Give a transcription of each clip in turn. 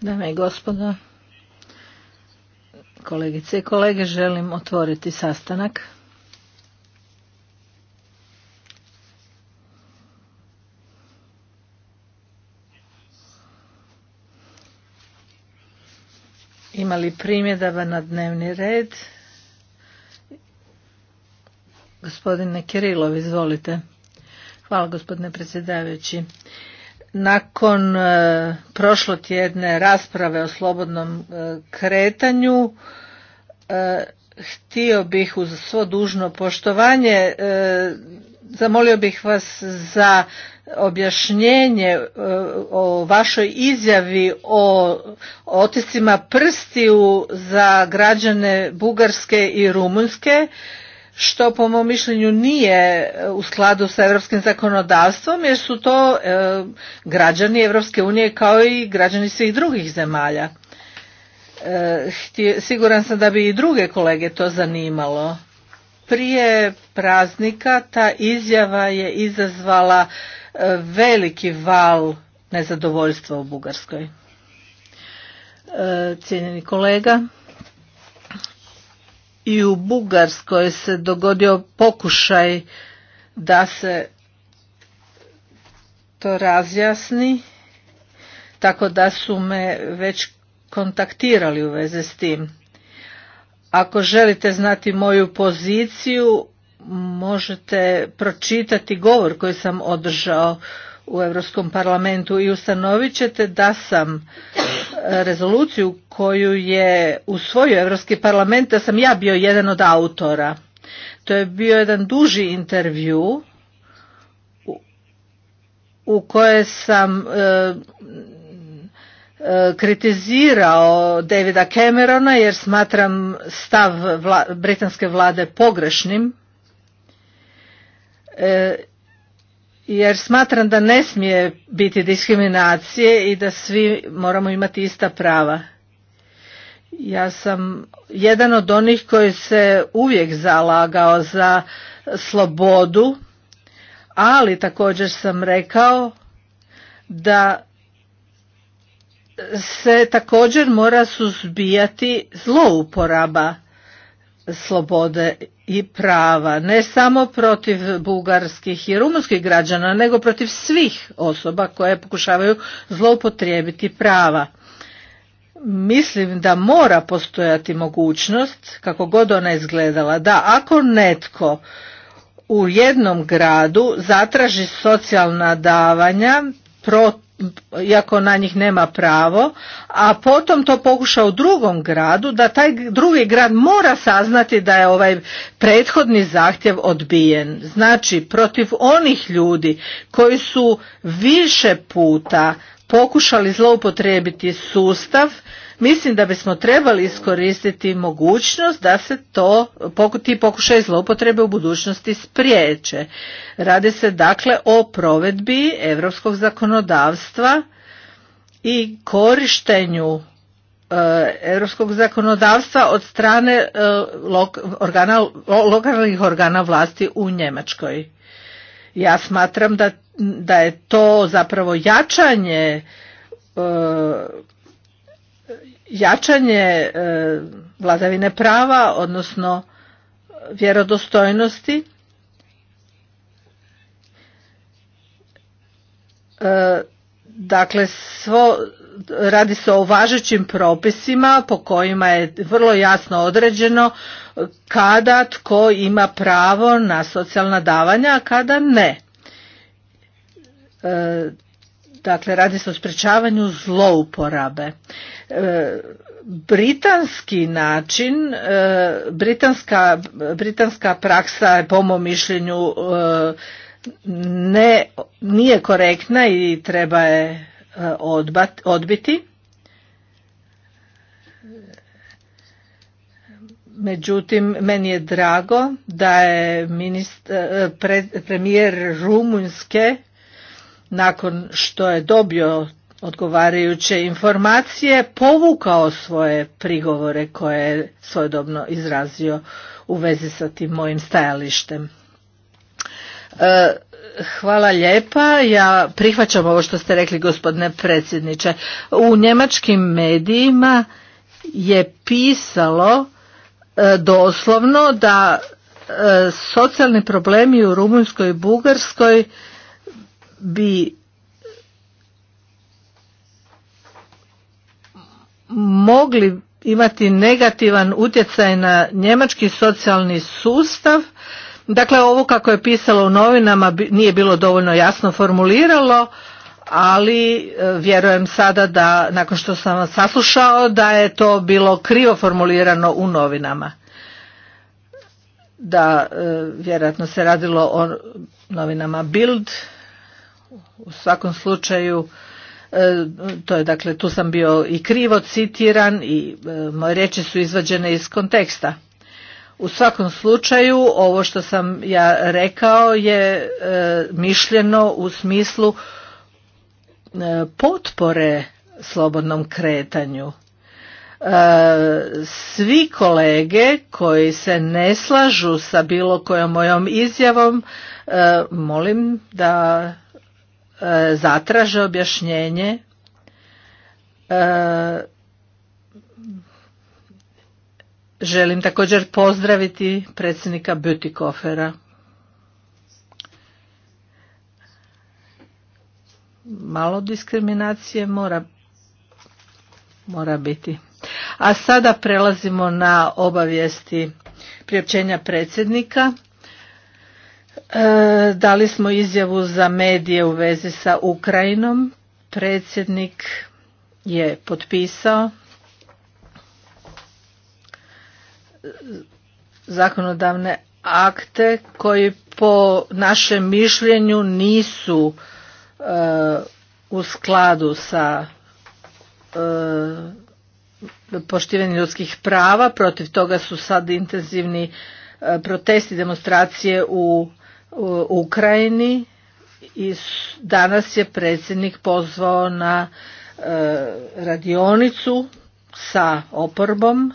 Dame i gospodo, kolegice i kolege, želim otvoriti sastanak. Ima li primjedaba na dnevni red? Gospodine Kirilov, izvolite. Hvala gospodine predsjedavajući nakon e, prošlotjedne rasprave o slobodnom e, kretanju e, htio bih uz svo dužno poštovanje zamolio bih vas za objašnjenje o vašoj izjavi o otiscima prstiju za građane Bugarske i Rumunjske što po mom mišljenju nije e, u skladu sa europskim zakonodavstvom jer su to e, građani Europske unije kao i građani svih drugih zemalja. E, siguran sam da bi i druge kolege to zanimalo. Prije praznika ta izjava je izazvala veliki val nezadovoljstva u Bugarskoj. Cijenjeni kolega i u Bugarskoj se dogodio pokušaj da se to razjasni, tako da su me već kontaktirali u veze s tim. Ako želite znati moju poziciju, možete pročitati govor koji sam održao u Europskom parlamentu i ustanovit ćete da sam e, rezoluciju koju je usvojio Europski parlament, da sam ja bio jedan od autora. To je bio jedan duži intervju u koje sam e, e, kritizirao Davida Camerona jer smatram stav britanske vlade pogrešnim jer smatram da ne smije biti diskriminacije i da svi moramo imati ista prava. Ja sam jedan od onih koji se uvijek zalagao za slobodu, ali također sam rekao da se također mora suzbijati zlouporaba slobode i prava, ne samo protiv bugarskih i rumunskih građana, nego protiv svih osoba koje pokušavaju zloupotrijebiti prava. Mislim da mora postojati mogućnost, kako god ona izgledala, da ako netko u jednom gradu zatraži socijalna davanja protiv iako na njih nema pravo, a potom to pokuša u drugom gradu, da taj drugi grad mora saznati da je ovaj prethodni zahtjev odbijen. Znači, protiv onih ljudi koji su više puta pokušali zloupotrijebiti sustav, Mislim da bismo trebali iskoristiti mogućnost da se to, ti pokušaj zloupotrebe u budućnosti spriječe. Radi se dakle o provedbi europskog zakonodavstva i korištenju e, europskog zakonodavstva od strane e, organa, lokalnih organa vlasti u Njemačkoj. Ja smatram da, da je to zapravo jačanje e, jačanje e, vladavine prava, odnosno e, vjerodostojnosti. E, dakle, svo, radi se o važećim propisima po kojima je vrlo jasno određeno kada tko ima pravo na socijalna davanja, a kada ne. Dakle, radi se o sprečavanju zlouporabe. E, britanski način, e, britanska, britanska praksa je po mom mišljenju e, ne, nije korektna i treba je odbat, odbiti. Međutim, meni je drago da je premijer Rumunjske nakon što je dobio odgovarajuće informacije povukao svoje prigovore koje je svojodobno izrazio u vezi sa tim mojim stajalištem. E, hvala lijepa. Ja prihvaćam ovo što ste rekli gospodine predsjedniče. U njemačkim medijima je pisalo e, doslovno da e, socijalni problemi u Rumunjskoj i Bugarskoj bi mogli imati negativan utjecaj na njemački socijalni sustav. Dakle, ovo kako je pisalo u novinama nije bilo dovoljno jasno formuliralo, ali e, vjerujem sada da, nakon što sam vas saslušao, da je to bilo krivo formulirano u novinama. Da, e, vjerojatno se radilo o novinama Bild, u svakom slučaju e, to je dakle tu sam bio i krivo citiran i e, moje riječi su izvađene iz konteksta. U svakom slučaju ovo što sam ja rekao je e, mišljeno u smislu potpore slobodnom kretanju. Svi kolege koji se ne slažu sa bilo kojom mojom izjavom molim da zatraže objašnjenje e, Želim također pozdraviti predsjednika Butikofera. Malo diskriminacije mora, mora biti. A sada prelazimo na obavijesti priopćenja predsjednika. E, dali smo izjavu za medije u vezi sa Ukrajinom. Predsjednik je potpisao zakonodavne akte koji po našem mišljenju nisu e, u skladu sa e, poštivanjem ljudskih prava. Protiv toga su sad intenzivni protesti, demonstracije u u Ukrajini i danas je predsjednik pozvao na e, radionicu sa oporbom.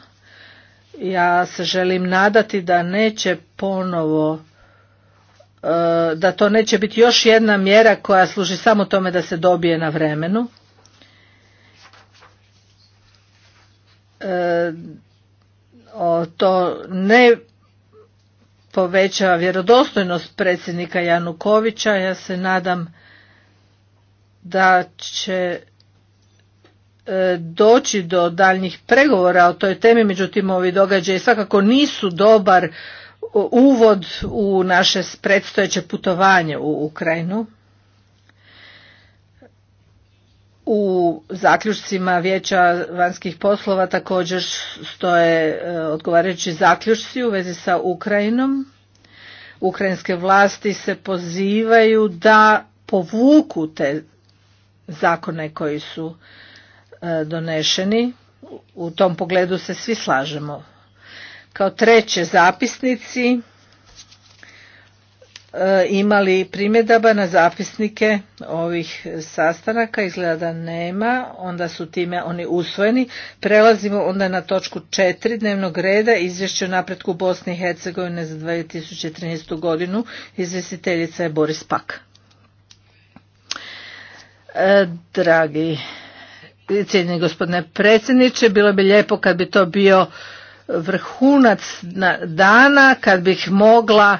Ja se želim nadati da neće ponovo e, da to neće biti još jedna mjera koja služi samo tome da se dobije na vremenu. E, to ne Povećava vjerodostojnost predsjednika Janukovića. Ja se nadam da će e, doći do daljnjih pregovora o toj temi, međutim ovi događaji svakako nisu dobar e, uvod u naše predstojeće putovanje u Ukrajinu. U zaključcima Vijeća vanjskih poslova također stoje e, odgovarajući zaključci u vezi sa Ukrajinom. Ukrajinske vlasti se pozivaju da povuku te zakone koji su e, donešeni. U tom pogledu se svi slažemo. Kao treće zapisnici E, imali primjedaba na zapisnike ovih sastanaka, izgleda da nema, onda su time oni usvojeni. Prelazimo onda na točku četiri dnevnog reda, izvješće o napretku Bosne i Hercegovine za 2013. godinu, izvjestiteljica je Boris Pak. E, dragi cijenjeni gospodine predsjedniče, bilo bi lijepo kad bi to bio vrhunac dana kad bih mogla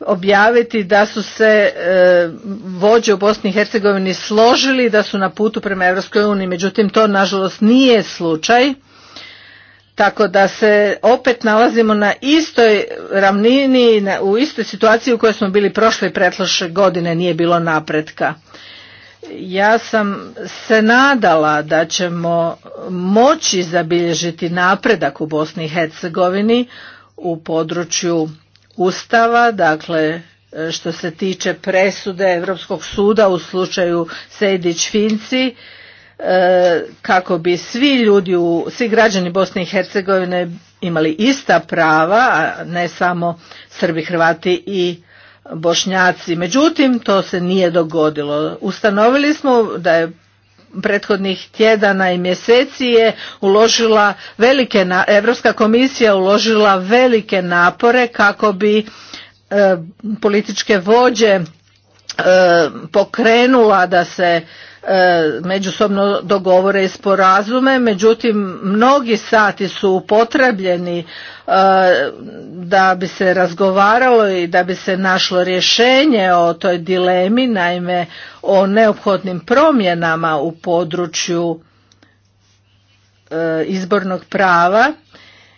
objaviti da su se e, vođe u Bosni i Hercegovini složili da su na putu prema Europskoj uniji. Međutim, to nažalost nije slučaj. Tako da se opet nalazimo na istoj ravnini, u istoj situaciji u kojoj smo bili prošle i pretloše godine, nije bilo napretka ja sam se nadala da ćemo moći zabilježiti napredak u Bosni i Hercegovini u području ustava, dakle e, što se tiče presude Europskog suda u slučaju Sejdić Finci e, kako bi svi ljudi, svi građani Bosne i Hercegovine imali ista prava, a ne samo Srbi, Hrvati i bošnjaci. Međutim, to se nije dogodilo. Ustanovili smo da je prethodnih tjedana i mjeseci je uložila velike, Europska komisija uložila velike napore kako bi e, političke vođe e, pokrenula da se E, međusobno dogovore i sporazume, međutim mnogi sati su upotrebljeni e, da bi se razgovaralo i da bi se našlo rješenje o toj dilemi, naime o neophodnim promjenama u području e, izbornog prava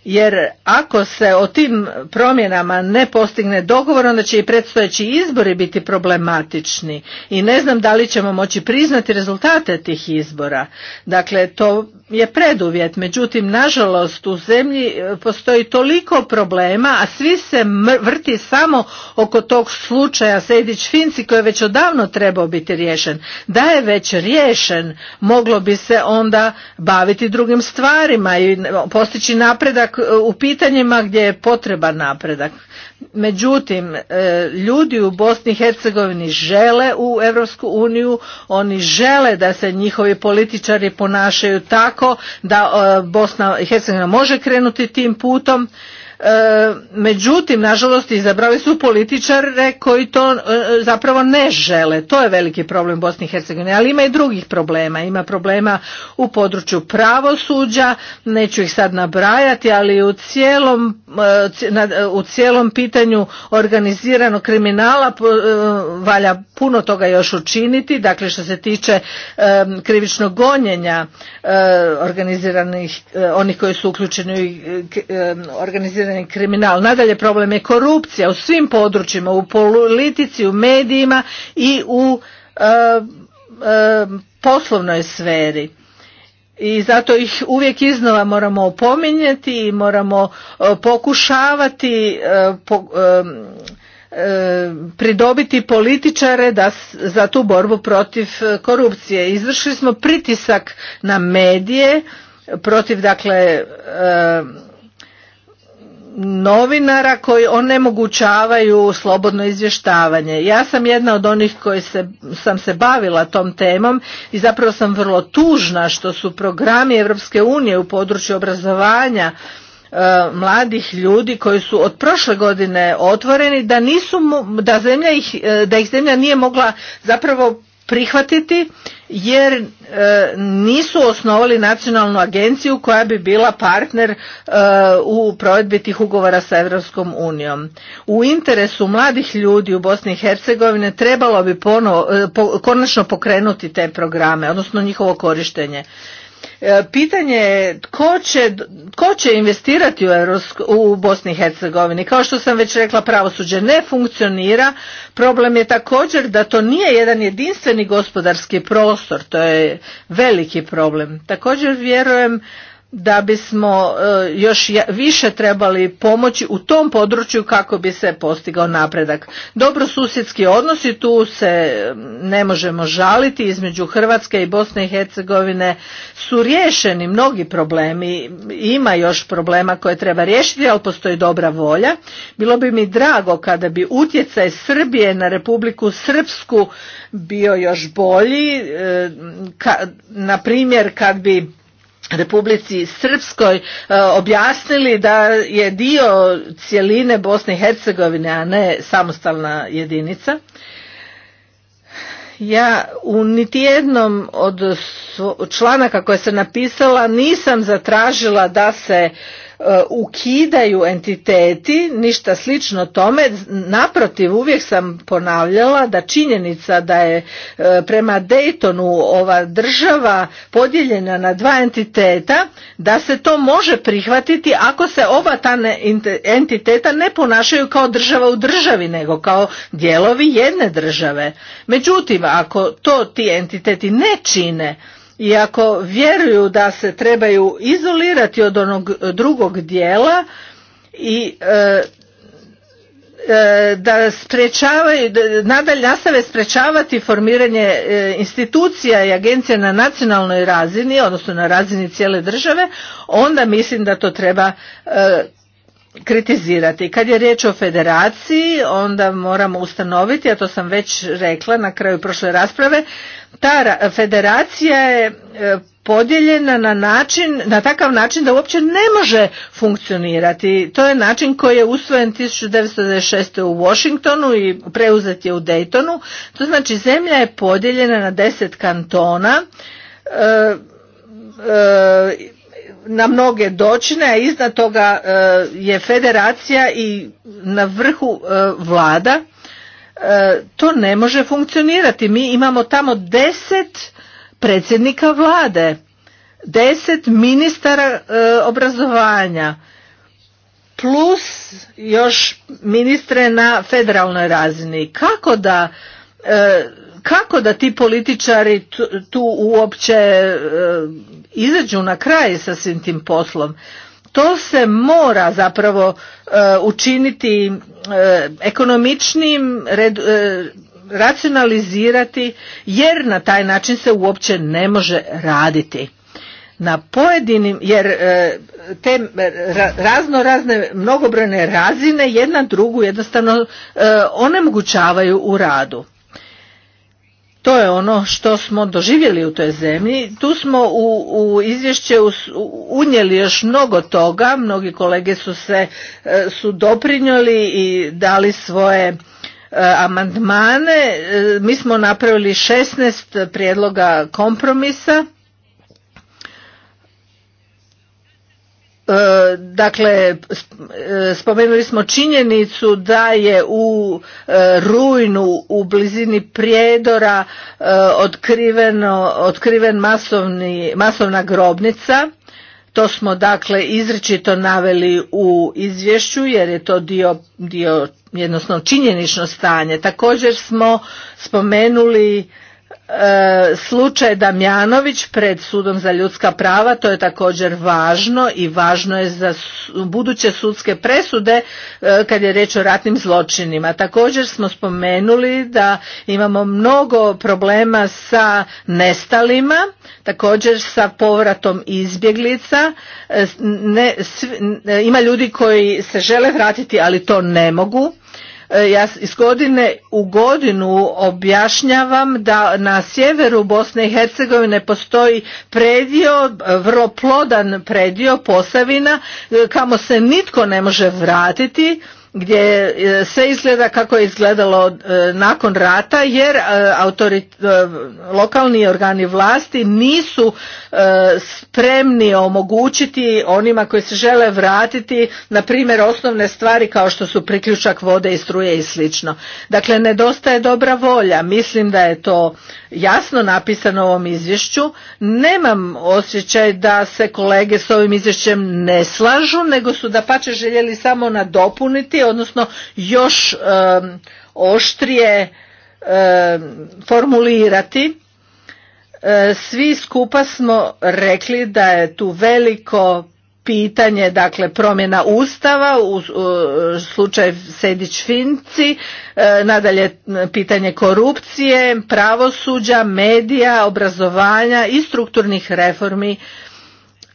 jer ako se o tim promjenama ne postigne dogovor onda će i predstojeći izbori biti problematični i ne znam da li ćemo moći priznati rezultate tih izbora dakle to je preduvjet, međutim nažalost u zemlji e, postoji toliko problema, a svi se vrti samo oko tog slučaja Sejdić Finci koji je već odavno trebao biti riješen. Da je već riješen, moglo bi se onda baviti drugim stvarima i e, postići napredak e, u pitanjima gdje je potreban napredak. Međutim, ljudi u Bosni i Hercegovini žele u Europsku uniju, oni žele da se njihovi političari ponašaju tako da e, Bosna i Hercegovina može krenuti tim putem. E, međutim nažalost izabrali su političare koji to e, zapravo ne žele to je veliki problem Bosni i Hercegovine ali ima i drugih problema ima problema u području pravosuđa neću ih sad nabrajati ali u cijelom e, u cijelom pitanju organiziranog kriminala valja puno toga još učiniti dakle što se tiče krivičnog gonjenja organiziranih onih koji su uključeni u organizirani kriminal. Nadalje problem je korupcija u svim područjima, u politici, u medijima i u eh, eh, poslovnoj sferi. I zato ih uvijek iznova moramo opominjati i moramo eh, pokušavati pridobiti političare da, za tu borbu protiv korupcije. Izvršili smo pritisak na medije protiv dakle novinara koji onemogućavaju slobodno izvještavanje. Ja sam jedna od onih koji se, sam se bavila tom temom i zapravo sam vrlo tužna što su programi Europske unije u području obrazovanja e, mladih ljudi koji su od prošle godine otvoreni da nisu da zemlja ih e, da ih zemlja nije mogla zapravo prihvatiti jer e, nisu osnovali nacionalnu agenciju koja bi bila partner e, u provedbi tih ugovora sa Europskom unijom. U interesu mladih ljudi u Bosni i hercegovini trebalo bi ponovo, e, konačno pokrenuti te programe, odnosno njihovo korištenje. E, pitanje je tko će, će investirati u, Evropsku, u Bosni i Hercegovini. Kao što sam već rekla, pravosuđe ne funkcionira. Problem je također da to nije jedan jedinstveni gospodarski prostor. To je veliki problem. Također vjerujem da bismo e, još više trebali pomoći u tom području kako bi se postigao napredak. Dobro susjedski odnosi tu se e, ne možemo žaliti između Hrvatske i Bosne i Hercegovine su riješeni mnogi problemi, ima još problema koje treba riješiti, ali postoji dobra volja. Bilo bi mi drago kada bi utjecaj Srbije na Republiku Srpsku bio još bolji, e, na primjer kad bi Republici Srpskoj e, objasnili da je dio cjeline Bosne i Hercegovine, a ne samostalna jedinica. Ja u niti jednom od članaka koje sam napisala nisam zatražila da se Uh, ukidaju entiteti, ništa slično tome. Naprotiv, uvijek sam ponavljala da činjenica da je uh, prema Daytonu ova država podijeljena na dva entiteta, da se to može prihvatiti ako se oba ta entiteta ne ponašaju kao država u državi, nego kao dijelovi jedne države. Međutim, ako to ti entiteti ne čine, i ako vjeruju da se trebaju izolirati od onog drugog dijela i e, e, da sprečavaju, nadalje nastave sprječavati formiranje e, institucija i agencija na nacionalnoj razini, odnosno na razini cijele države, onda mislim da to treba kritizirati. Kad je riječ o federaciji, onda moramo ustanoviti, a to sam već rekla na kraju prošle rasprave, ta federacija je e, podijeljena na način, na takav način da uopće ne može funkcionirati. To je način koji je usvojen 1996. u Washingtonu i preuzet je u Daytonu. To znači zemlja je podijeljena na deset kantona, e, e na mnoge dočine, a iznad toga e, je federacija i na vrhu e, vlada, e, to ne može funkcionirati. Mi imamo tamo deset predsjednika vlade, deset ministara obrazovanja, plus još ministre na federalnoj razini. Kako da kako da ti političari tu uopće e, izađu na kraj sa svim tim poslom to se mora zapravo e, učiniti e, ekonomičnim racionalizirati jer na taj način se uopće ne može raditi na pojedinim jer te razno razne mnogobrojne razine jedna drugu jednostavno onemogućavaju u radu to je ono što smo doživjeli u toj zemlji. Tu smo u, izvješće unijeli još mnogo toga, mnogi kolege su se e, su doprinjeli i dali svoje e, amandmane. E, mi smo napravili 16 prijedloga kompromisa E, dakle, spomenuli smo činjenicu da je u e, rujnu u blizini prijedora e, otkriveno, otkriven masovni, masovna grobnica. To smo dakle izričito naveli u izvješću jer je to dio, dio jednostavno činjenično stanje. Također smo spomenuli E, slučaj Damjanović pred sudom za ljudska prava, to je također važno i važno je za buduće sudske presude e, kad je reč o ratnim zločinima. Također smo spomenuli da imamo mnogo problema sa nestalima, također sa povratom izbjeglica. E, ima ljudi koji se žele vratiti, ali to ne mogu E, ja iz godine u godinu objašnjavam da na sjeveru Bosne i Hercegovine postoji predio, e, vrlo plodan predio Posavina, e, kamo se nitko ne može vratiti gdje se izgleda kako je izgledalo e, nakon rata jer e, e, lokalni organi vlasti nisu spremni omogućiti onima koji se žele vratiti na primjer osnovne stvari kao što su priključak vode i struje i slično. Dakle nedostaje dobra volja, mislim da je to jasno napisano u ovom izvješću. Nemam osjećaj da se kolege s ovim izvješćem ne slažu, nego su da pače željeli samo nadopuniti odnosno još oštrije formulirati e, svi skupa smo rekli da je tu veliko pitanje dakle promjena ustava u slučaju Sedić Finci e, nadalje pitanje korupcije pravosuđa medija obrazovanja i strukturnih reformi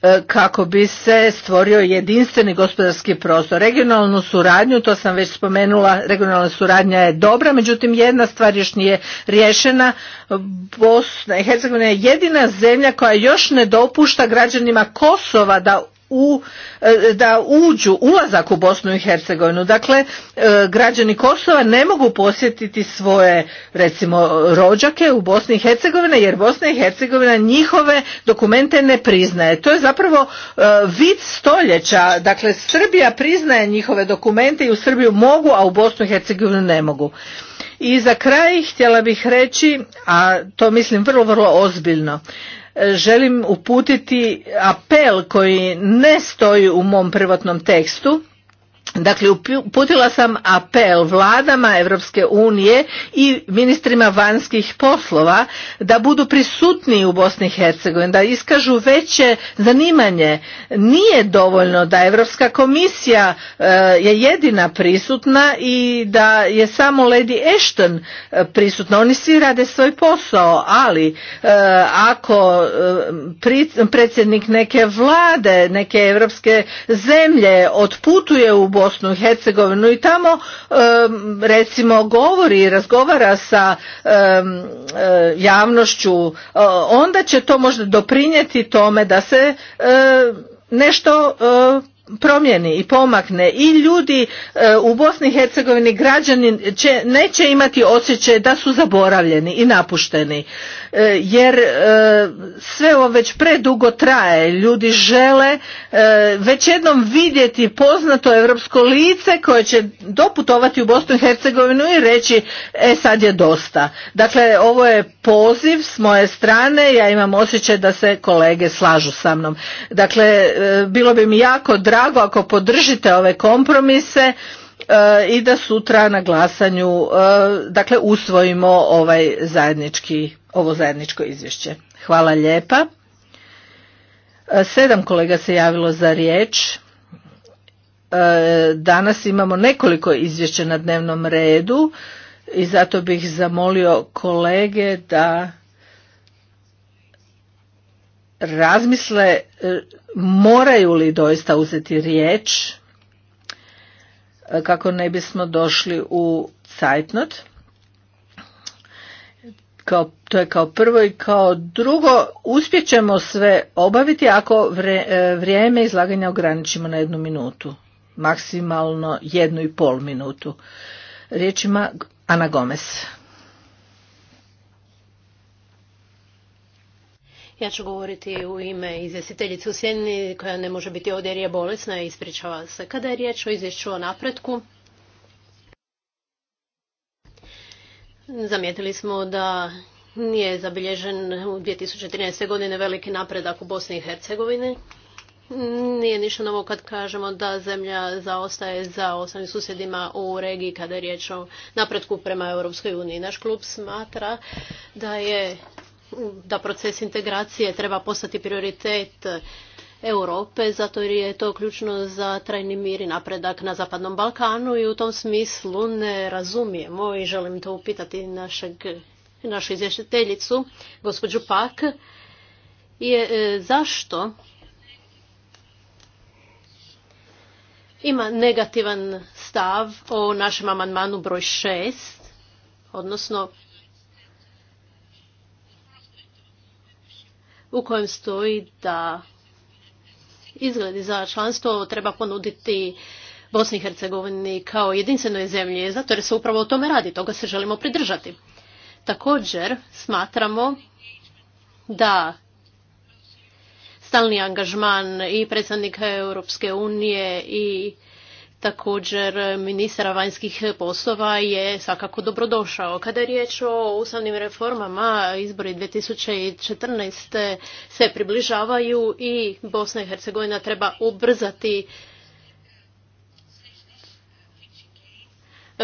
E, kako bi se stvorio jedinstveni gospodarski prostor. Regionalnu suradnju, to sam već spomenula, regionalna suradnja je dobra, međutim jedna stvar još nije riješena. Bosna i Hercegovina je jedina zemlja koja još ne dopušta građanima Kosova da u e, da uđu ulazak u Bosnu i Hercegovinu. Dakle, e, građani Kosova ne mogu posjetiti svoje recimo rođake u Bosni i Hercegovini jer Bosna i Hercegovina njihove dokumente ne priznaje. To je zapravo e, vid stoljeća. Dakle, Srbija priznaje njihove dokumente i u Srbiju mogu, a u Bosnu i Hercegovinu ne mogu. I za kraj htjela bih reći, a to mislim vrlo, vrlo ozbiljno, želim uputiti apel koji ne stoji u mom prvotnom tekstu Dakle, uputila sam apel vladama Europske unije i ministrima vanjskih poslova da budu prisutni u Bosni i Hercegovini, da iskažu veće zanimanje. Nije dovoljno da Europska komisija e, je jedina prisutna i da je samo Lady Ashton e, prisutna. Oni svi rade svoj posao, ali e, ako predsjednik neke vlade, neke europske zemlje otputuje u Bosni Bosnu i Hercegovinu i tamo recimo govori i razgovara sa eh, javnošću, onda će to možda doprinijeti tome da se eh, nešto eh, promijeni i pomakne i ljudi u Bosni i Hercegovini građani neće imati osjećaj da su zaboravljeni i napušteni. E, jer e, sve ovo već predugo traje. Ljudi žele e, već jednom vidjeti poznato europsko lice koje će doputovati u Bosnu i Hercegovinu i reći e sad je dosta. Dakle, ovo je poziv s moje strane, ja imam osjećaj da se kolege slažu sa mnom. Dakle, bilo bi mi jako drago ako podržite ove kompromise i da sutra na glasanju dakle usvojimo ovaj zajednički ovo zajedničko izvješće. Hvala lijepa. E, sedam kolega se javilo za riječ. E, danas imamo nekoliko izvješća na dnevnom redu i zato bih zamolio kolege da razmisle e, moraju li doista uzeti riječ kako ne bismo došli u Zeitnot kao, to je kao prvo i kao drugo, uspjećemo sve obaviti ako e, vrijeme izlaganja ograničimo na jednu minutu, maksimalno jednu i pol minutu. Riječ ima Ana Gomez. Ja ću govoriti u ime izvjestiteljice u Sjedini koja ne može biti ovdje jer je bolesna i ispričava se. Kada je riječ o izvješću o napretku, Zamijetili smo da nije zabilježen u 2013. godine veliki napredak u Bosni i Hercegovini. Nije ništa novo kad kažemo da zemlja zaostaje za ostalim susjedima u regiji kada je riječ o napretku prema Europskoj uniji. Naš klub smatra da je da proces integracije treba postati prioritet Europe, zato jer je to ključno za trajni mir i napredak na Zapadnom Balkanu i u tom smislu ne razumijemo i želim to upitati našeg, našu izvješiteljicu, gospođu Pak, je e, zašto ima negativan stav o našem amandmanu broj 6, odnosno u kojem stoji da izgledi za članstvo treba ponuditi Bosni i Hercegovini kao jedinstvenoj zemlji, zato jer se upravo o tome radi, toga se želimo pridržati. Također smatramo da stalni angažman i predstavnika Europske unije i Također, ministar vanjskih poslova je svakako dobrodošao. Kada je riječ o ustavnim reformama, izbori 2014. se približavaju i Bosna i Hercegovina treba ubrzati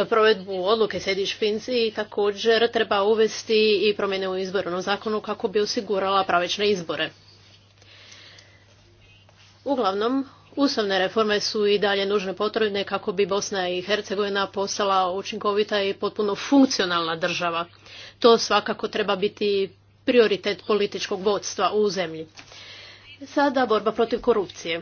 provedbu odluke Sediš Finci i također treba uvesti i promjene u izbornom zakonu kako bi osigurala pravične izbore. Uglavnom, Ustavne reforme su i dalje nužne potrebne kako bi Bosna i Hercegovina postala učinkovita i potpuno funkcionalna država. To svakako treba biti prioritet političkog vodstva u zemlji. Sada borba protiv korupcije.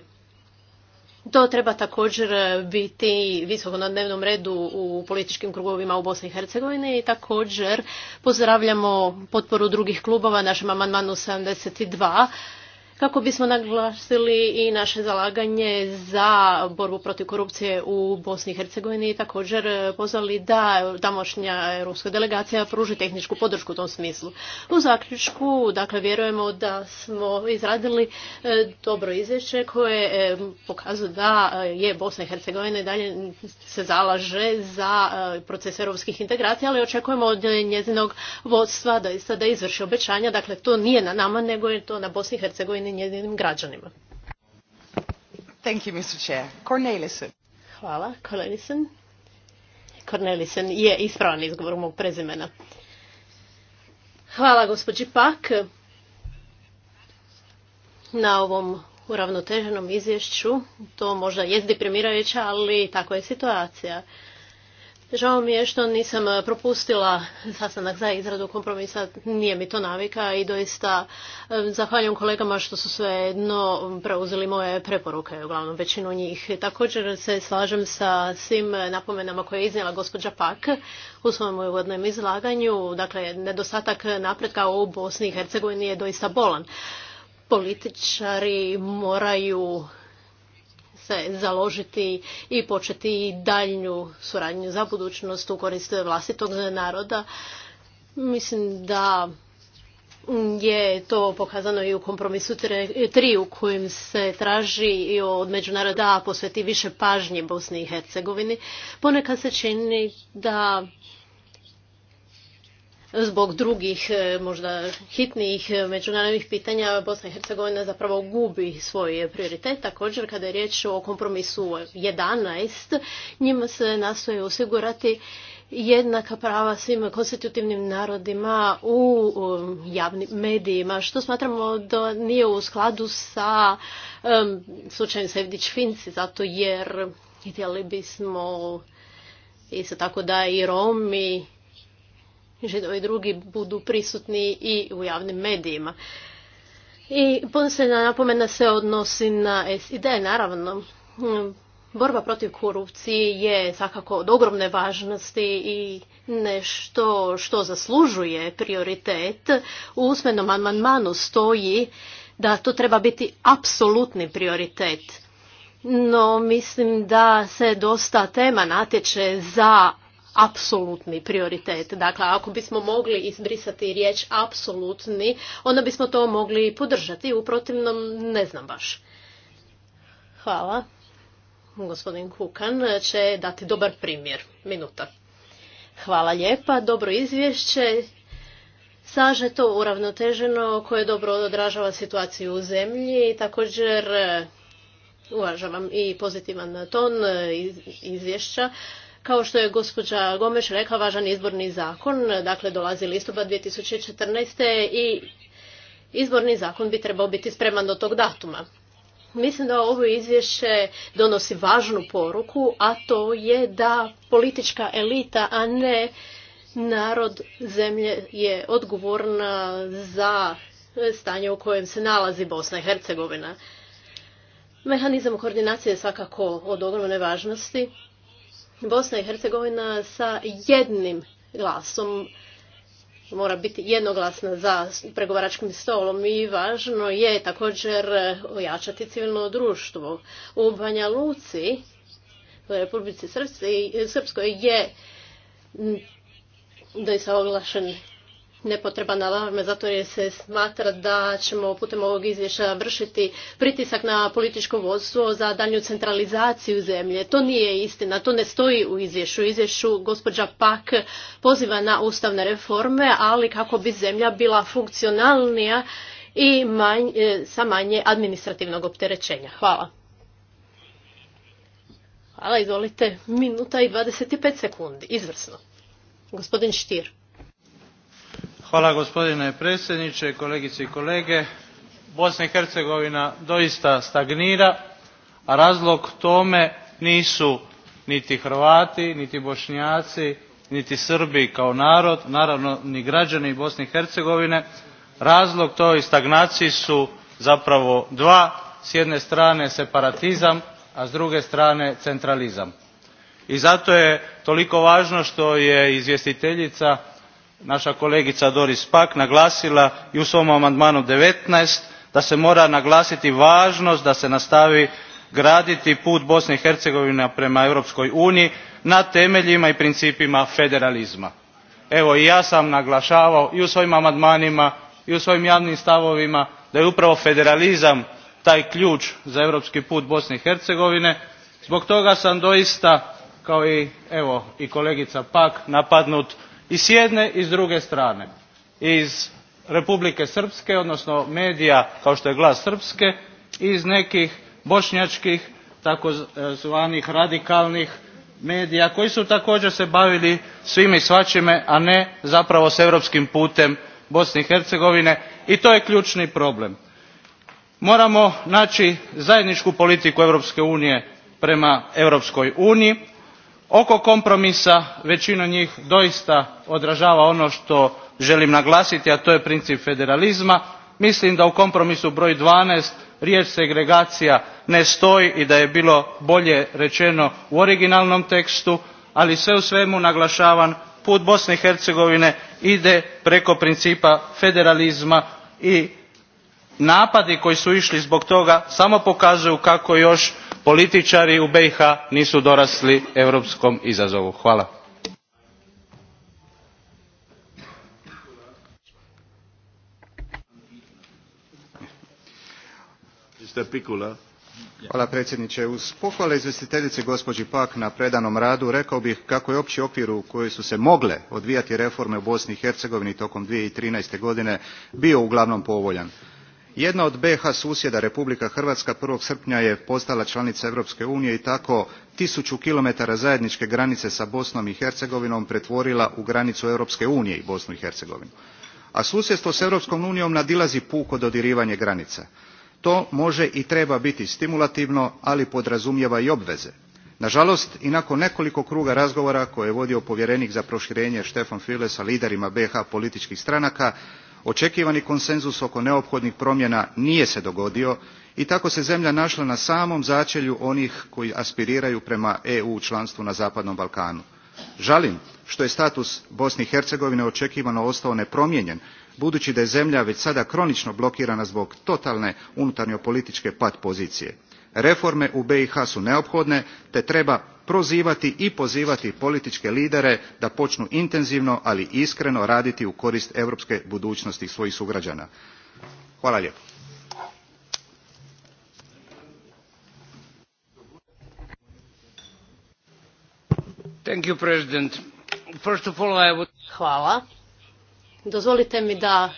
To treba također biti visoko na dnevnom redu u političkim krugovima u Bosni i Hercegovini i također pozdravljamo potporu drugih klubova našem amandmanu 72 kako bismo naglasili i naše zalaganje za borbu protiv korupcije u Bosni i Hercegovini i također e, pozvali da tamošnja ruska delegacija pruži tehničku podršku u tom smislu. U zaključku, dakle, vjerujemo da smo izradili e, dobro izvješće koje e, pokazuje da je Bosna i Hercegovina i dalje se zalaže za proces europskih integracija, ali očekujemo od njezinog vodstva da, da izvrši obećanja. Dakle, to nije na nama, nego je to na Bosni i Hercegovini i njezinim građanima. Thank you, Mr. Chair. Hvala, Cornelison. Cornelison je ispravan izgovor mog prezimena. Hvala gospođi Pak na ovom uravnoteženom izvješću. To možda je deprimirajuće, ali takva je situacija. Žao mi je što nisam e, propustila sastanak za izradu kompromisa, nije mi to navika i doista e, zahvaljujem kolegama što su jedno preuzeli moje preporuke, uglavnom većinu njih. Također se slažem sa svim napomenama koje je iznijela gospođa Pak u svom uvodnom izlaganju. Dakle, nedostatak napretka u Bosni i Hercegovini je doista bolan. Političari moraju se založiti i početi daljnju suradnju za budućnost u korist vlastitog naroda. Mislim da je to pokazano i u kompromisu tri u kojem se traži i od međunaroda posveti više pažnje Bosni i Hercegovini. Ponekad se čini da zbog drugih e, možda hitnijih e, međunarodnih pitanja Bosna i Hercegovina zapravo gubi svoj prioritet. Također kada je riječ o kompromisu 11, njima se nastoji osigurati jednaka prava svim konstitutivnim narodima u javnim medijima, što smatramo da nije u skladu sa um, slučajem Sevdić-Finci, zato jer htjeli bismo se tako da i Romi židovi drugi budu prisutni i u javnim medijima. I posljedna napomena se odnosi na SID, naravno. Borba protiv korupcije je svakako od ogromne važnosti i nešto što zaslužuje prioritet. U usmenom amandmanu stoji da to treba biti apsolutni prioritet. No, mislim da se dosta tema natječe za apsolutni prioritet. Dakle, ako bismo mogli izbrisati riječ apsolutni, onda bismo to mogli podržati. U protivnom, ne znam baš. Hvala. Gospodin Kukan će dati dobar primjer. Minuta. Hvala lijepa. Dobro izvješće. to uravnoteženo, koje dobro odražava situaciju u zemlji. Također, uvažavam i pozitivan ton izvješća kao što je gospođa Gomeš rekla, važan izborni zakon, dakle dolazi listopad 2014. i izborni zakon bi trebao biti spreman do tog datuma. Mislim da ovo izvješće donosi važnu poruku, a to je da politička elita, a ne narod zemlje je odgovorna za stanje u kojem se nalazi Bosna i Hercegovina. Mehanizam koordinacije je svakako od ogromne važnosti Bosna i Hercegovina sa jednim glasom mora biti jednoglasna za pregovaračkim stolom i važno je također ojačati civilno društvo. U Banja Luci, u Republici Srpskoj je doista oglašen nepotreban alarm zato jer se smatra da ćemo putem ovog izvješća vršiti pritisak na političko vodstvo za daljnju centralizaciju zemlje. To nije istina, to ne stoji u izvješću. U izvješću gospođa Pak poziva na ustavne reforme, ali kako bi zemlja bila funkcionalnija i manj, e, sa manje administrativnog opterećenja. Hvala. Hvala, izvolite. Minuta i 25 sekundi. Izvrsno. Gospodin Štir. Hvala gospodine predsjedniče, kolegice i kolege. Bosna i Hercegovina doista stagnira, a razlog tome nisu niti Hrvati, niti Bošnjaci, niti Srbi kao narod, naravno ni građani Bosne i Hercegovine. Razlog toj stagnaciji su zapravo dva, s jedne strane separatizam, a s druge strane centralizam. I zato je toliko važno što je izvjestiteljica naša kolegica doris Pak naglasila i u svom amandmanu devetnaest da se mora naglasiti važnost da se nastavi graditi put bosne i hercegovine prema europskoj uniji na temeljima i principima federalizma. evo i ja sam naglašavao i u svojim amandmanima i u svojim javnim stavovima da je upravo federalizam taj ključ za europski put bosne i hercegovine zbog toga sam doista kao i evo i kolegica Pak, napadnut i s jedne i s druge strane iz republike srpske odnosno medija kao što je glas srpske i iz nekih bošnjačkih takozvanih radikalnih medija koji su također se bavili svime i svačime a ne zapravo s europskim putem bosne i hercegovine i to je ključni problem. moramo naći zajedničku politiku europske unije prema europskoj uniji oko kompromisa većina njih doista odražava ono što želim naglasiti a to je princip federalizma. mislim da u kompromisu broj dvanaest riječ segregacija ne stoji i da je bilo bolje rečeno u originalnom tekstu ali sve u svemu naglašavam, put bosne i hercegovine ide preko principa federalizma i napadi koji su išli zbog toga samo pokazuju kako još političari u bih nisu dorasli europskom izazovu. hvala. predsjedniče uz pohvale izvjestiteljici gospođi pack na predanom radu rekao bih kako je opći okvir u kojem su se mogle odvijati reforme u bosni i hercegovini tijekom. two and thirteen godine bio uglavnom povoljan jedna od bih susjeda republika hrvatska. one srpnja je postala lanica europske unije i tako tisuu kilometara zajednike granice s bosnom i hercegovinom pretvorila u granicu europske unije i bosnu i hercegovinu a susjedstvo s europskom unijom nadilazi puko dodirivanje granica. to može i treba biti stimulativno ali podrazumijeva i obveze. naalost i nakon nekoliko kruga razgovora koje je vodio povjerenik za proširenje Stefan füle s liderima bih politikih stranaka očekivani konsenzus oko neophodnih promjena nije se dogodio i tako se zemlja našla na samom začelju onih koji aspiriraju prema eu članstvu na zapadnom balkanu. žalim što je status bosne i hercegovine očekivano ostao nepromijenjen budući da je zemlja već sada kronično blokirana zbog totalne unutarnjopolitičke pat pozicije. reforme u bih su neophodne te treba prozivati i pozivati političke lidere da počnu intenzivno ali iskreno raditi u korist europske budućnosti svojih sugrađana. Hvala lijepo. Hvala. Dozvolite mi da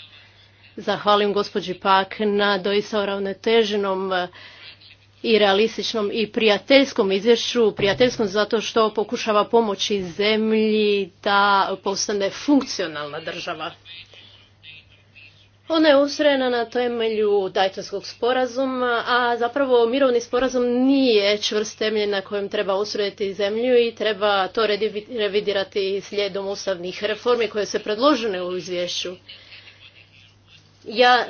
zahvalim gospođi Pak na doista uravnoteženom i realističnom i prijateljskom izvješću, prijateljskom zato što pokušava pomoći zemlji da postane funkcionalna država. Ona je ustrojena na temelju Dajtonskog sporazuma, a zapravo mirovni sporazum nije čvrst temelj na kojem treba ustrojiti zemlju i treba to revidirati slijedom ustavnih reformi koje se predložene u izvješću. Ja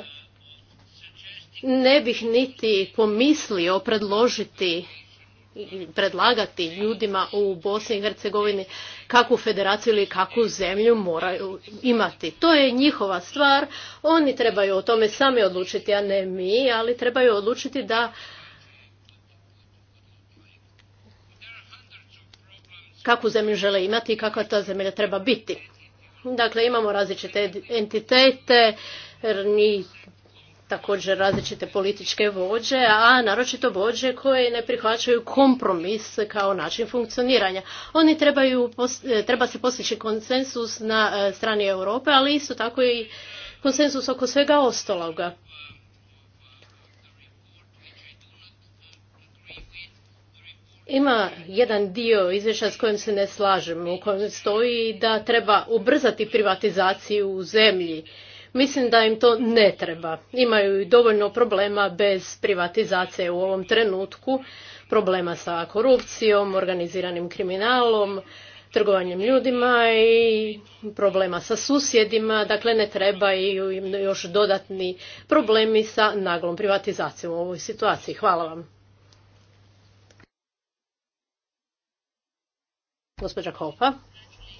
ne bih niti pomislio predložiti i predlagati ljudima u Bosni i Hercegovini kakvu federaciju ili kakvu zemlju moraju imati. To je njihova stvar, oni trebaju o tome sami odlučiti, a ne mi, ali trebaju odlučiti da kakvu zemlju žele imati i kakva ta zemlja treba biti. Dakle, imamo različite entitete, također različite političke vođe, a naročito vođe koje ne prihvaćaju kompromis kao način funkcioniranja. Oni trebaju, e, treba se postići konsensus na e, strani Europe, ali isto tako i konsensus oko svega ostaloga. Ima jedan dio izvješća s kojim se ne slažem u kojem stoji da treba ubrzati privatizaciju u zemlji. Mislim da im to ne treba. Imaju i dovoljno problema bez privatizacije u ovom trenutku, problema sa korupcijom, organiziranim kriminalom, trgovanjem ljudima i problema sa susjedima, dakle ne trebaju im još dodatni problemi sa naglom privatizacijom u ovoj situaciji. Hvala vam. Gospođa Kopa.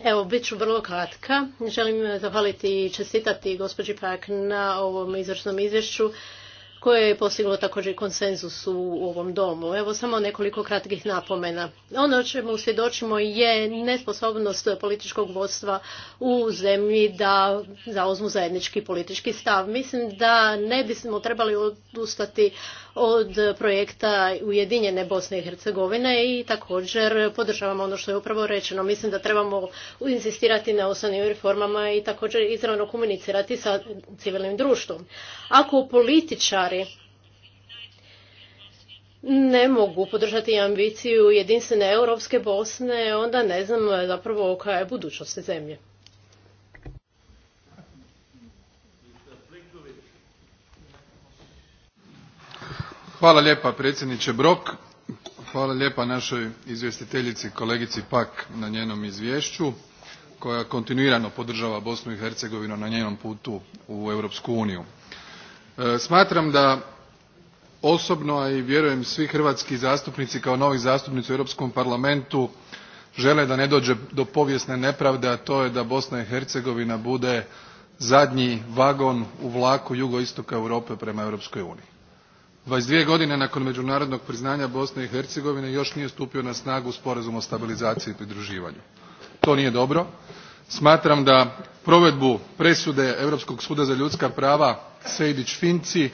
Evo, bit ću vrlo kratka. Želim zahvaliti i čestitati gospođi Pak na ovom izvršnom izvješću koje je postiglo također konsenzus u ovom domu. Evo samo nekoliko kratkih napomena. Ono čemu svjedočimo je nesposobnost političkog vodstva u zemlji da zauzmu zajednički politički stav. Mislim da ne bismo trebali odustati od projekta Ujedinjene Bosne i Hercegovine i također podržavamo ono što je upravo rečeno. Mislim da trebamo insistirati na osnovnim reformama i također izravno komunicirati sa civilnim društvom. Ako političari ne mogu podržati ambiciju jedinstvene europske Bosne, onda ne znam zapravo koja je budućnost zemlje. hvala lijepa predsjedniče brok hvala lijepa našoj izvjestiteljici kolegici Pak na njenom izvješću koja kontinuirano podržava bosnu i hercegovinu na njenom putu u europsku uniju. E, smatram da osobno a i vjerujem svi hrvatski zastupnici kao novi zastupnici u europskom parlamentu žele da ne dođe do povijesne nepravde a to je da bosna i hercegovina bude zadnji vagon u vlaku jugoistoka europe prema europskoj uniji twenty two godine nakon meunarodnog priznanja bosne i hercegovine jo nije stupio na snagu sporazum o stabilizaciji i pridruživanju. to nije dobro. smatram da provedbu presude europskog suda za ljudska prava sejdi finci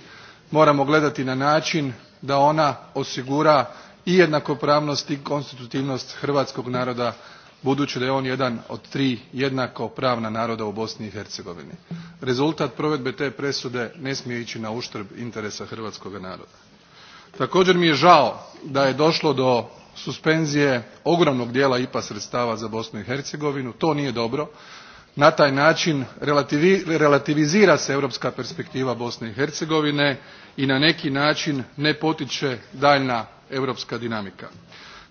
moramo gledati na nain da ona osigura i jednakopravnost i konstitutivnost hrvatskog naroda budući da je on jedan od tri pravna naroda u bosni i hercegovini. rezultat provedbe te presude ne smije ići na uštrb interesa hrvatskoga naroda. također mi je žao da je došlo do suspenzije ogromnog dijela ipa sredstava za bosnu i hercegovinu to nije dobro. na taj način relativizira se europska perspektiva bosne i hercegovine i na neki način ne potiče daljnja europska dinamika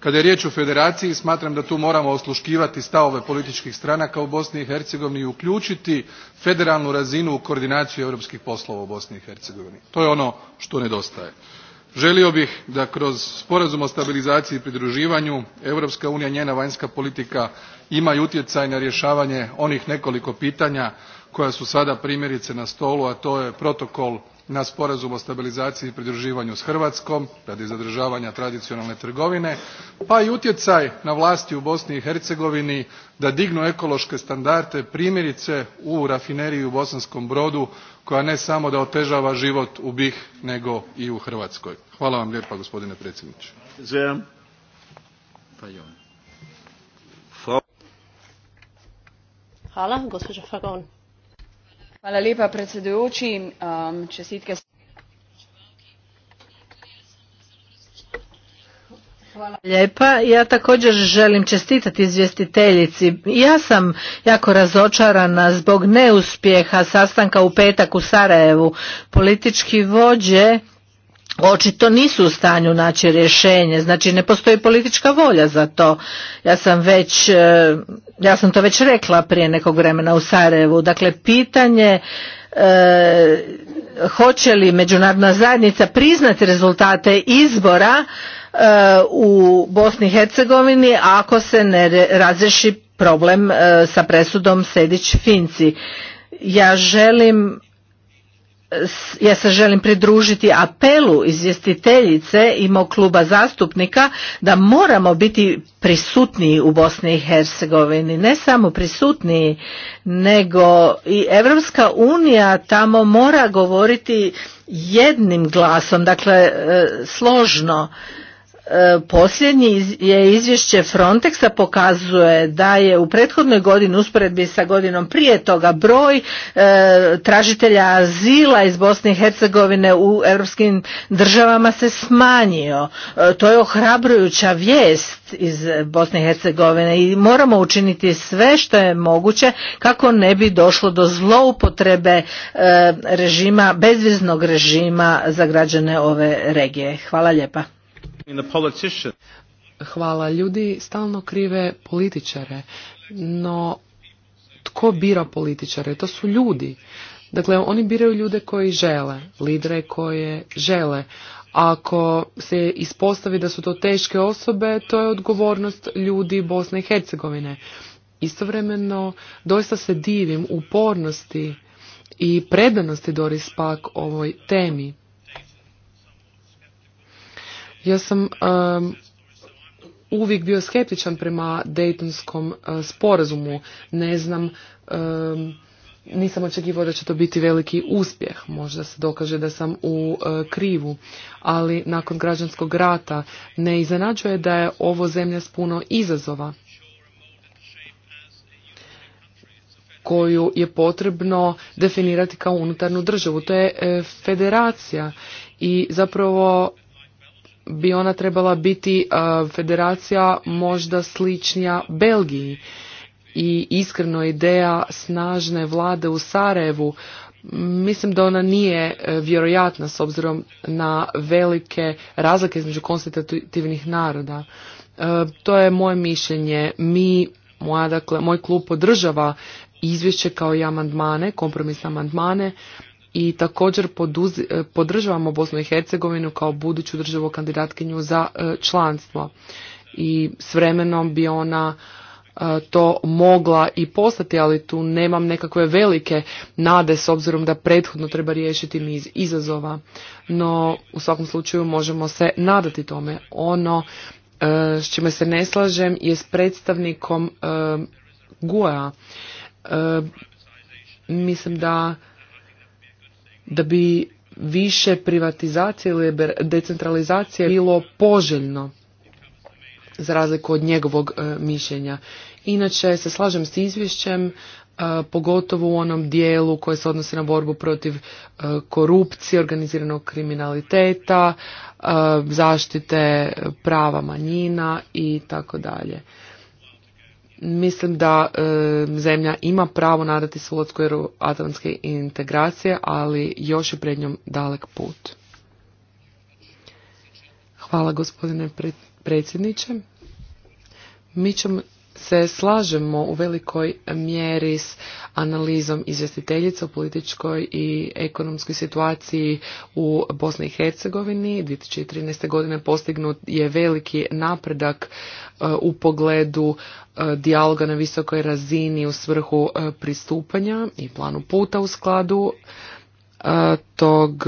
kada je riječ o federaciji smatram da tu moramo osluškivati stavove političkih stranaka u bosni i hercegovini i uključiti federalnu razinu u koordinaciju europskih poslova u bosni i hercegovini. to je ono što nedostaje. želio bih da kroz sporazum o stabilizaciji i pridruživanju europska unija i njena vanjska politika imaju utjecaj na rješavanje onih nekoliko pitanja koja su sada primjerice na stolu a to je protokol na sporazum o stabilizaciji i pridruživanju s hrvatskom radi zadržavanja tradicionalne trgovine pa i utjecaj na vlasti u bosni i hercegovini da dignu ekološke standarde primjerice u rafineriji u bosanskom brodu koja ne samo da otežava život u bih nego i u hrvatskoj. hvala vam lijepa gospodine predsjedniče. Hvala lepa čestitke. lijepa. Ja također želim čestitati izvjestiteljici. Ja sam jako razočarana zbog neuspjeha sastanka u petak u Sarajevu. Politički vođe očito nisu u stanju naći rješenje, znači ne postoji politička volja za to. Ja sam već, e, ja sam to već rekla prije nekog vremena u Sarajevu, dakle pitanje e, hoće li međunarodna zajednica priznati rezultate izbora e, u Bosni i Hercegovini ako se ne razreši problem sa presudom Sedić Finci. Ja želim ja se želim pridružiti apelu izvjestiteljice i mog kluba zastupnika da moramo biti prisutniji u Bosni i Hercegovini, ne samo prisutniji, nego i Evropska unija tamo mora govoriti jednim glasom, dakle e, složno E, posljednji je izvješće Frontexa pokazuje da je u prethodnoj godini usporedbi sa godinom prije toga broj e, tražitelja azila iz Bosne i Hercegovine u europskim državama se smanjio. E, to je ohrabrujuća vijest iz Bosne i Hercegovine i moramo učiniti sve što je moguće kako ne bi došlo do zloupotrebe režima, bezviznog režima za građane ove regije. Hvala lijepa. Hvala. Ljudi stalno krive političare, no tko bira političare? To su ljudi. Dakle, oni biraju ljude koji žele, lidere koje žele. Ako se ispostavi da su to teške osobe, to je odgovornost ljudi Bosne i Hercegovine. Istovremeno, doista se divim upornosti i predanosti Doris Pak ovoj temi. Ja sam um, uvijek bio skeptičan prema Daytonskom e, sporazumu. Ne znam, um, nisam očekivao da će to biti veliki uspjeh. Možda se dokaže da sam u e, krivu, ali nakon građanskog rata ne iznenađuje da je ovo zemlja s puno izazova koju je potrebno definirati kao unutarnju državu. To je e, federacija i zapravo bi ona trebala biti federacija možda sličnija Belgiji i iskreno ideja snažne vlade u Sarajevu mislim da ona nije e, vjerojatna s obzirom na velike razlike između konstitutivnih naroda. E, to je moje mišljenje. Mi, moja, dakle, moj klub podržava izvješće kao i amandmane, kompromisne amandmane, i također e, podržavamo Bosnu i Hercegovinu kao buduću državu kandidatkinju za e, članstvo i s vremenom bi ona e, to mogla i postati, ali tu nemam nekakve velike nade s obzirom da prethodno treba riješiti niz izazova. No, u svakom slučaju možemo se nadati tome. Ono s čime se ne slažem je s predstavnikom GUA. Mislim da da bi više privatizacije ili decentralizacije bilo poželjno za razliku od njegovog e, mišljenja. Inače se slažem s izvješćem, e, pogotovo u onom dijelu koje se odnosi na borbu protiv e, korupcije, organiziranog kriminaliteta, zaštite prava manjina i tako dalje. Mislim da zemlja ima pravo nadati se ulasku integracije, ali još je pred njom dalek put. Hvala gospodine predsjedniče. Mi ćemo se slažemo u velikoj mjeri s analizom izvjestiteljica o političkoj i ekonomskoj situaciji u Bosni i Hercegovini. 2013. godine postignut je veliki napredak e, u pogledu e, dijaloga na visokoj razini u svrhu e, pristupanja i planu puta u skladu tog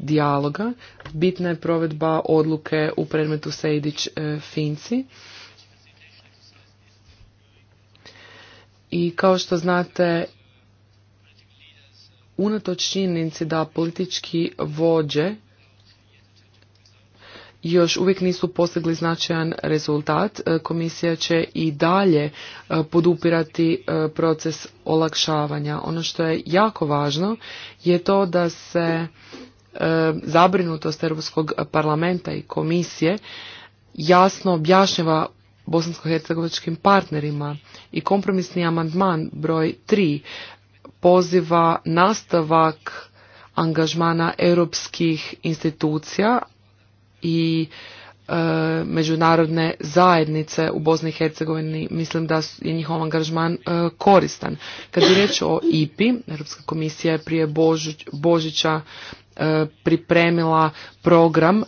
dijaloga. Bitna je provedba odluke u predmetu Sejdić-Finci I kao što znate, unatoč činjenici da politički vođe još uvijek nisu postigli značajan rezultat, e, komisija će i dalje e, podupirati e, proces olakšavanja. Ono što je jako važno je to da se zabrinutost Europskog parlamenta i komisije jasno objašnjava bosansko partnerima i kompromisni amandman broj 3 poziva nastavak angažmana europskih institucija i e, međunarodne zajednice u Bosni i Hercegovini. Mislim da je njihov angažman e, koristan. Kad je riječ o IPI, Europska komisija je prije Božića e, pripremila program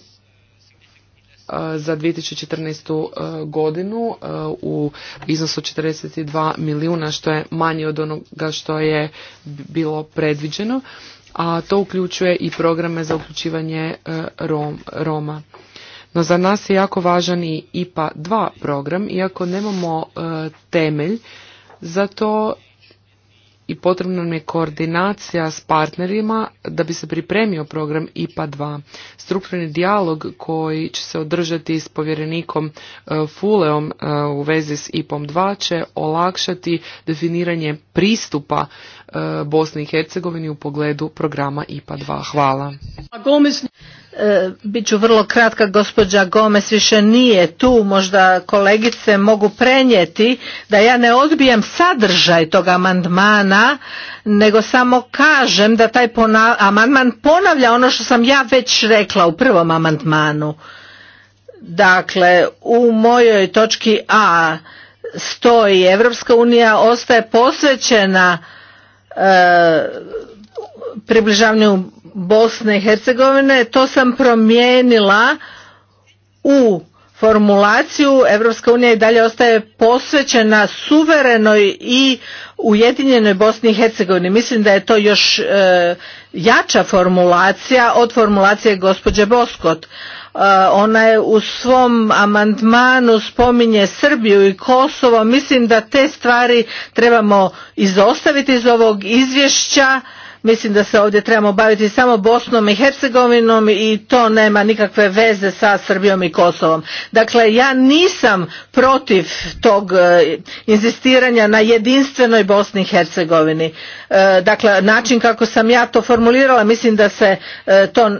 E, za 2014. E, godinu e, u iznosu 42 milijuna što je manje od onoga što je bilo predviđeno, a to uključuje i programe za uključivanje Roma. No za nas je jako važan i IPA 2 program, iako nemamo temelj, za to i potrebna nam je koordinacija s partnerima da bi se pripremio program IPA 2. Strukturni dijalog koji će se održati s povjerenikom e, Fuleom e, u vezi s IPOM 2 će olakšati definiranje pristupa e, Bosni i Hercegovini u pogledu programa IPA 2. Hvala. Biću vrlo kratka, gospođa Gomez više nije tu, možda kolegice mogu prenijeti da ja ne odbijem sadržaj tog amandmana amandmana, nego samo kažem da taj amandman ponavlja ono što sam ja već rekla u prvom amandmanu. Dakle, u mojoj točki A stoji Evropska unija ostaje posvećena e, približavanju Bosne i Hercegovine. To sam promijenila u formulaciju Europska unija i dalje ostaje posvećena suverenoj i ujedinjenoj Bosni i Hercegovini. Mislim da je to još e, jača formulacija od formulacije gospođe Boskot. E, ona je u svom amandmanu spominje Srbiju i Kosovo. Mislim da te stvari trebamo izostaviti iz ovog izvješća Mislim da se ovdje trebamo baviti samo Bosnom i Hercegovinom i to nema nikakve veze sa Srbijom i Kosovom. Dakle, ja nisam protiv tog e, inzistiranja na jedinstvenoj Bosni i Hercegovini. E, dakle, način kako sam ja to formulirala, mislim da se e, to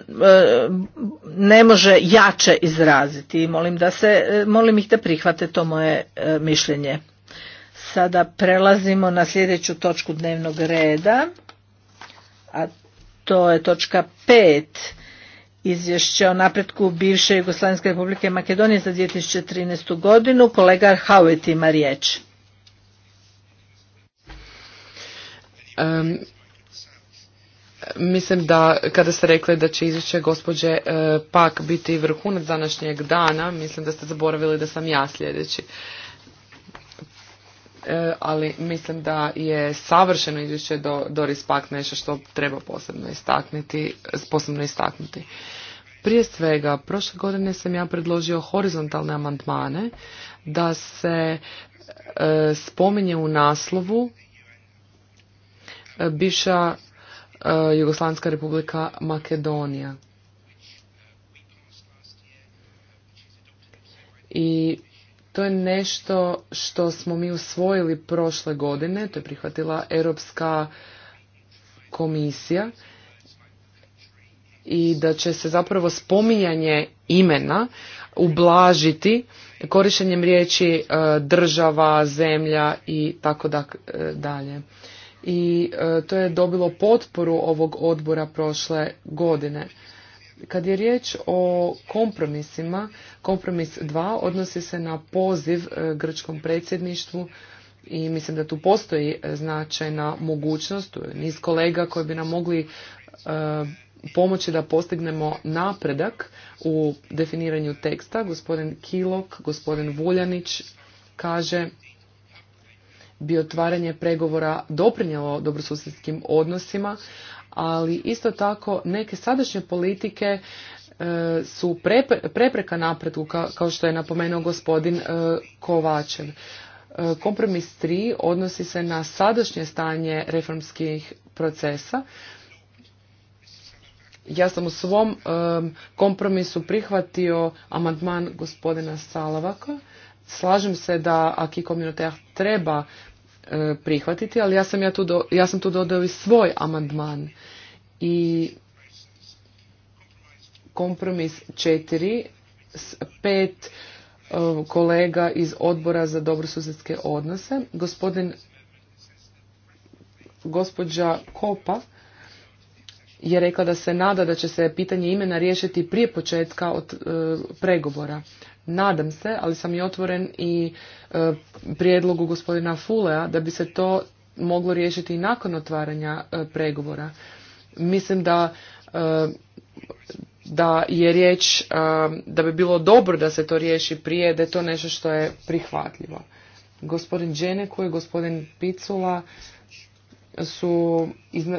ne može jače izraziti i molim, da se, molim ih da prihvate to moje mišljenje. Sada prelazimo na sljedeću točku dnevnog reda a to je točka pet izvješće o napretku bivše Jugoslavenske republike Makedonije za 2013. godinu. Kolega Howitt ima riječ. mislim da kada ste rekli da će izvješće gospođe e, Pak biti vrhunac današnjeg dana, mislim da ste zaboravili da sam ja sljedeći. E, ali mislim da je savršeno izvješće do Doris nešto što treba posebno istaknuti, posebno istaknuti. Prije svega, prošle godine sam ja predložio horizontalne amandmane da se e, spominje u naslovu e, bivša e, republika Makedonija. I to je nešto što smo mi usvojili prošle godine, to je prihvatila Europska komisija i da će se zapravo spominjanje imena ublažiti korištenjem riječi e, država, zemlja i tako e, dalje. I e, to je dobilo potporu ovog odbora prošle godine. Kad je riječ o kompromisima, kompromis 2 odnosi se na poziv e, grčkom predsjedništvu i mislim da tu postoji e, značajna mogućnost, niz kolega koji bi nam mogli e, pomoći da postignemo napredak u definiranju teksta. Gospodin Kilok, gospodin Vuljanić kaže bi otvaranje pregovora doprinjelo dobrosusjedskim odnosima, ali isto tako neke sadašnje politike e, su prepreka napretku kao što je napomenuo gospodin e, Kovačev. E, kompromis 3 odnosi se na sadašnje stanje reformskih procesa. Ja sam u svom kompromisu prihvatio amandman gospodina Salavaka. Slažem se da Aki treba E, prihvatiti, ali ja sam, tu sam tu dodao i svoj amandman. I kompromis četiri s pet e, kolega iz odbora za dobrosuzetske odnose. Gospodin, gospođa Kopa je rekla da se nada da će se pitanje imena riješiti prije početka od e, pregovora. Nadam se, ali sam i otvoren i e, prijedlogu gospodina Fulea da bi se to moglo riješiti i nakon otvaranja e, pregovora. Mislim da, e, da je riječ, da bi bilo dobro da se to riješi prije, da je to nešto što je prihvatljivo. Gospodin Dženeku i gospodin Picula su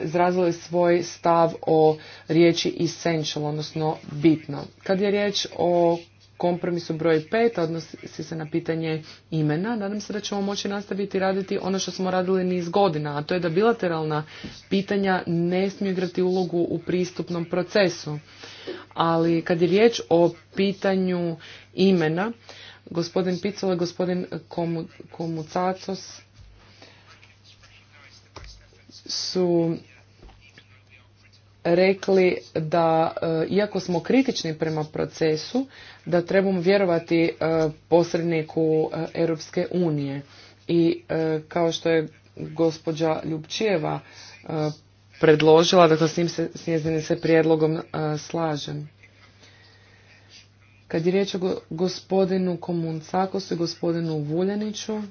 izrazili svoj stav o riječi essential, odnosno bitno. Kad je riječ o kompromisu broj 5 odnosi se na pitanje imena. Nadam se da ćemo moći nastaviti raditi ono što smo radili niz godina, a to je da bilateralna pitanja ne smiju igrati ulogu u pristupnom procesu. Ali kad je riječ o pitanju imena, gospodin Picola i gospodin Komucacos su rekli da e, iako smo kritični prema procesu da trebamo vjerovati e, posredniku e, Europske unije i kao što je gospođa Ljubčijeva predložila, dakle s njim se, s njezinim se prijedlogom slažem. Kad je riječ o gospodinu Komuncakosu i gospodinu Vuljaniću,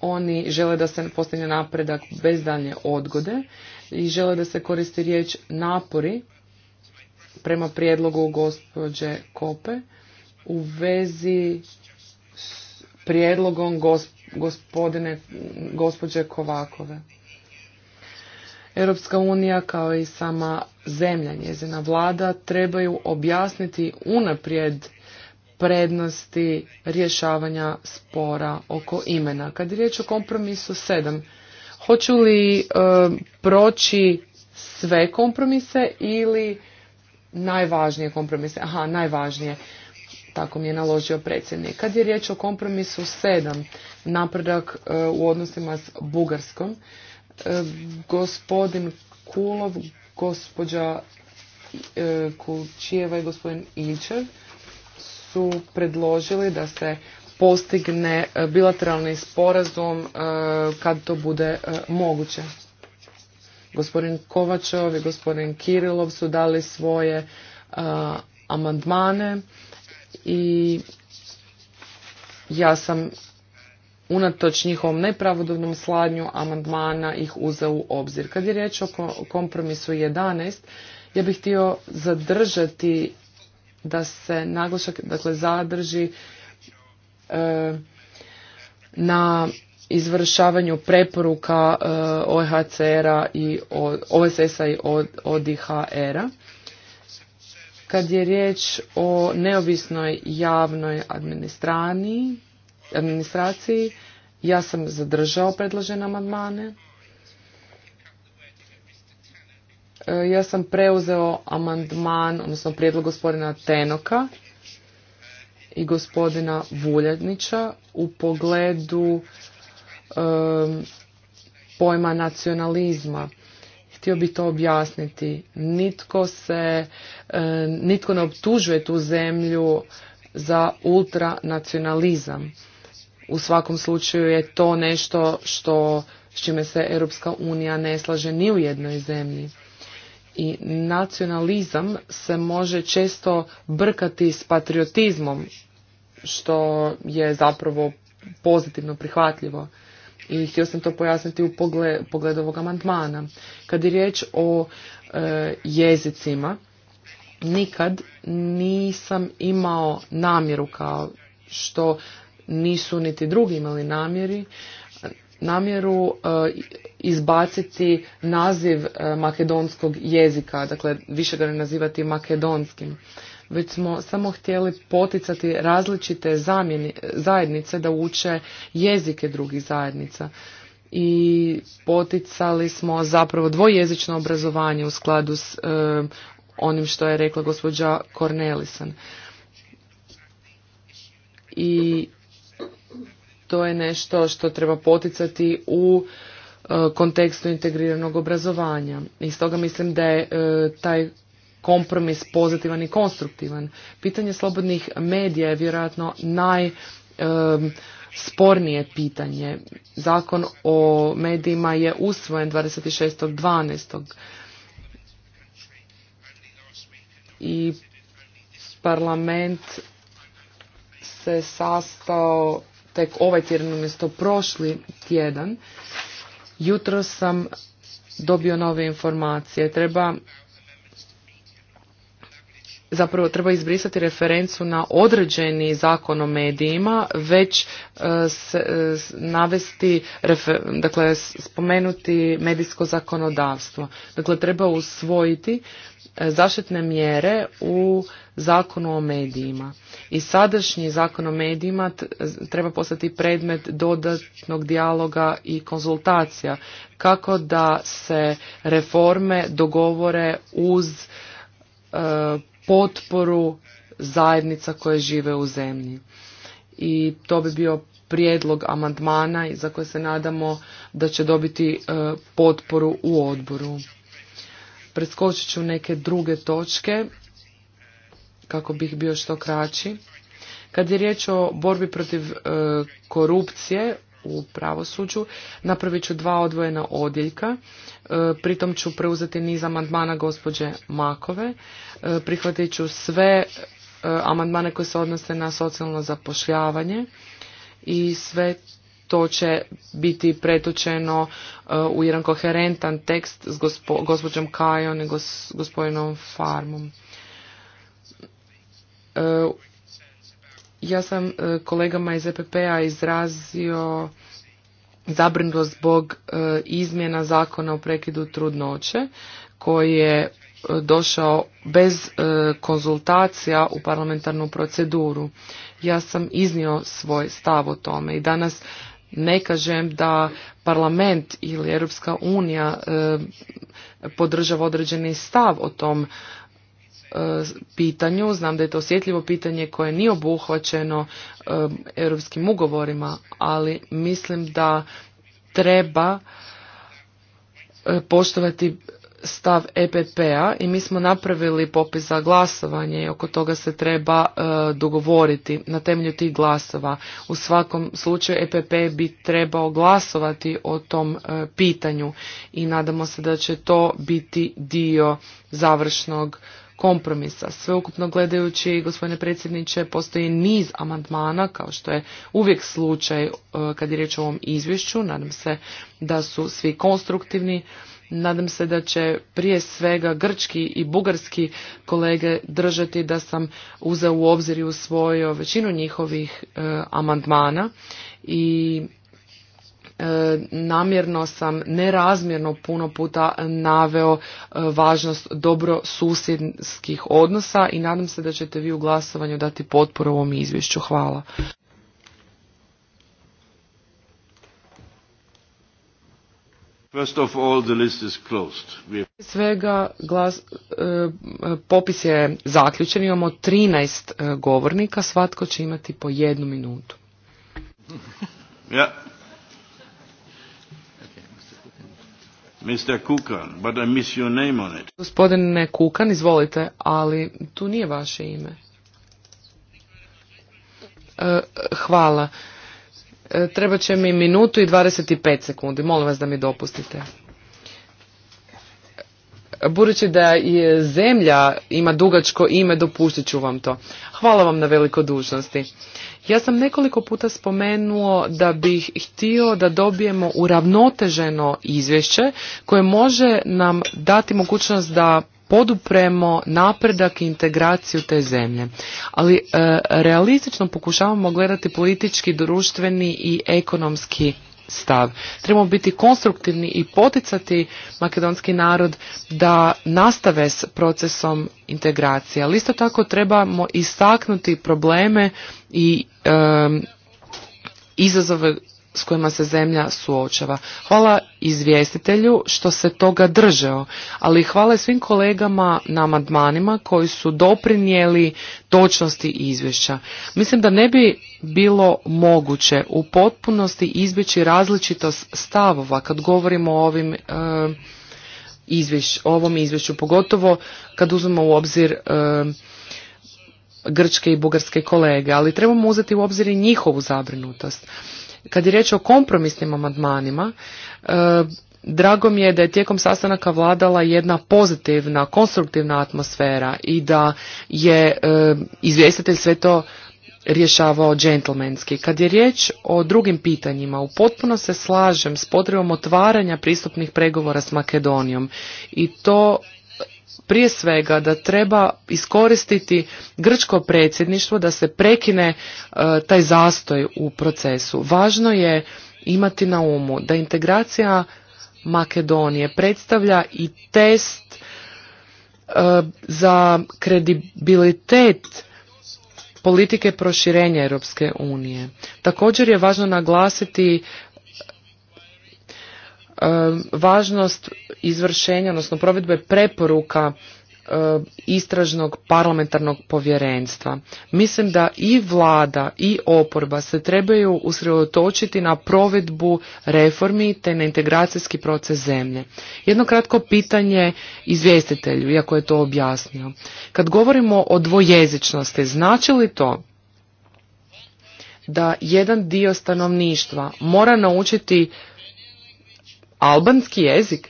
oni žele da se postigne napredak bez daljnje odgode i žele da se koristi riječ napori prema prijedlogu gospođe Kope u vezi s prijedlogom gospodine, gospođe Kovakove. Europska unija kao i sama zemlja, njezina vlada trebaju objasniti unaprijed prednosti rješavanja spora oko imena. Kad je riječ o kompromisu 7, Hoću li e, proći sve kompromise ili najvažnije kompromise? Aha, najvažnije. Tako mi je naložio predsjednik. Kad je riječ o kompromisu 7, napredak e, u odnosima s Bugarskom, e, gospodin Kulov, gospođa Kulčijeva i gospodin Ilčev su predložili da se postigne e, bilateralni sporazum e, kad to bude e, moguće. Gospodin Kovačov i gospodin Kirilov su dali svoje amandmane i ja sam unatoč njihovom nepravodobnom sladnju amandmana ih uzeo u obzir. Kad je riječ o kompromisu 11, ja bih htio zadržati da se naglašak dakle, zadrži E, na izvršavanju preporuka e, OHCR-a i OSS-a i ODHR-a. Kad je riječ o neovisnoj javnoj administraciji, ja sam zadržao predložene amandmane. E, ja sam preuzeo amandman, odnosno prijedlog gospodina Tenoka i gospodina Vuljadnića u pogledu pojma nacionalizma. Htio bi to objasniti. Nitko se, nitko ne optužuje tu zemlju za ultranacionalizam. U svakom slučaju je to nešto što s čime se Europska unija ne slaže ni u jednoj zemlji. I nacionalizam se može često brkati s patriotizmom što je zapravo pozitivno prihvatljivo. I htio sam to pojasniti u pogledu ovog amandmana. Kad je riječ o e, jezicima, nikad nisam imao namjeru kao što nisu niti drugi imali namjeri, namjeru e, izbaciti naziv e, makedonskog jezika, dakle više ga ne nazivati makedonskim već smo samo htjeli poticati različite zamjeni, zajednice da uče jezike drugih zajednica i poticali smo zapravo dvojezično obrazovanje u skladu s e, onim što je rekla gospođa Cornelison. I to je nešto što treba poticati u e, kontekstu integriranog obrazovanja. I stoga mislim da je e, taj kompromis pozitivan i konstruktivan. Pitanje slobodnih medija je vjerojatno naj spornije pitanje. Zakon o medijima je usvojen 26.12. I parlament se sastao tek ovaj tjedan umjesto prošli tjedan. Jutro sam dobio nove informacije. Treba zapravo treba izbrisati referencu na određeni zakon o medijima, već e, se e, navesti, dakle spomenuti medijsko zakonodavstvo. Dakle, treba usvojiti e, zaštitne mjere u zakonu o medijima. I sadašnji zakon o medijima treba postati predmet dodatnog dijaloga i konzultacija kako da se reforme dogovore uz potporu zajednica koje žive u zemlji. I to bi bio prijedlog amandmana za koje se nadamo da će dobiti e, potporu u odboru. Preskočit ću neke druge točke kako bih bio što kraći. Kad je riječ o borbi protiv e, korupcije, u pravosuđu. Napravit ću dva odvojena odjeljka. E, pritom ću preuzeti niz amandmana gospođe Makove. E, prihvatit ću sve e, amandmane koje se odnose na socijalno zapošljavanje i sve to će biti pretočeno u jedan koherentan tekst s gospođom Kajon i gospodinom Farmom. Ja sam e, kolegama iz EPP-a izrazio zabrinutost zbog e, izmjena zakona o prekidu trudnoće koji je e, došao bez konzultacija u parlamentarnu proceduru. Ja sam iznio svoj stav o tome i danas ne kažem da parlament ili Europska unija podržava određeni stav o tom E, pitanju, znam da je to osjetljivo pitanje koje nije obuhvaćeno e, europskim ugovorima, ali mislim da treba e, poštovati stav EPP-a i mi smo napravili popis za glasovanje i oko toga se treba dogovoriti na temelju tih glasova. U svakom slučaju EPP bi trebao glasovati o tom pitanju i nadamo se da će to biti dio završnog kompromisa. Sveukupno gledajući, gospodine predsjedniče, postoji niz amandmana, kao što je uvijek slučaj e, kad je riječ o ovom izvješću. Nadam se da su svi konstruktivni. Nadam se da će prije svega grčki i bugarski kolege držati da sam uzeo u obzir i usvojio većinu njihovih e, amandmana i E, namjerno sam nerazmjerno puno puta naveo e, važnost dobro susjedskih odnosa i nadam se da ćete vi u glasovanju dati potporu ovom izvješću. Hvala. list Svega popis je zaključen, imamo 13 e, govornika, svatko će imati po jednu minutu. Mr. Kukan, but I miss your name on it. Gospodine Kukan, izvolite, ali tu nije vaše ime. E, hvala. E, trebat treba će mi minutu i 25 sekundi. Molim vas da mi dopustite. Budući da je zemlja ima dugačko ime, dopuštit ću vam to. Hvala vam na veliko dužnosti. Ja sam nekoliko puta spomenuo da bih htio da dobijemo uravnoteženo izvješće koje može nam dati mogućnost da podupremo napredak i integraciju te zemlje. Ali e, realistično pokušavamo gledati politički, društveni i ekonomski stav. Trebamo biti konstruktivni i poticati makedonski narod da nastave s procesom integracije. Ali isto tako trebamo istaknuti probleme i izazove s kojima se zemlja suočava. Hvala izvjestitelju što se toga držao, ali hvala svim kolegama na amandmanima koji su doprinijeli točnosti izvješća. Mislim da ne bi bilo moguće u potpunosti izbjeći različitost stavova kad govorimo o ovim e, ovom izvješću, pogotovo kad uzmemo u obzir e, grčke i bugarske kolege, ali trebamo uzeti u obzir i njihovu zabrinutost. Kad je riječ o kompromisnim amandmanima, e, drago mi je da je tijekom sastanaka vladala jedna pozitivna, konstruktivna atmosfera i da je e, izvjestitelj sve to rješavao džentlmenski. Kad je riječ o drugim pitanjima, u potpuno se slažem s potrebom otvaranja pristupnih pregovora s Makedonijom i to prije svega da treba iskoristiti grčko predsjedništvo da se prekine e, taj zastoj u procesu. Važno je imati na umu da integracija Makedonije predstavlja i test e, za kredibilitet politike proširenja Europske unije. Također je važno naglasiti važnost izvršenja, odnosno provedbe preporuka istražnog parlamentarnog povjerenstva. Mislim da i vlada i oporba se trebaju usredotočiti na provedbu reformi te na integracijski proces zemlje. Jedno kratko pitanje izvjestitelju, iako je to objasnio. Kad govorimo o dvojezičnosti, znači li to da jedan dio stanovništva mora naučiti albanski jezik?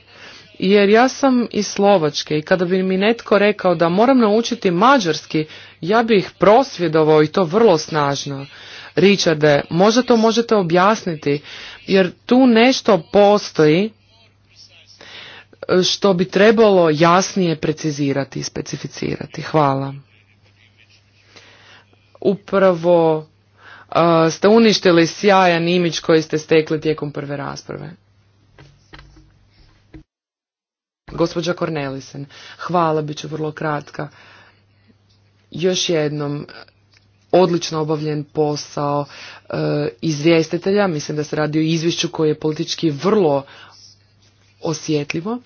Jer ja sam iz Slovačke i kada bi mi netko rekao da moram naučiti mađarski, ja bih prosvjedovao i to vrlo snažno. Richarde, možda to možete objasniti, jer tu nešto postoji e, što bi trebalo jasnije precizirati i specificirati. Hvala. Upravo uh, ste uništili sjajan imić koji ste stekli tijekom prve rasprave. Gospođa Kornelisen, hvala, bit ću vrlo kratka. Još jednom, odlično obavljen posao eh, izvjestitelja, mislim da se radi o izvješću koje je politički vrlo osjetljivo.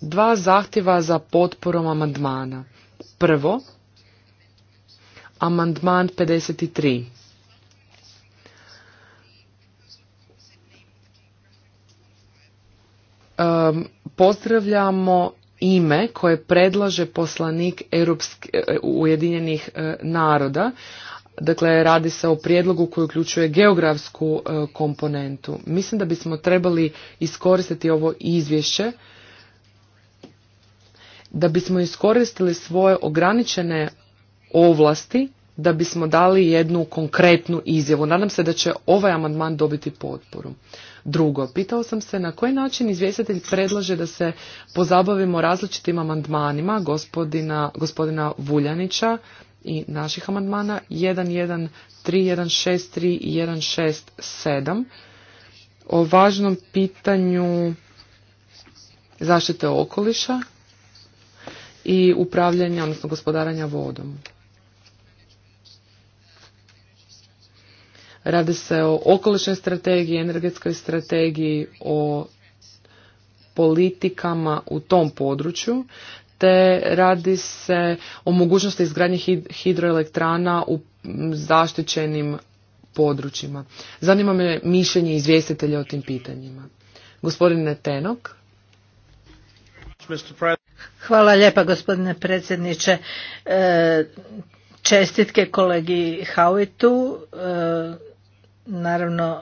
dva zahtjeva za potporom amandmana. Prvo, amandman 53. um, pozdravljamo ime koje predlaže poslanik Europske, e, Ujedinjenih e, naroda. Dakle, radi se o prijedlogu koji uključuje geografsku e, komponentu. Mislim da bismo trebali iskoristiti ovo izvješće da bismo iskoristili svoje ograničene ovlasti da bismo dali jednu konkretnu izjavu. Nadam se da će ovaj amandman dobiti potporu. Drugo, pitao sam se na koji način izvjestitelj predlaže da se pozabavimo različitim amandmanima gospodina, gospodina Vuljanića i naših amandmana 113163 i 1.6.7 o važnom pitanju zaštite okoliša i upravljanja, odnosno gospodaranja vodom. Radi se o okolišnoj strategiji, energetskoj strategiji, o politikama u tom području, te radi se o mogućnosti izgradnje hidroelektrana u zaštićenim područjima. Zanima me mišljenje izvjestitelja o tim pitanjima. Gospodine Tenok. Hvala lijepa gospodine predsjedniče. E, čestitke kolegi Hauitu. E, Naravno,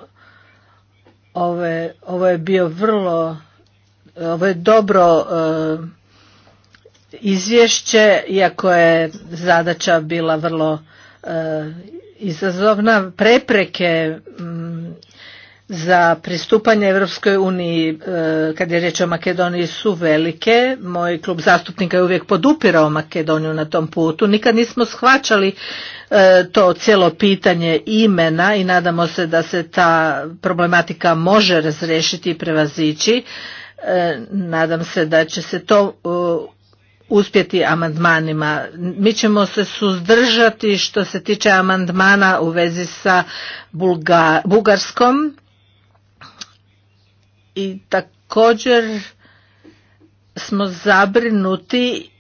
ovo je bio vrlo, ovo je dobro e, izvješće, iako je zadaća bila vrlo e, izazovna. Prepreke mm, za pristupanje Europskoj uniji e, kad je riječ o Makedoniji su velike. Moj klub zastupnika je uvijek podupirao Makedoniju na tom putu. Nikad nismo shvaćali E, to cijelo pitanje imena i nadamo se da se ta problematika može razriješiti i prevazići. E, nadam se da će se to e, uspjeti amandmanima. Mi ćemo se suzdržati što se tiče amandmana u vezi sa Bugarskom i također smo zabrinuti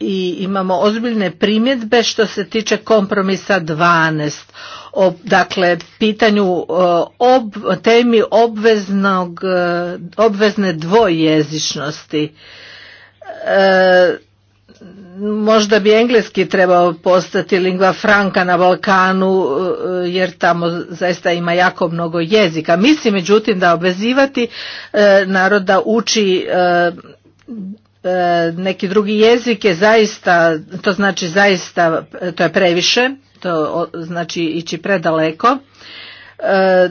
i imamo ozbiljne primjedbe što se tiče kompromisa 12 o dakle pitanju e, ob, temi obveznog, e, obvezne dvojezičnosti. E, možda bi engleski trebao postati lingva franka na Balkanu e, jer tamo zaista ima jako mnogo jezika. Mislim međutim da obvezivati naroda narod uči E, neki drugi jezik je zaista, to znači zaista, e, to je previše, to znači ići predaleko. E,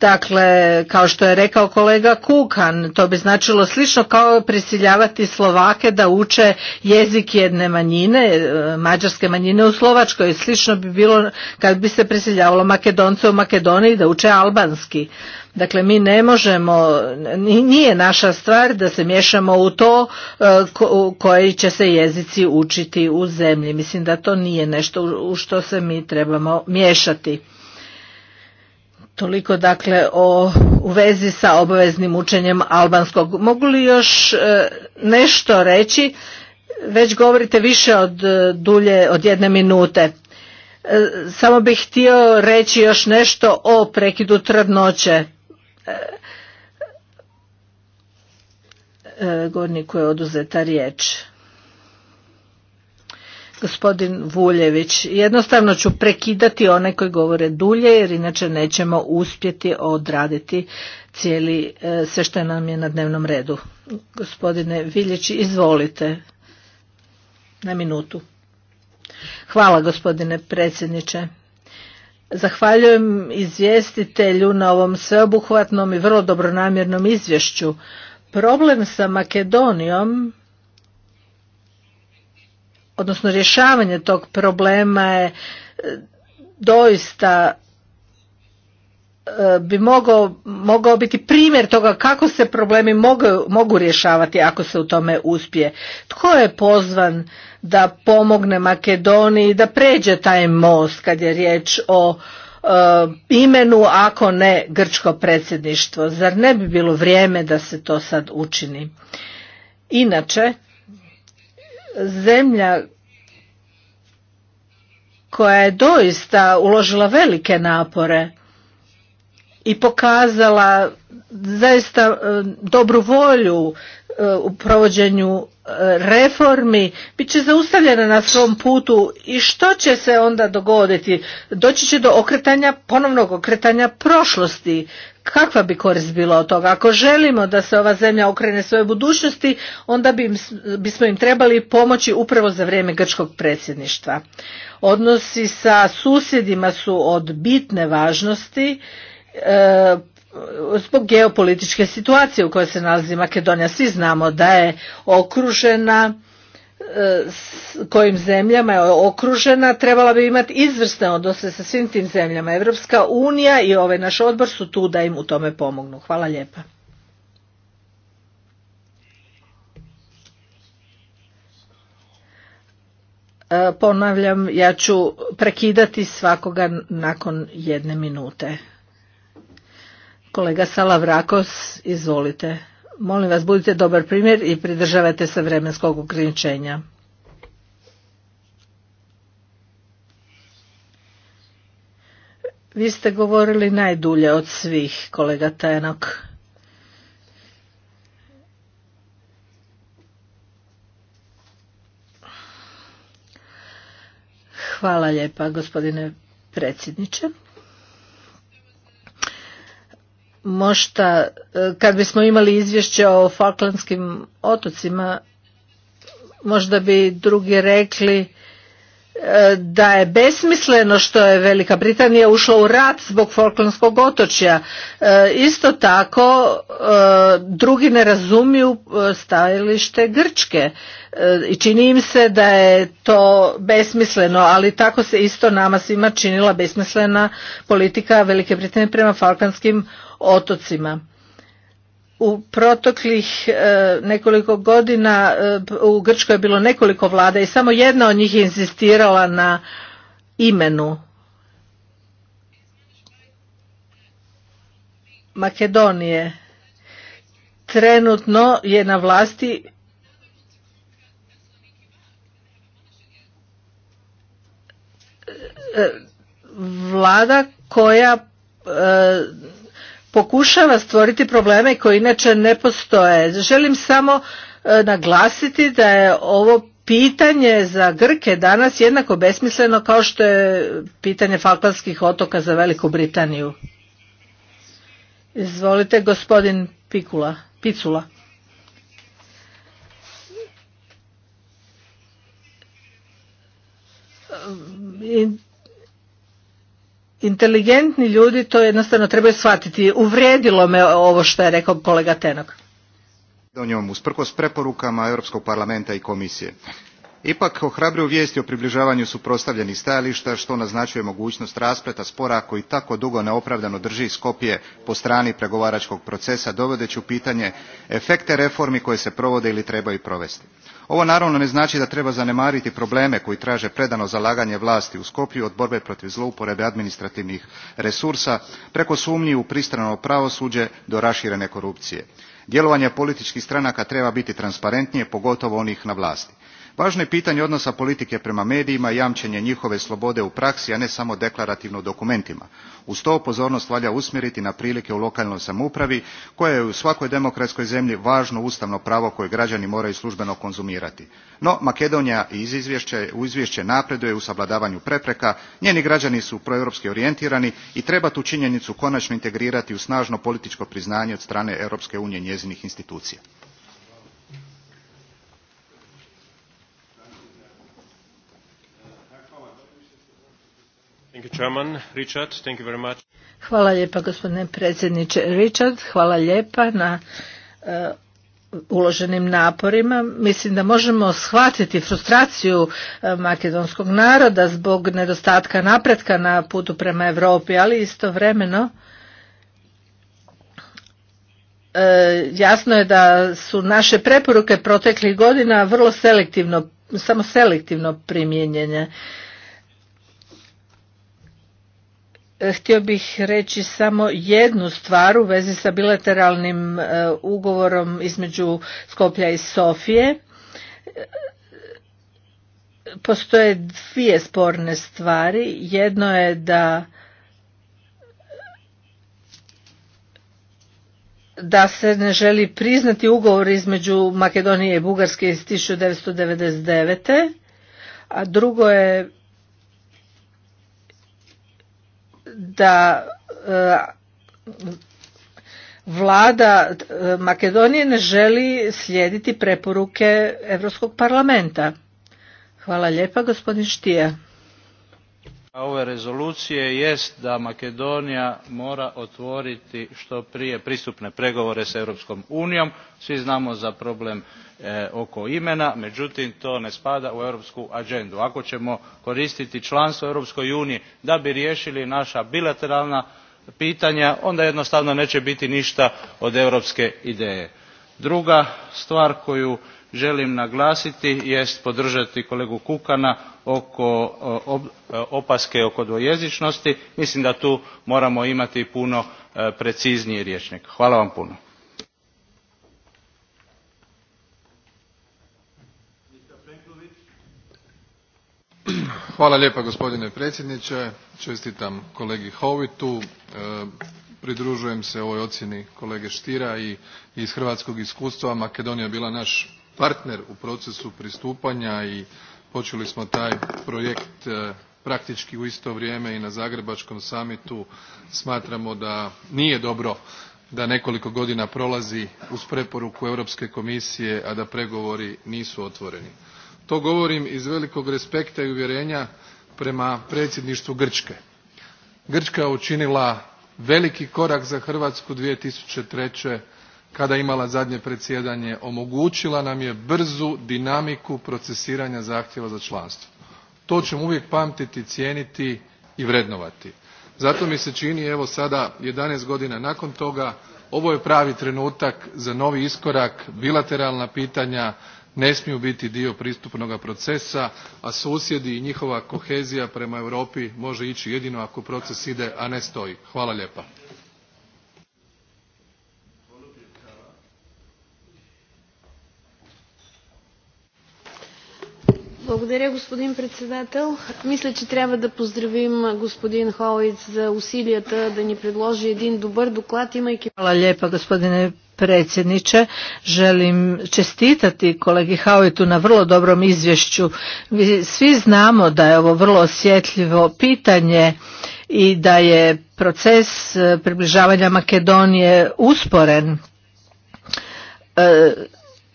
Dakle, kao što je rekao kolega Kukan, to bi značilo slično kao prisiljavati Slovake da uče jezik jedne manjine, e, mađarske manjine u Slovačkoj. Slično bi bilo kad bi se prisiljavalo Makedonce u Makedoniji da uče albanski. Dakle, mi ne možemo, nije naša stvar da se miješamo u to e, koji će se jezici učiti u zemlji. Mislim da to nije nešto u što se mi trebamo miješati. Toliko dakle o, u vezi sa obaveznim učenjem albanskog. Mogu li još e, nešto reći? Već govorite više od e, dulje od jedne minute. E, samo bih htio reći još nešto o prekidu trudnoće. E, govorniku je oduzeta riječ gospodin Vuljević. Jednostavno ću prekidati one koji govore dulje jer inače nećemo uspjeti odraditi cijeli e, sve što nam je na dnevnom redu. Gospodine Viljeći, izvolite na minutu. Hvala gospodine predsjedniče. Zahvaljujem izvjestitelju na ovom sveobuhvatnom i vrlo dobronamjernom izvješću. Problem sa Makedonijom odnosno rješavanje tog problema je e, doista e, bi mogao, mogao biti primjer toga kako se problemi mogu, mogu rješavati ako se u tome uspije. Tko je pozvan da pomogne Makedoniji da pređe taj most kad je riječ o e, imenu ako ne grčko predsjedništvo? Zar ne bi bilo vrijeme da se to sad učini? Inače, zemlja koja je doista uložila velike napore i pokazala zaista e, dobru volju u provođenju e, reformi bit će zaustavljena na svom putu i što će se onda dogoditi? Doći će do okretanja, ponovnog okretanja prošlosti. Kakva bi korist bila od toga? Ako želimo da se ova zemlja okrene svoje budućnosti, onda bi, bismo im trebali pomoći upravo za vrijeme grčkog predsjedništva. Odnosi sa susjedima su od bitne važnosti. E, zbog geopolitičke situacije u kojoj se nalazi Makedonija. Svi znamo da je okružena e, s kojim zemljama je okružena, trebala bi imati izvrsne odnose sa svim tim zemljama. Evropska unija i ovaj naš odbor su tu da im u tome pomognu. Hvala lijepa. E, ponavljam, ja ću prekidati svakoga nakon jedne minute. Kolega Salavrakos, izvolite. Molim vas, budite dobar primjer i pridržavajte se vremenskog ograničenja. Vi ste govorili najdulje od svih, kolega Tenok. Hvala lijepa, gospodine predsjedniče možda e, kad bismo imali izvješće o Falklandskim otocima možda bi drugi rekli e, da je besmisleno što je Velika Britanija ušla u rat zbog Falklandskog otočja. E, isto tako drugi ne razumiju stajalište Grčke i čini im se da je to besmisleno, ali tako se isto nama svima činila besmislena politika Velike Britanije prema Falkanskim otocima. U protoklih e, nekoliko godina e, u Grčkoj je bilo nekoliko vlada i samo jedna od njih je insistirala na imenu Makedonije. Trenutno je na vlasti e, vlada koja pokušava stvoriti probleme koji inače ne postoje. Želim samo e, naglasiti da je ovo pitanje za Grke danas jednako besmisleno kao što je pitanje Falklandskih otoka za Veliku Britaniju. Izvolite gospodin Pikula, Picula inteligentni ljudi to jednostavno trebaju shvatiti. Uvrijedilo me ovo što je rekao kolega Tenok. O njom, usprkos preporukama Europskog parlamenta i komisije. Ipak ohrabruju vijesti o približavanju suprotstavljenih stajališta što naznačuje mogućnost raspleta spora koji tako dugo neopravdano drži Skopje po strani pregovaračkog procesa dovodeći u pitanje efekte reformi koje se provode ili trebaju provesti ovo naravno ne znači da treba zanemariti probleme koji traže predano zalaganje vlasti u Skopju od borbe protiv zlouporabe administrativnih resursa preko sumnji u pristrano pravosuđe do raširene korupcije djelovanje političkih stranaka treba biti transparentnije pogotovo onih na vlasti važno je pitanje odnosa politike prema medijima i jamčenje njihove slobode u praksi a ne samo deklarativno u dokumentima. uz to pozornost valja usmjeriti na prilike u lokalnoj samoupravi koja je u svakoj demokratskoj zemlji važno ustavno pravo koje građani moraju službeno konzumirati. no makedonija iz izvješća u izvješće napreduje u savladavanju prepreka njeni građani su proeuropski orijentirani i treba tu činjenicu konačno integrirati u snažno političko priznanje od strane europske unije i njezinih institucija. Hvala lijepa gospodine predsjedniče Richard, hvala lijepa na e, uloženim naporima. Mislim da možemo shvatiti frustraciju e, makedonskog naroda zbog nedostatka napretka na putu prema Europi, ali istovremeno e, jasno je da su naše preporuke proteklih godina vrlo selektivno, samo selektivno primijenjene. E, htio bih reći samo jednu stvar u vezi sa bilateralnim e, ugovorom između Skoplja i Sofije. E, postoje dvije sporne stvari. Jedno je da da se ne želi priznati ugovor između Makedonije i Bugarske iz 1999. A drugo je da e, vlada e, Makedonije ne želi slijediti preporuke Europskog parlamenta. Hvala lijepa gospodin Štija ove rezolucije jest da makedonija mora otvoriti što prije pristupne pregovore s europskom unijom svi znamo za problem eh, oko imena međutim to ne spada u europsku agendu. ako ćemo koristiti članstvo u europskoj uniji da bi riješili naša bilateralna pitanja onda jednostavno neće biti ništa od europske ideje. druga stvar koju želim naglasiti jest podržati kolegu kukana oko e, e, opaske oko dvojezičnosti mislim da tu moramo imati puno e, precizniji rječnik. hvala vam puno. Hvala lijepa gospodine predsjedniče. Čestitam kolegi Hovitu. pridružujem se ovoj ocjeni kolege Štira i iz hrvatskog iskustva Makedonija je bila naš partner u procesu pristupanja i počeli smo taj projekt e, praktički u isto vrijeme i na zagrebačkom summitu smatramo da nije dobro da nekoliko godina prolazi uz preporuku europske komisije a da pregovori nisu otvoreni. to govorim iz velikog respekta i uvjerenja prema predsjedništvu grčke. grčka je učinila veliki korak za hrvatsku. two thousand and kada je imala zadnje predsjedanje omogućila nam je brzu dinamiku procesiranja zahtjeva za članstvo. To ćemo uvijek pamtiti, cijeniti i vrednovati. Zato mi se čini evo sada 11 godina nakon toga ovo je pravi trenutak za novi iskorak, bilateralna pitanja ne smiju biti dio pristupnog procesa, a susjedi i njihova kohezija prema Europi može ići jedino ako proces ide, a ne stoji. Hvala lijepa. Благодаря, господин председател. Мисля, че трябва да поздравим господин Холиц за усилията да ни предложи един добър доклад, имайки... Hvala lijepa, gospodine predsjedniče. Želim čestitati kolegi Hauitu na vrlo dobrom izvješću. Svi znamo da je ovo vrlo osjetljivo pitanje i da je proces e, približavanja Makedonije usporen. E,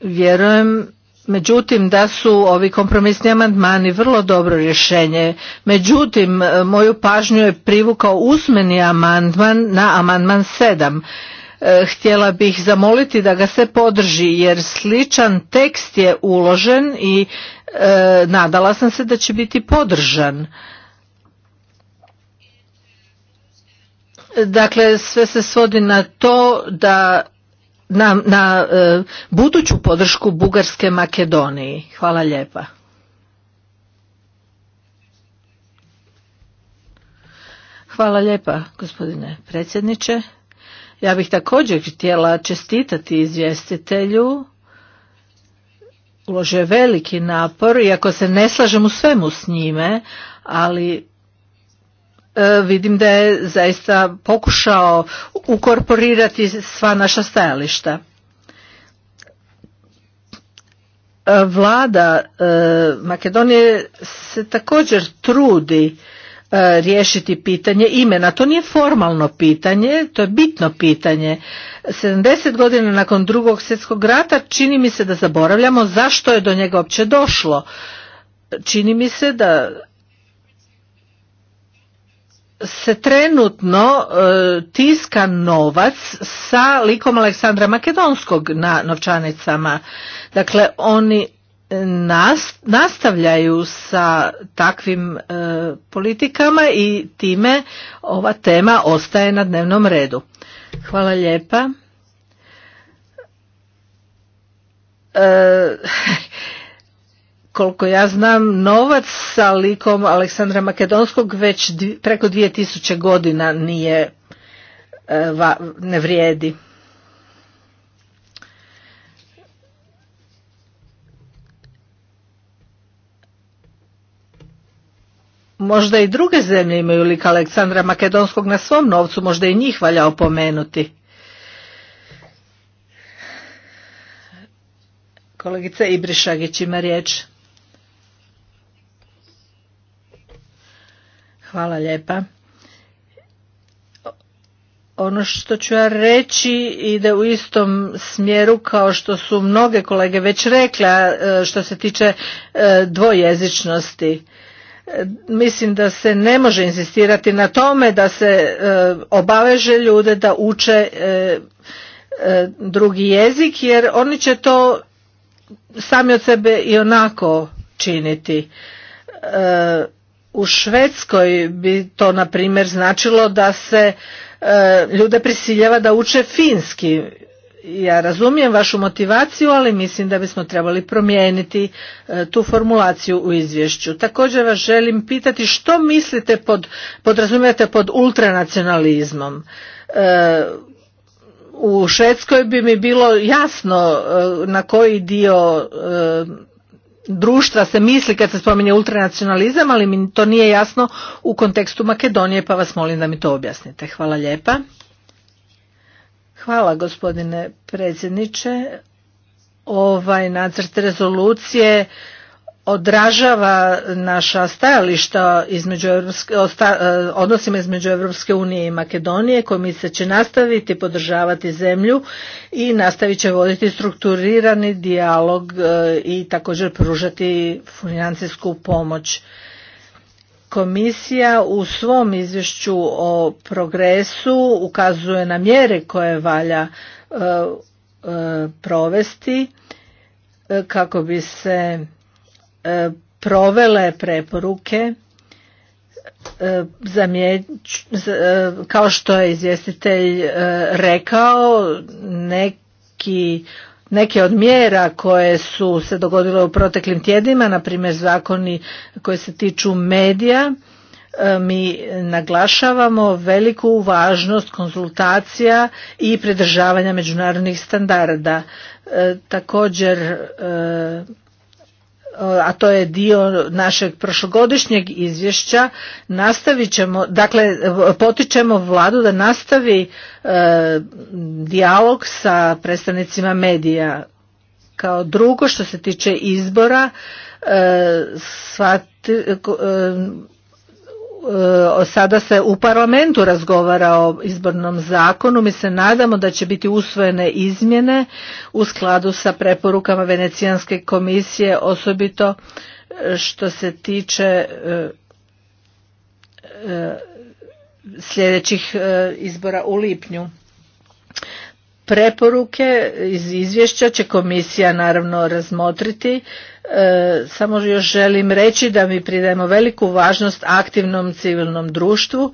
vjerujem Međutim, da su ovi kompromisni amandmani vrlo dobro rješenje. Međutim, e, moju pažnju je privukao usmeni amandman na amandman 7. E, htjela bih zamoliti da ga se podrži jer sličan tekst je uložen i e, nadala sam se da će biti podržan. Dakle, sve se svodi na to da na, na e, buduću podršku Bugarske Makedoniji. Hvala lijepa. Hvala lijepa gospodine predsjedniče. Ja bih također htjela čestitati izvjestitelju. Uložio veliki napor, iako se ne slažem u svemu s njime, ali E, vidim da je zaista pokušao ukorporirati sva naša stajališta. E, vlada e, Makedonije se također trudi riješiti pitanje imena. To nije formalno pitanje, to je bitno pitanje. 70 godina nakon drugog svjetskog rata čini mi se da zaboravljamo zašto je do njega uopće došlo. Čini mi se da se trenutno e, tiska novac sa likom Aleksandra Makedonskog na novčanicama. Dakle, oni e, nastavljaju sa takvim e, politikama i time ova tema ostaje na dnevnom redu. Hvala lijepa. E, koliko ja znam, novac sa likom Aleksandra Makedonskog već preko 2000 godina nije, e, ne vrijedi. Možda i druge zemlje imaju lika Aleksandra Makedonskog na svom novcu, možda i njih valja opomenuti. kolegice Ibrišagić ima riječ. Hvala lijepa. Ono što ću ja reći ide u istom smjeru kao što su mnoge kolege već rekla e, što se tiče e, dvojezičnosti. E, mislim da se ne može insistirati na tome da se obaveže ljude da uče drugi jezik jer oni će to sami od sebe i onako činiti u Švedskoj bi to na primjer značilo da se e, ljude prisiljava da uče finski. Ja razumijem vašu motivaciju, ali mislim da bismo trebali promijeniti e, tu formulaciju u izvješću. Također vas želim pitati što mislite pod, podrazumijete pod ultranacionalizmom. E, u Švedskoj bi mi bilo jasno na koji dio društva se misli kad se spominje ultranacionalizam, ali mi to nije jasno u kontekstu Makedonije, pa vas molim da mi to objasnite. Hvala lijepa. Hvala gospodine predsjedniče. Ovaj nacrt rezolucije odražava naša stajališta između e, odnosima između Europske unije i Makedonije. Komisija će nastaviti podržavati zemlju i nastavit će voditi strukturirani dijalog e, i također pružati financijsku pomoć. Komisija u svom izvješću o progresu ukazuje na mjere koje valja e, provesti kako bi se E, provele preporuke e, e, kao što je izvjestitelj rekao neki neke od mjera koje su se dogodile u proteklim tjednima, na primjer zakoni koji se tiču medija, mi naglašavamo veliku važnost konzultacija i pridržavanja međunarodnih standarda. Također a to je dio našeg prošlogodišnjeg izvješća, nastavit ćemo, dakle potičemo vladu da nastavi e, dijalog sa predstavnicima medija. Kao drugo što se tiče izbora, e, e E, sada se u parlamentu razgovara o izbornom zakonu. Mi se nadamo da će biti usvojene izmjene u skladu sa preporukama Venecijanske komisije, osobito e, što se tiče e, sljedećih izbora u lipnju. Preporuke iz izvješća će komisija naravno razmotriti. E, samo još želim reći da mi pridajemo veliku važnost aktivnom civilnom društvu.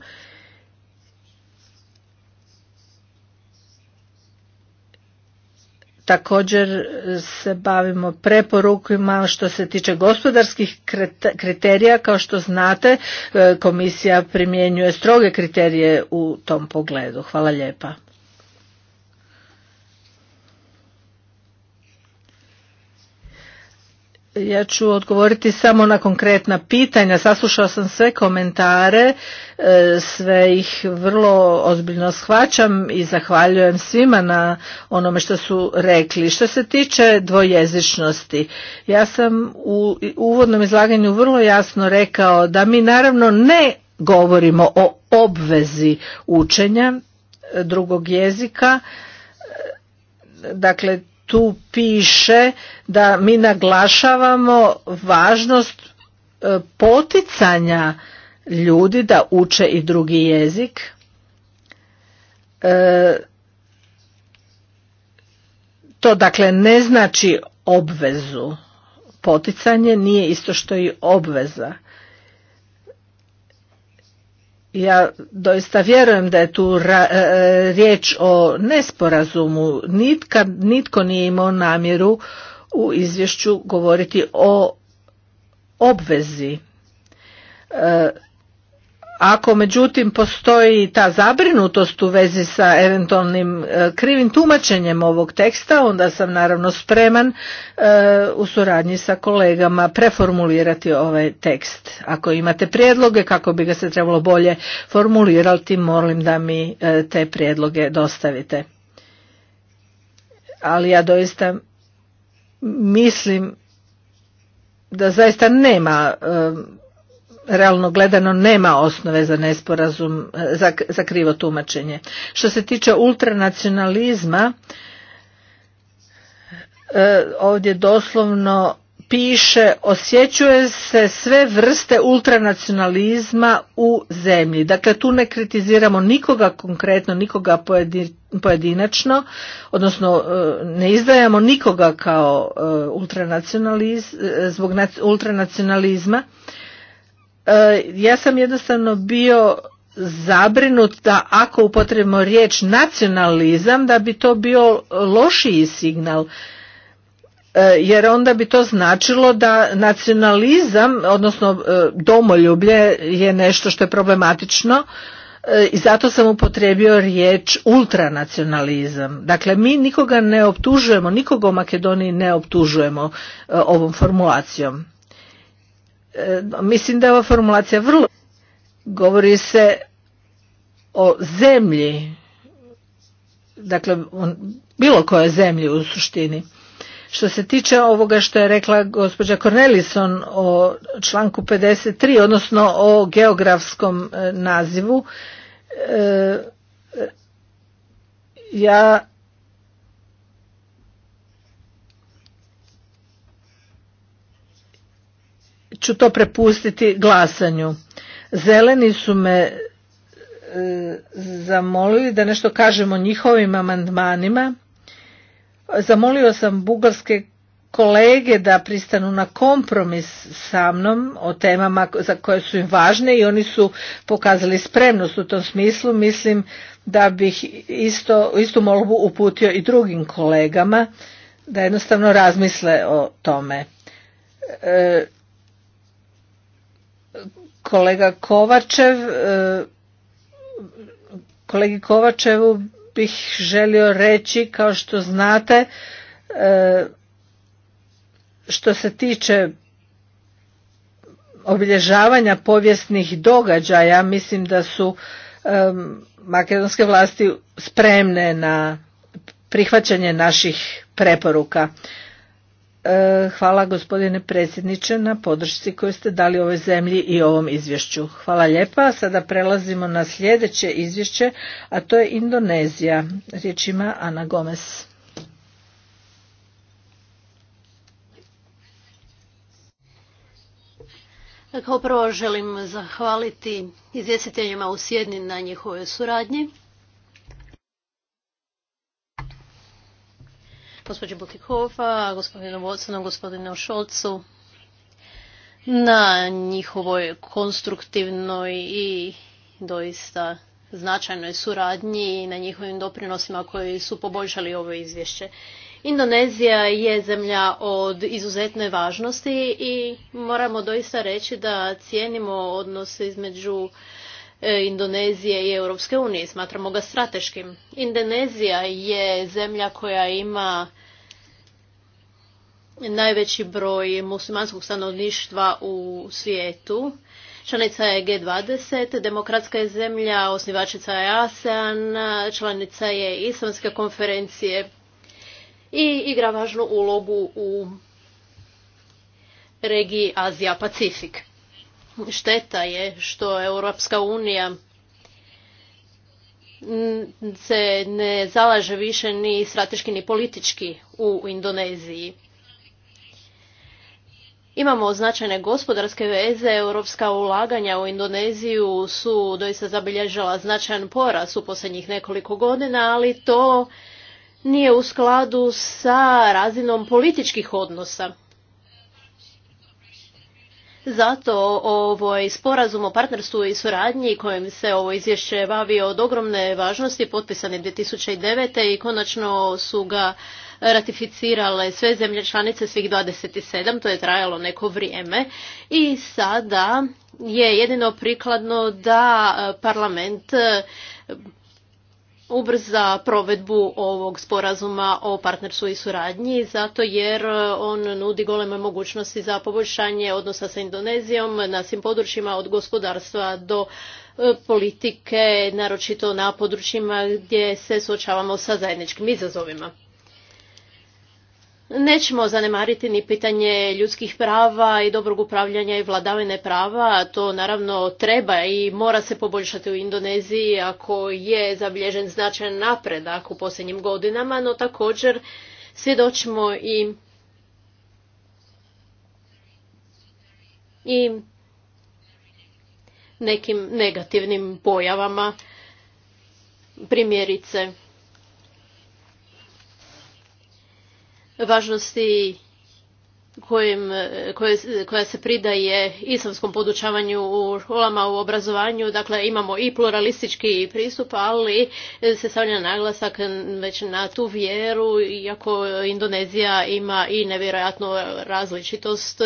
Također se bavimo preporukama što se tiče gospodarskih kriterija. Kao što znate, e, komisija primjenjuje stroge kriterije u tom pogledu. Hvala lijepa. ja ću odgovoriti samo na konkretna pitanja. Saslušao sam sve komentare, e, sve ih vrlo ozbiljno shvaćam i zahvaljujem svima na onome što su rekli. Što se tiče dvojezičnosti, ja sam u uvodnom izlaganju vrlo jasno rekao da mi naravno ne govorimo o obvezi učenja drugog jezika, dakle tu piše da mi naglašavamo važnost e, poticanja ljudi da uče i drugi jezik. E, to dakle ne znači obvezu. Poticanje nije isto što i obveza ja doista vjerujem da je tu ra, e, e, riječ o nesporazumu. Nitka, nitko nije imao namjeru u izvješću govoriti o obvezi. E, ako međutim postoji ta zabrinutost u vezi sa eventualnim e, krivim tumačenjem ovog teksta, onda sam naravno spreman e, u suradnji sa kolegama preformulirati ovaj tekst. Ako imate prijedloge kako bi ga se trebalo bolje formulirati, molim da mi e, te prijedloge dostavite. Ali ja doista mislim da zaista nema realno gledano nema osnove za nesporazum, e, za, za krivo tumačenje. Što se tiče ultranacionalizma, e, ovdje doslovno piše osjećuje se sve vrste ultranacionalizma u zemlji. Dakle, tu ne kritiziramo nikoga konkretno, nikoga pojedinačno, odnosno e, ne izdajamo nikoga kao ultranacionalizma, zbog ultranacionalizma. E, ja sam jednostavno bio zabrinut da ako upotrebimo riječ nacionalizam da bi to bio lošiji signal e, jer onda bi to značilo da nacionalizam odnosno e, domoljublje je nešto što je problematično i zato sam upotrijebio riječ ultranacionalizam. Dakle, mi nikoga ne optužujemo, nikoga u Makedoniji ne optužujemo ovom formulacijom. E, mislim da je ova formulacija vrlo... Govori se o zemlji, dakle bilo koje zemlji u suštini. Što se tiče ovoga što je rekla gospođa Cornelison o članku 53, odnosno o geografskom e, nazivu, e, ja ću to prepustiti glasanju. Zeleni su me e, zamolili da nešto kažem o njihovim amandmanima. Zamolio sam bugarske kolege da pristanu na kompromis sa mnom o temama za koje su im važne i oni su pokazali spremnost u tom smislu. Mislim da bih isto, istu molbu uputio i drugim kolegama da jednostavno razmisle o tome. E, kolega Kovačev, e, kolegi Kovačevu bih želio reći, kao što znate, e, što se tiče obilježavanja povijesnih događaja, mislim da su e, makedonske vlasti spremne na prihvaćanje naših preporuka. E, hvala gospodine predsjedniče na podršci koju ste dali ovoj zemlji i ovom izvješću. Hvala lijepa. Sada prelazimo na sljedeće izvješće, a to je Indonezija. Riječ ima Ana Gomez. Kao prvo želim zahvaliti izvjestiteljima u Sjedni na njihovoj suradnji. gospođe Butikova, gospodinu Watsonu, gospodinu Šolcu na njihovoj konstruktivnoj i doista značajnoj suradnji i na njihovim doprinosima koji su poboljšali ovo izvješće. Indonezija je zemlja od izuzetne važnosti i moramo doista reći da cijenimo odnose između E, Indonezije i Europske unije. Smatramo ga strateškim. Indonezija je zemlja koja ima najveći broj muslimanskog stanovništva u svijetu. Članica je G20, demokratska je zemlja, osnivačica je ASEAN, članica je Islamske konferencije i igra važnu ulogu u regiji Azija-Pacifik. Šteta je što Europska unija se ne zalaže više ni strateški ni politički u Indoneziji. Imamo značajne gospodarske veze, europska ulaganja u Indoneziju su doista zabilježila značajan porast u posljednjih nekoliko godina, ali to nije u skladu sa razinom političkih odnosa. Zato ovaj sporazum o partnerstvu i suradnji kojim se ovo izvješće bavi od ogromne važnosti potpisan je 2009. i konačno su ga ratificirale sve zemlje članice svih 27, to je trajalo neko vrijeme i sada je jedino prikladno da parlament ubrza provedbu ovog sporazuma o partnerstvu i suradnji zato jer on nudi goleme mogućnosti za poboljšanje odnosa sa Indonezijom na svim područjima od gospodarstva do e, politike, naročito na područjima gdje se suočavamo sa zajedničkim izazovima. Nećemo zanemariti ni pitanje ljudskih prava i dobrog upravljanja i vladavine prava, to naravno treba i mora se poboljšati u Indoneziji ako je zabilježen značajan napredak u posljednjim godinama, no također svjedočimo i i nekim negativnim pojavama primjerice važnosti koja se pridaje islamskom podučavanju u školama u obrazovanju. Dakle, imamo i pluralistički pristup, ali se stavlja naglasak već na tu vjeru, iako Indonezija ima i nevjerojatnu različitost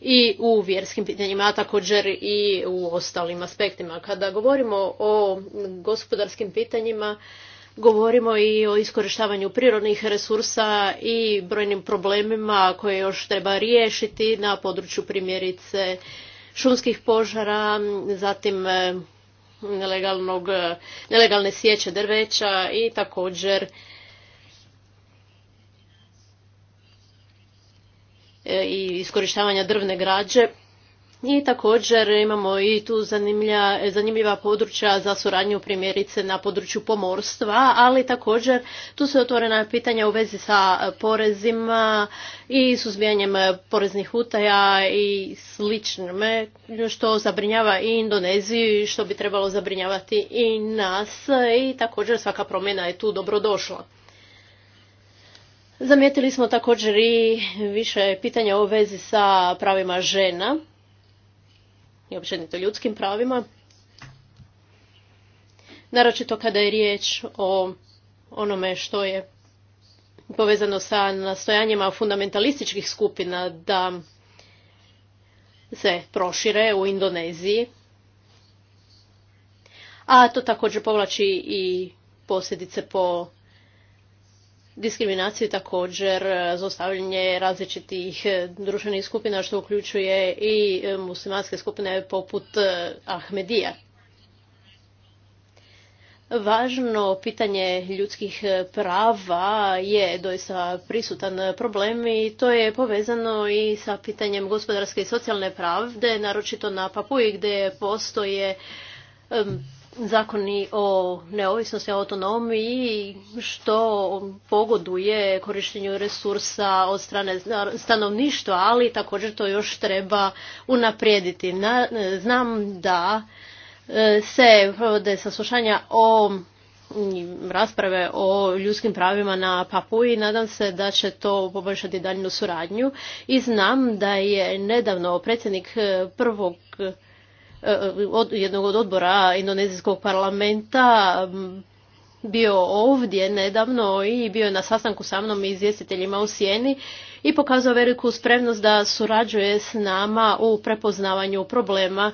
i u vjerskim pitanjima, a također i u ostalim aspektima. Kada govorimo o gospodarskim pitanjima, Govorimo i o iskorištavanju prirodnih resursa i brojnim problemima koje još treba riješiti na području primjerice šumskih požara, zatim e, e, nelegalne sjeće drveća i također e, i iskorištavanja drvne građe. I također imamo i tu zanimljiva područja za suradnju primjerice na području pomorstva, ali također tu su otvorena pitanja u vezi sa porezima i suzbijanjem poreznih utaja i sličnim, što zabrinjava i Indoneziju i što bi trebalo zabrinjavati i nas i također svaka promjena je tu dobrodošla. Zamijetili smo također i više pitanja u vezi sa pravima žena i općenito ljudskim pravima. Naročito kada je riječ o onome što je povezano sa nastojanjima fundamentalističkih skupina da se prošire u Indoneziji. A to također povlači i posljedice po diskriminaciju također e, zlostavljanje različitih e, društvenih skupina što uključuje i e, muslimanske skupine poput Ahmedija. Važno pitanje ljudskih prava je doista prisutan problem i to je povezano i sa pitanjem gospodarske i socijalne pravde, naročito na Papuji gdje postoje zakoni o neovisnosti, autonomiji, što pogoduje korištenju resursa od strane stanovništva, ali također to još treba unaprijediti. znam da e, se provode saslušanja o rasprave o ljudskim pravima na Papu i nadam se da će to poboljšati daljnu suradnju. I znam da je nedavno predsjednik e, prvog Eh, od jednog od odbora indonezijskog parlamenta bio ovdje nedavno i bio je na sastanku sa mnom i izvjestiteljima u sjeni i pokazao veliku spremnost da surađuje s nama u prepoznavanju problema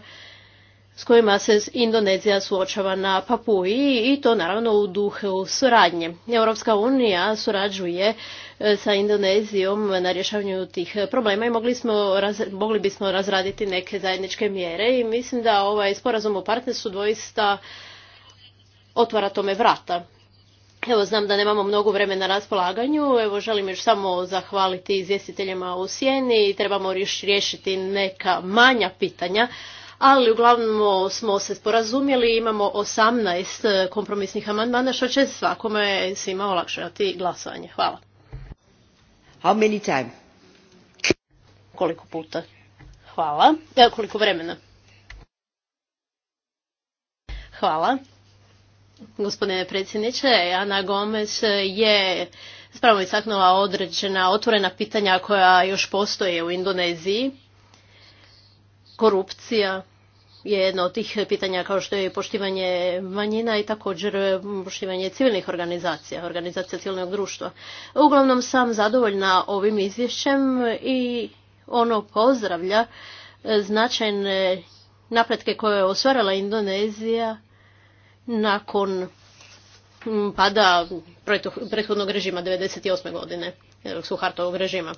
s kojima se Indonezija suočava na Papuji i to naravno u duhu suradnje. Europska unija surađuje e, sa Indonezijom na rješavanju tih problema i mogli, smo, mogli bismo razraditi neke zajedničke mjere i mislim da ovaj sporazum o partnerstvu doista otvara tome vrata. Evo, znam da nemamo mnogo vremena na raspolaganju. Evo, želim još samo zahvaliti izvjestiteljima u Sjeni i trebamo riješiti neka manja pitanja ali uglavnom smo se sporazumjeli, imamo 18 e, kompromisnih amandmana što će svakome svima olakšati glasovanje. Hvala. How many time? Koliko puta? Hvala. E, koliko vremena? Hvala. Gospodine predsjedniče, Ana Gomez je spravo istaknula određena otvorena pitanja koja još postoje u Indoneziji. Korupcija, je jedno od tih pitanja kao što je poštivanje manjina i također mm, poštivanje civilnih organizacija, organizacija civilnog društva. Uglavnom sam zadovoljna ovim izvješćem i ono pozdravlja e, značajne napretke koje je osvarala Indonezija nakon mm, pada prethodnog režima 1998. godine, Suhartovog režima.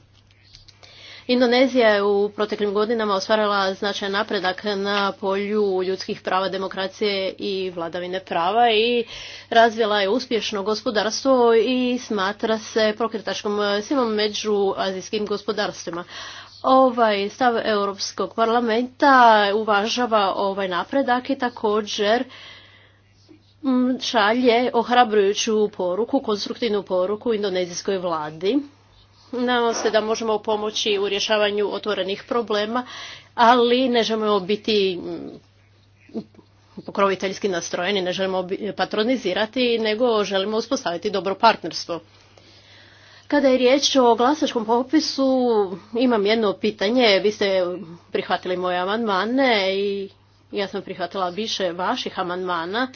Indonezija je u proteklim godinama ostvarila značajan napredak na polju ljudskih prava, demokracije i vladavine prava i razvila je uspješno gospodarstvo i smatra se prokretačkom silom među azijskim gospodarstvima. Ovaj stav Europskog parlamenta uvažava ovaj napredak i također mm, šalje ohrabrujuću poruku, konstruktivnu poruku indonezijskoj vladi Nadamo se da možemo pomoći u rješavanju otvorenih problema, ali ne želimo biti mm, pokroviteljski nastrojeni, ne želimo patronizirati, nego želimo uspostaviti dobro partnerstvo. Kada je riječ o glasačkom popisu, imam jedno pitanje. Vi ste prihvatili moje amandmane i ja sam prihvatila više vaših amandmana,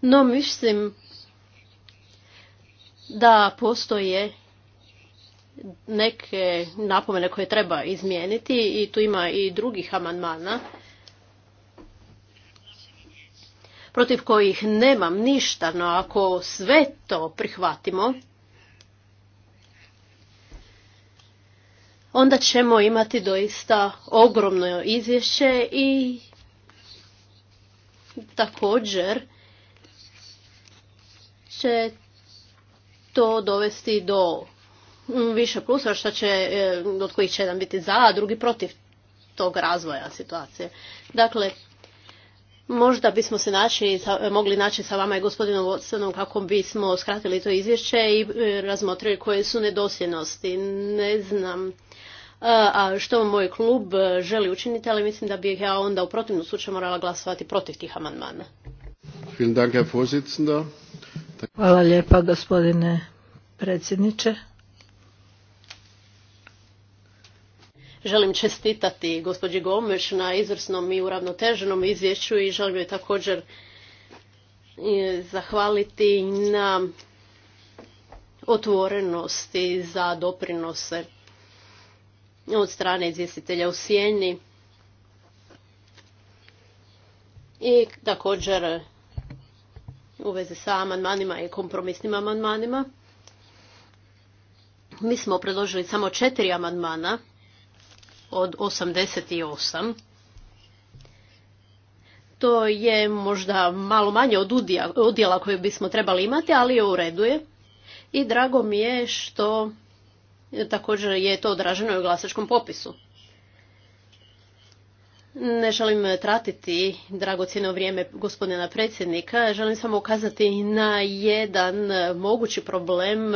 no mislim da postoje neke napomene koje treba izmijeniti i tu ima i drugih amandmana protiv kojih nemam ništa, no ako sve to prihvatimo, onda ćemo imati doista ogromno izvješće i također će to dovesti do više plusa što će, e, od kojih će jedan biti za, a drugi protiv tog razvoja situacije. Dakle, možda bismo se naći, mogli naći sa vama i gospodinom Vodstvenom kako bismo skratili to izvješće i e, razmotrili koje su nedosljednosti. Ne znam e, a što moj klub želi učiniti, ali mislim da bih ja onda u protivnom slučaju morala glasovati protiv tih amandmana. Hvala lijepa gospodine predsjedniče. Želim čestitati gospođi Gomeš na izvrsnom i uravnoteženom izvješću i želim joj također e, zahvaliti na otvorenosti za doprinose od strane izvjestitelja u Sjeni i također u vezi sa amandmanima i kompromisnim amandmanima. Mi smo predložili samo četiri amandmana od 88. To je možda malo manje od udjela koje bismo trebali imati, ali je u redu je. I drago mi je što također je to odraženo u glasačkom popisu. Ne želim tratiti dragocjeno vrijeme gospodina predsjednika, želim samo ukazati na jedan mogući problem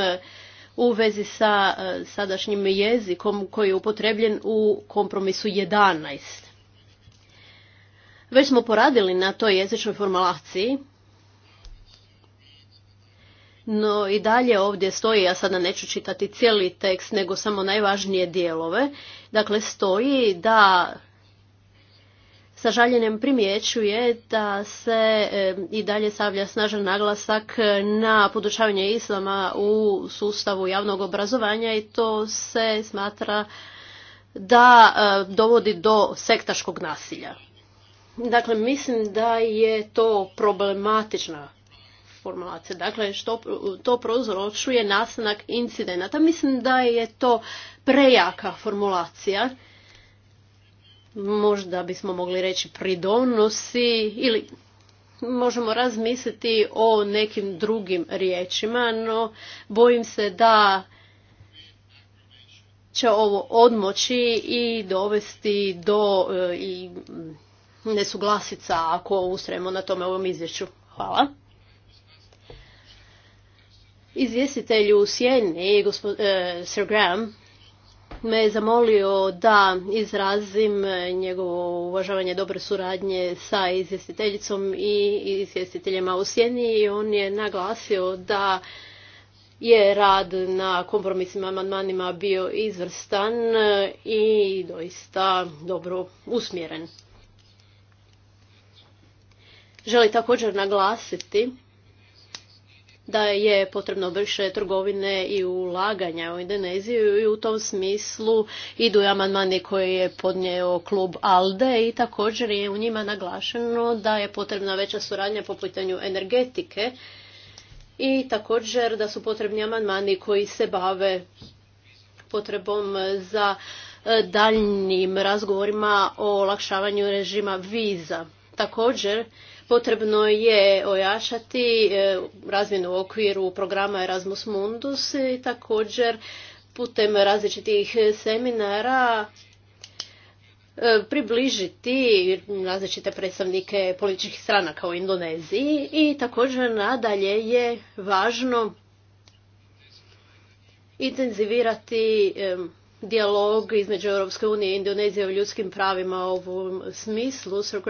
u vezi sa e, sadašnjim jezikom koji je upotrebljen u kompromisu 11. Već smo poradili na toj jezičnoj formulaciji, no i dalje ovdje stoji, ja sada neću čitati cijeli tekst, nego samo najvažnije dijelove. Dakle, stoji da sa žaljenjem primjećuje da se e, i dalje stavlja snažan naglasak na podučavanje islama u sustavu javnog obrazovanja i to se smatra da e, dovodi do sektaškog nasilja. Dakle, mislim da je to problematična formulacija. Dakle, što to prozročuje nastanak incidenata. Mislim da je to prejaka formulacija možda bismo mogli reći pridonosi ili možemo razmisliti o nekim drugim riječima, no bojim se da će ovo odmoći i dovesti do e, i nesuglasica ako ustrajemo na tome ovom izvješću. Hvala. Izvjestitelju u Sjeni, e, Sir Graham, me je zamolio da izrazim njegovo uvažavanje dobre suradnje sa izvjestiteljicom i izvjestiteljima u Sjeni i on je naglasio da je rad na kompromisima amandmanima bio izvrstan i doista dobro usmjeren. Želi također naglasiti da je potrebno više trgovine i ulaganja u Indoneziju i u tom smislu idu amandmani koje je podnio klub ALDE i također je u njima naglašeno da je potrebna veća suradnja po pitanju energetike i također da su potrebni amandmani koji se bave potrebom za e, daljnim razgovorima o olakšavanju režima viza. Također Potrebno je ojačati e, razmjenu u okviru programa Erasmus Mundus i također putem različitih seminara e, približiti različite predstavnike političkih strana u Indoneziji i također nadalje je važno intenzivirati e, dijalog između Europske unije i Indonezije o ljudskim pravima u ovom smislu. Sir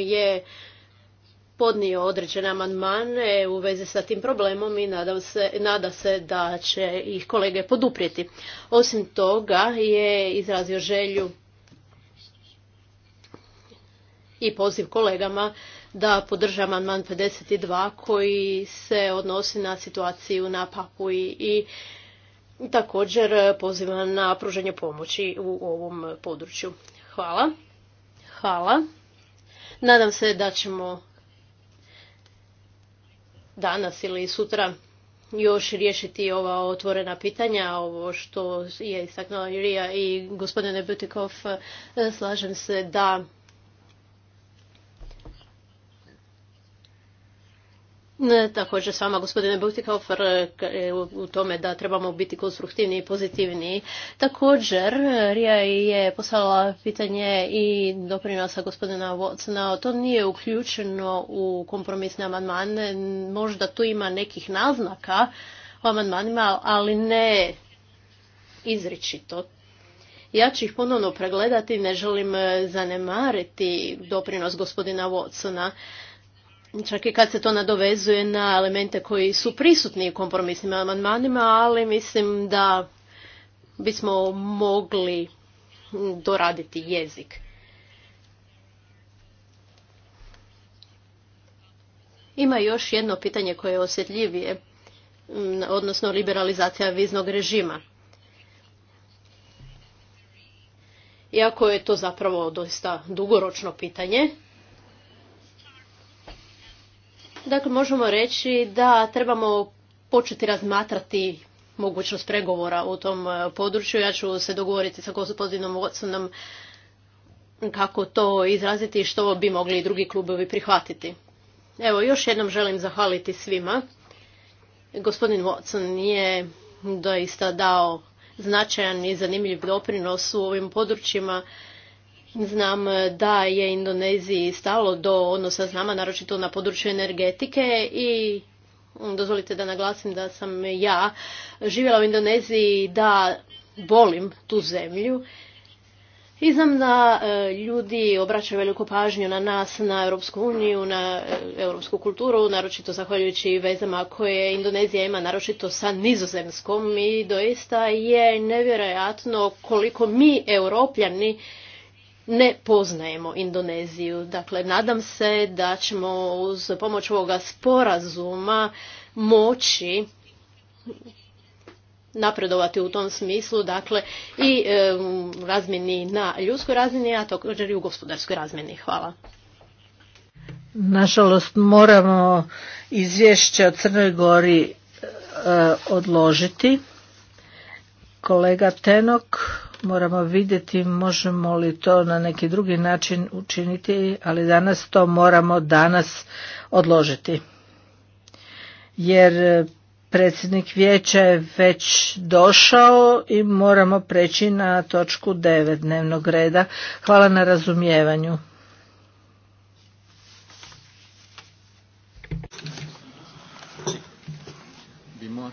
je podnio određene amandmane u vezi sa tim problemom i nadam se, nada se da će ih kolege poduprijeti. Osim toga je izrazio želju i poziv kolegama da podrža amandman 52 koji se odnosi na situaciju na Papuji i također poziva na pružanje pomoći u ovom području. Hvala. Hvala. Nadam se da ćemo danas ili sutra još riješiti ova otvorena pitanja, ovo što je istaknula Jurija i gospodine Butikov, slažem se da Ne, također s vama gospodine Butikofer e, u tome da trebamo biti konstruktivni i pozitivni. Također Rija je poslala pitanje i doprinosa gospodina Watsona. To nije uključeno u kompromisne amandmane. Možda tu ima nekih naznaka o amandmanima, ali ne izričito. Ja ću ih ponovno pregledati, ne želim zanemariti doprinos gospodina Watsona čak i kad se to nadovezuje na elemente koji su prisutni u kompromisnim amandmanima, ali mislim da bismo mogli doraditi jezik. Ima još jedno pitanje koje je osjetljivije, mm, odnosno liberalizacija viznog režima. Iako je to zapravo doista dugoročno pitanje, Dakle, možemo reći da trebamo početi razmatrati mogućnost pregovora u tom e, području. Ja ću se dogovoriti sa gospodinom Watsonom kako to izraziti i što bi mogli i drugi klubovi prihvatiti. Evo, još jednom želim zahvaliti svima. Gospodin Watson je doista dao značajan i zanimljiv doprinos u ovim područjima Znam da je Indoneziji stalo do odnosa s nama, naročito na području energetike i dozvolite da naglasim da sam ja živjela u Indoneziji da volim tu zemlju. I znam da e, ljudi obraćaju veliku pažnju na nas, na Europsku uniju, na e, europsku kulturu, naročito zahvaljujući vezama koje Indonezija ima, naročito sa nizozemskom i doista je nevjerojatno koliko mi, europljani, ne poznajemo Indoneziju. Dakle, nadam se da ćemo uz pomoć ovoga sporazuma moći napredovati u tom smislu, dakle i e, razmjeni na ljudskoj razini, a također i u gospodarskoj razmjeni. Hvala. Nažalost moramo izvješće o Crnoj Gori e, odložiti. Kolega Tenok moramo vidjeti možemo li to na neki drugi način učiniti, ali danas to moramo danas odložiti. Jer predsjednik vijeća je već došao i moramo preći na točku 9 dnevnog reda. Hvala na razumijevanju. Bimo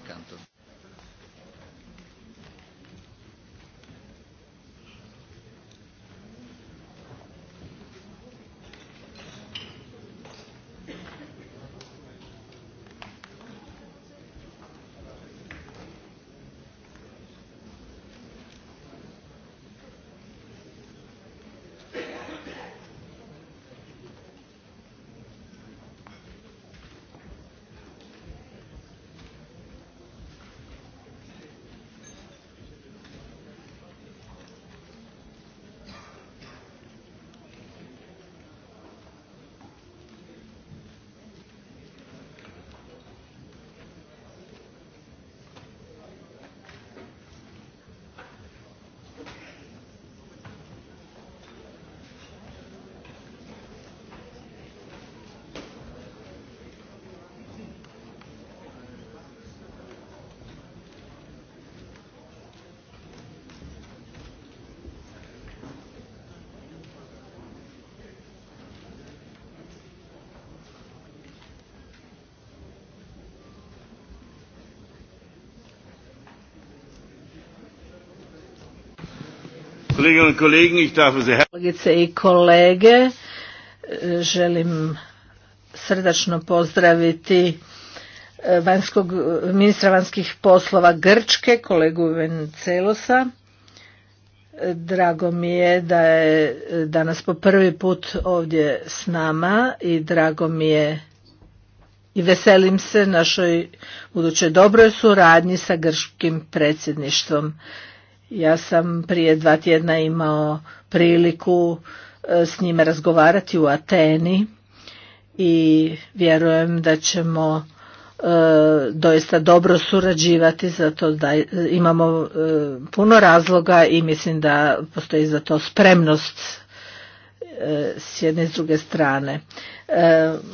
Kolegice i kolege, e, želim srdačno pozdraviti e, ministra vanjskih poslova Grčke, kolegu Vencelosa. E, drago mi je da je danas po prvi put ovdje s nama i drago mi je i veselim se našoj budućoj dobroj suradnji sa grčkim predsjedništvom. Ja sam prije dva tjedna imao priliku e, s njime razgovarati u Ateni i vjerujem da ćemo e, doista dobro surađivati zato da imamo e, puno razloga i mislim da postoji za to spremnost s jedne i s druge strane.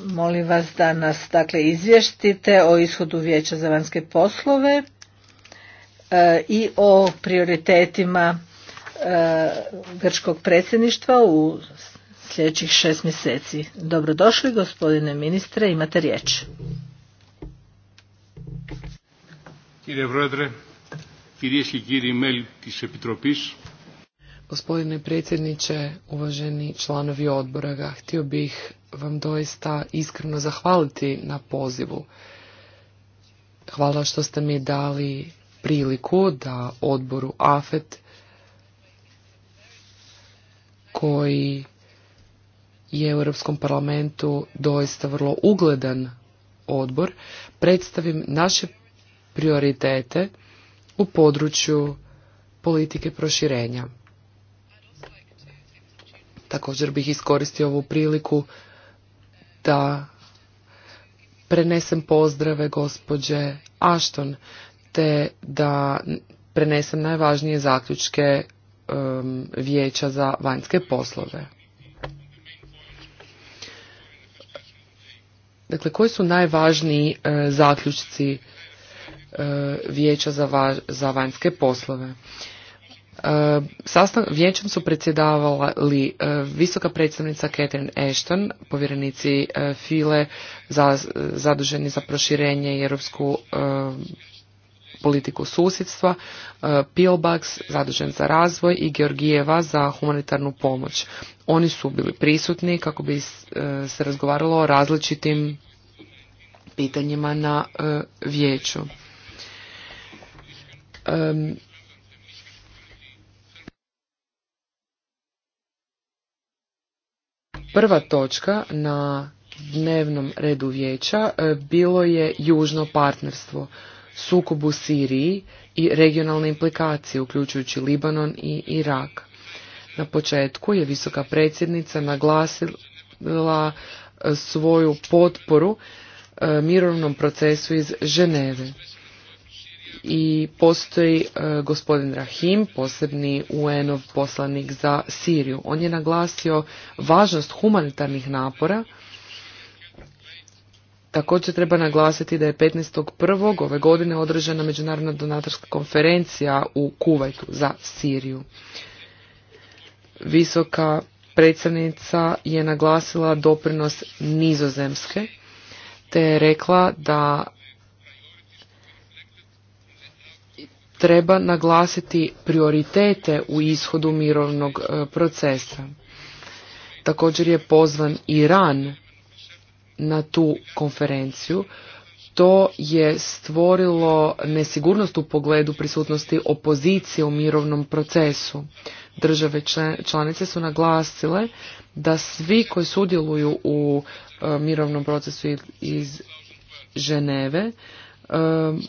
Molim vas da nas dakle izvještite o ishodu vijeća za vanjske poslove i o prioritetima e, grčkog predsjedništva u sljedećih šest mjeseci. Dobrodošli gospodine ministre, imate riječ. Gospodine predsjedniče, uvaženi članovi odbora, ga htio bih vam doista iskreno zahvaliti na pozivu. Hvala što ste mi dali priliku da odboru AFET koji je u Europskom parlamentu doista vrlo ugledan odbor, predstavim naše prioritete u području politike proširenja. Također bih iskoristio ovu priliku da prenesem pozdrave gospođe Ashton te da prenesem najvažnije zaključke um, vijeća za vanjske poslove. Dakle, koji su najvažniji uh, zaključci uh, vijeća za, vanjske poslove? Uh, vijećem su predsjedavali visoka predstavnica Catherine Ashton, povjerenici File za, zaduženi za proširenje i europsku um, politiku susjedstva, e, Pilbax zadužen za razvoj i Georgijeva za humanitarnu pomoć. Oni su bili prisutni kako bi e, se razgovaralo o različitim pitanjima na e, vijeću. Prva točka na dnevnom redu vijeća bilo je južno partnerstvo sukob u Siriji i regionalne implikacije, uključujući Libanon i Irak. Na početku je visoka predsjednica naglasila e, svoju potporu e, mirovnom procesu iz Ženeve. I postoji e, gospodin Rahim, posebni UN-ov poslanik za Siriju. On je naglasio važnost humanitarnih napora Također treba naglasiti da je 15.1. ove godine održana međunarodna donatorska konferencija u Kuvajtu za Siriju. Visoka predsjednica je naglasila doprinos nizozemske te je rekla da treba naglasiti prioritete u ishodu mirovnog e, procesa. Također je pozvan Iran na tu konferenciju, to je stvorilo nesigurnost u pogledu prisutnosti opozicije u mirovnom procesu. Države članice su naglasile da svi koji sudjeluju u e, mirovnom procesu iz Ženeve e,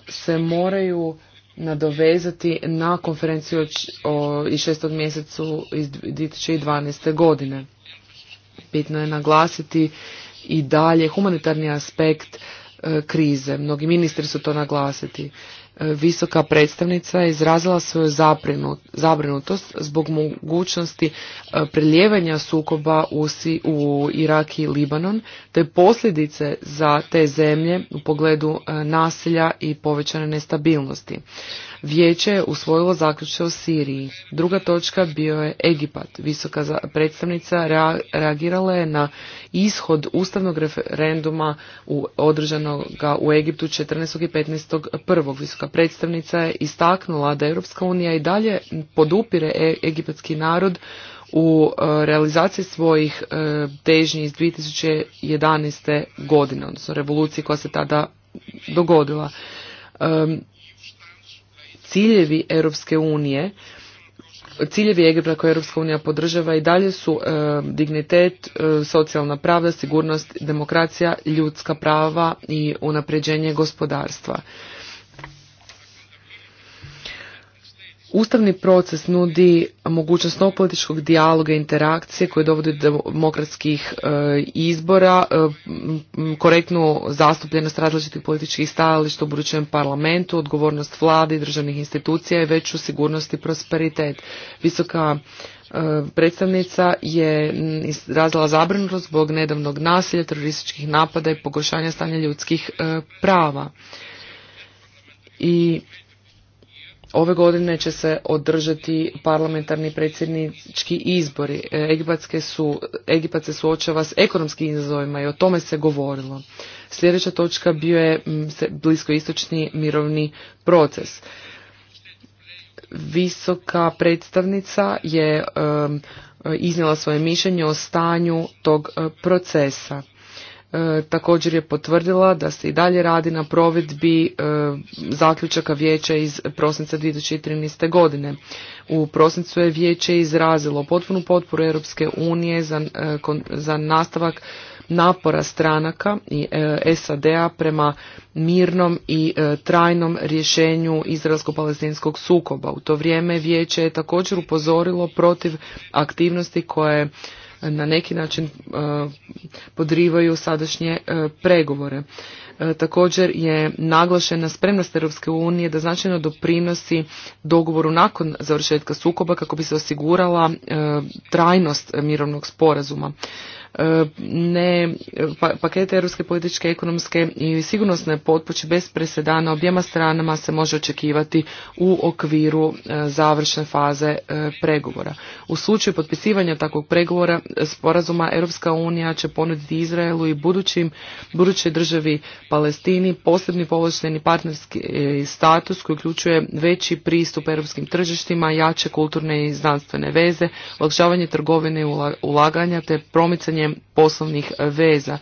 se moraju nadovezati na konferenciju iz šestog mjesecu iz 2012. godine. Bitno je naglasiti i dalje humanitarni aspekt e, krize. Mnogi ministri su to naglasiti. E, visoka predstavnica je izrazila svoju zabrinutost zbog mogućnosti e, prelijevanja sukoba u, u Irak i Libanon, te posljedice za te zemlje u pogledu nasilja i povećane nestabilnosti. Vijeće je usvojilo zaključke o Siriji. Druga točka bio je Egipat. Visoka predstavnica reagirala je na ishod ustavnog referenduma u, održanog u Egiptu 14. i 15. prvog. Visoka predstavnica je istaknula da Europska unija i dalje podupire e- egipatski narod u e, realizaciji svojih e, težnji iz 2011. godine, odnosno revoluciji koja se tada dogodila ciljevi Europske unije Ciljevi Egipta koje Europska unija podržava i dalje su e, dignitet, e, socijalna pravda, sigurnost, demokracija, ljudska prava i unapređenje gospodarstva. Ustavni proces nudi mogućnost novopolitičkog političkog dijaloga i interakcije koje dovodi do demokratskih e, izbora, e, korektnu zastupljenost različitih političkih stajališta u budućem parlamentu, odgovornost vlade i državnih institucija i veću sigurnost i prosperitet. Visoka e, predstavnica je izrazila zabrinutost zbog nedavnog nasilja, terorističkih napada i pogoršanja stanja ljudskih prava. I Ove godine će se održati parlamentarni predsjednički izbori. E, egipatske su, Egipat se suočava s ekonomskim izazovima i o tome se govorilo. Sljedeća točka bio je bliskoistočni mirovni proces. Visoka predstavnica je e, iznijela svoje mišljenje o stanju tog e, procesa. E, također je potvrdila da se i dalje radi na provedbi e, zaključaka vijeća iz prosinca 2013. godine. U prosincu je vijeće izrazilo potpunu potporu Europske unije za, e, za nastavak napora stranaka i e, SAD-a prema mirnom i trajnom rješenju izraelsko-palestinskog sukoba. U to vrijeme vijeće je također upozorilo protiv aktivnosti koje na neki način e, podrivaju sadašnje e, pregovore. E, također je naglašena spremnost Europske unije da značajno doprinosi dogovoru nakon završetka sukoba kako bi se osigurala trajnost mirovnog sporazuma. E, ne, pa, pakete europske političke, ekonomske i sigurnosne potpoće bez presedana objema stranama se može očekivati u okviru e, završne faze e, pregovora. U slučaju potpisivanja takvog pregovora sporazuma Europska unija će ponuditi Izraelu i budućim, budućoj državi Palestini posebni povlašteni partnerski status koji uključuje veći pristup europskim tržištima, jače kulturne i znanstvene veze, olakšavanje trgovine i ulaganja te promicanje jačanje poslovnih veza.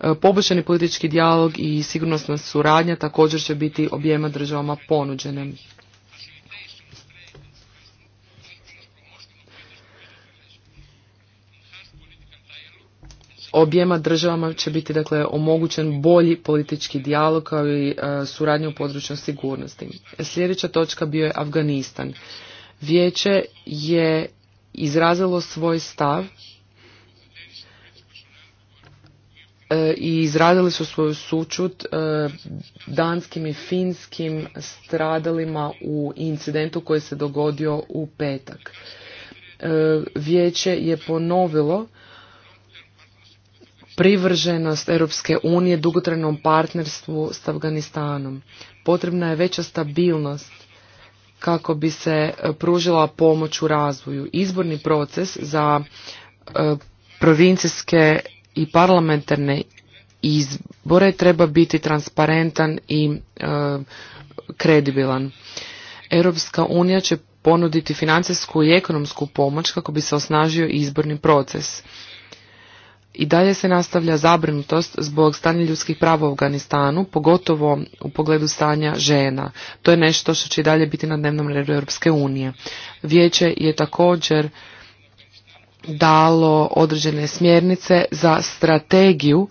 E, poboljšani politički dijalog i sigurnosna suradnja također će biti objema državama ponuđene. Objema državama će biti dakle omogućen bolji politički dijalog kao i e, suradnja u području sigurnosti. Sljedeća točka bio je Afganistan. Vijeće je izrazilo svoj stav E, i izradili su svoju sučut e, danskim i finskim stradalima u incidentu koji se dogodio u petak. E, vijeće je ponovilo privrženost Europske unije dugotrajnom partnerstvu s Afganistanom. Potrebna je veća stabilnost kako bi se pružila pomoć u razvoju. Izborni proces za provincijske i parlamentarne izbore treba biti transparentan i e, kredibilan. Europska unija će ponuditi financijsku i ekonomsku pomoć kako bi se osnažio izborni proces. I dalje se nastavlja zabrinutost zbog stanja ljudskih prava u Afganistanu, pogotovo u pogledu stanja žena. To je nešto što će i dalje biti na dnevnom redu Europske unije. Vijeće je također dalo određene smjernice za strategiju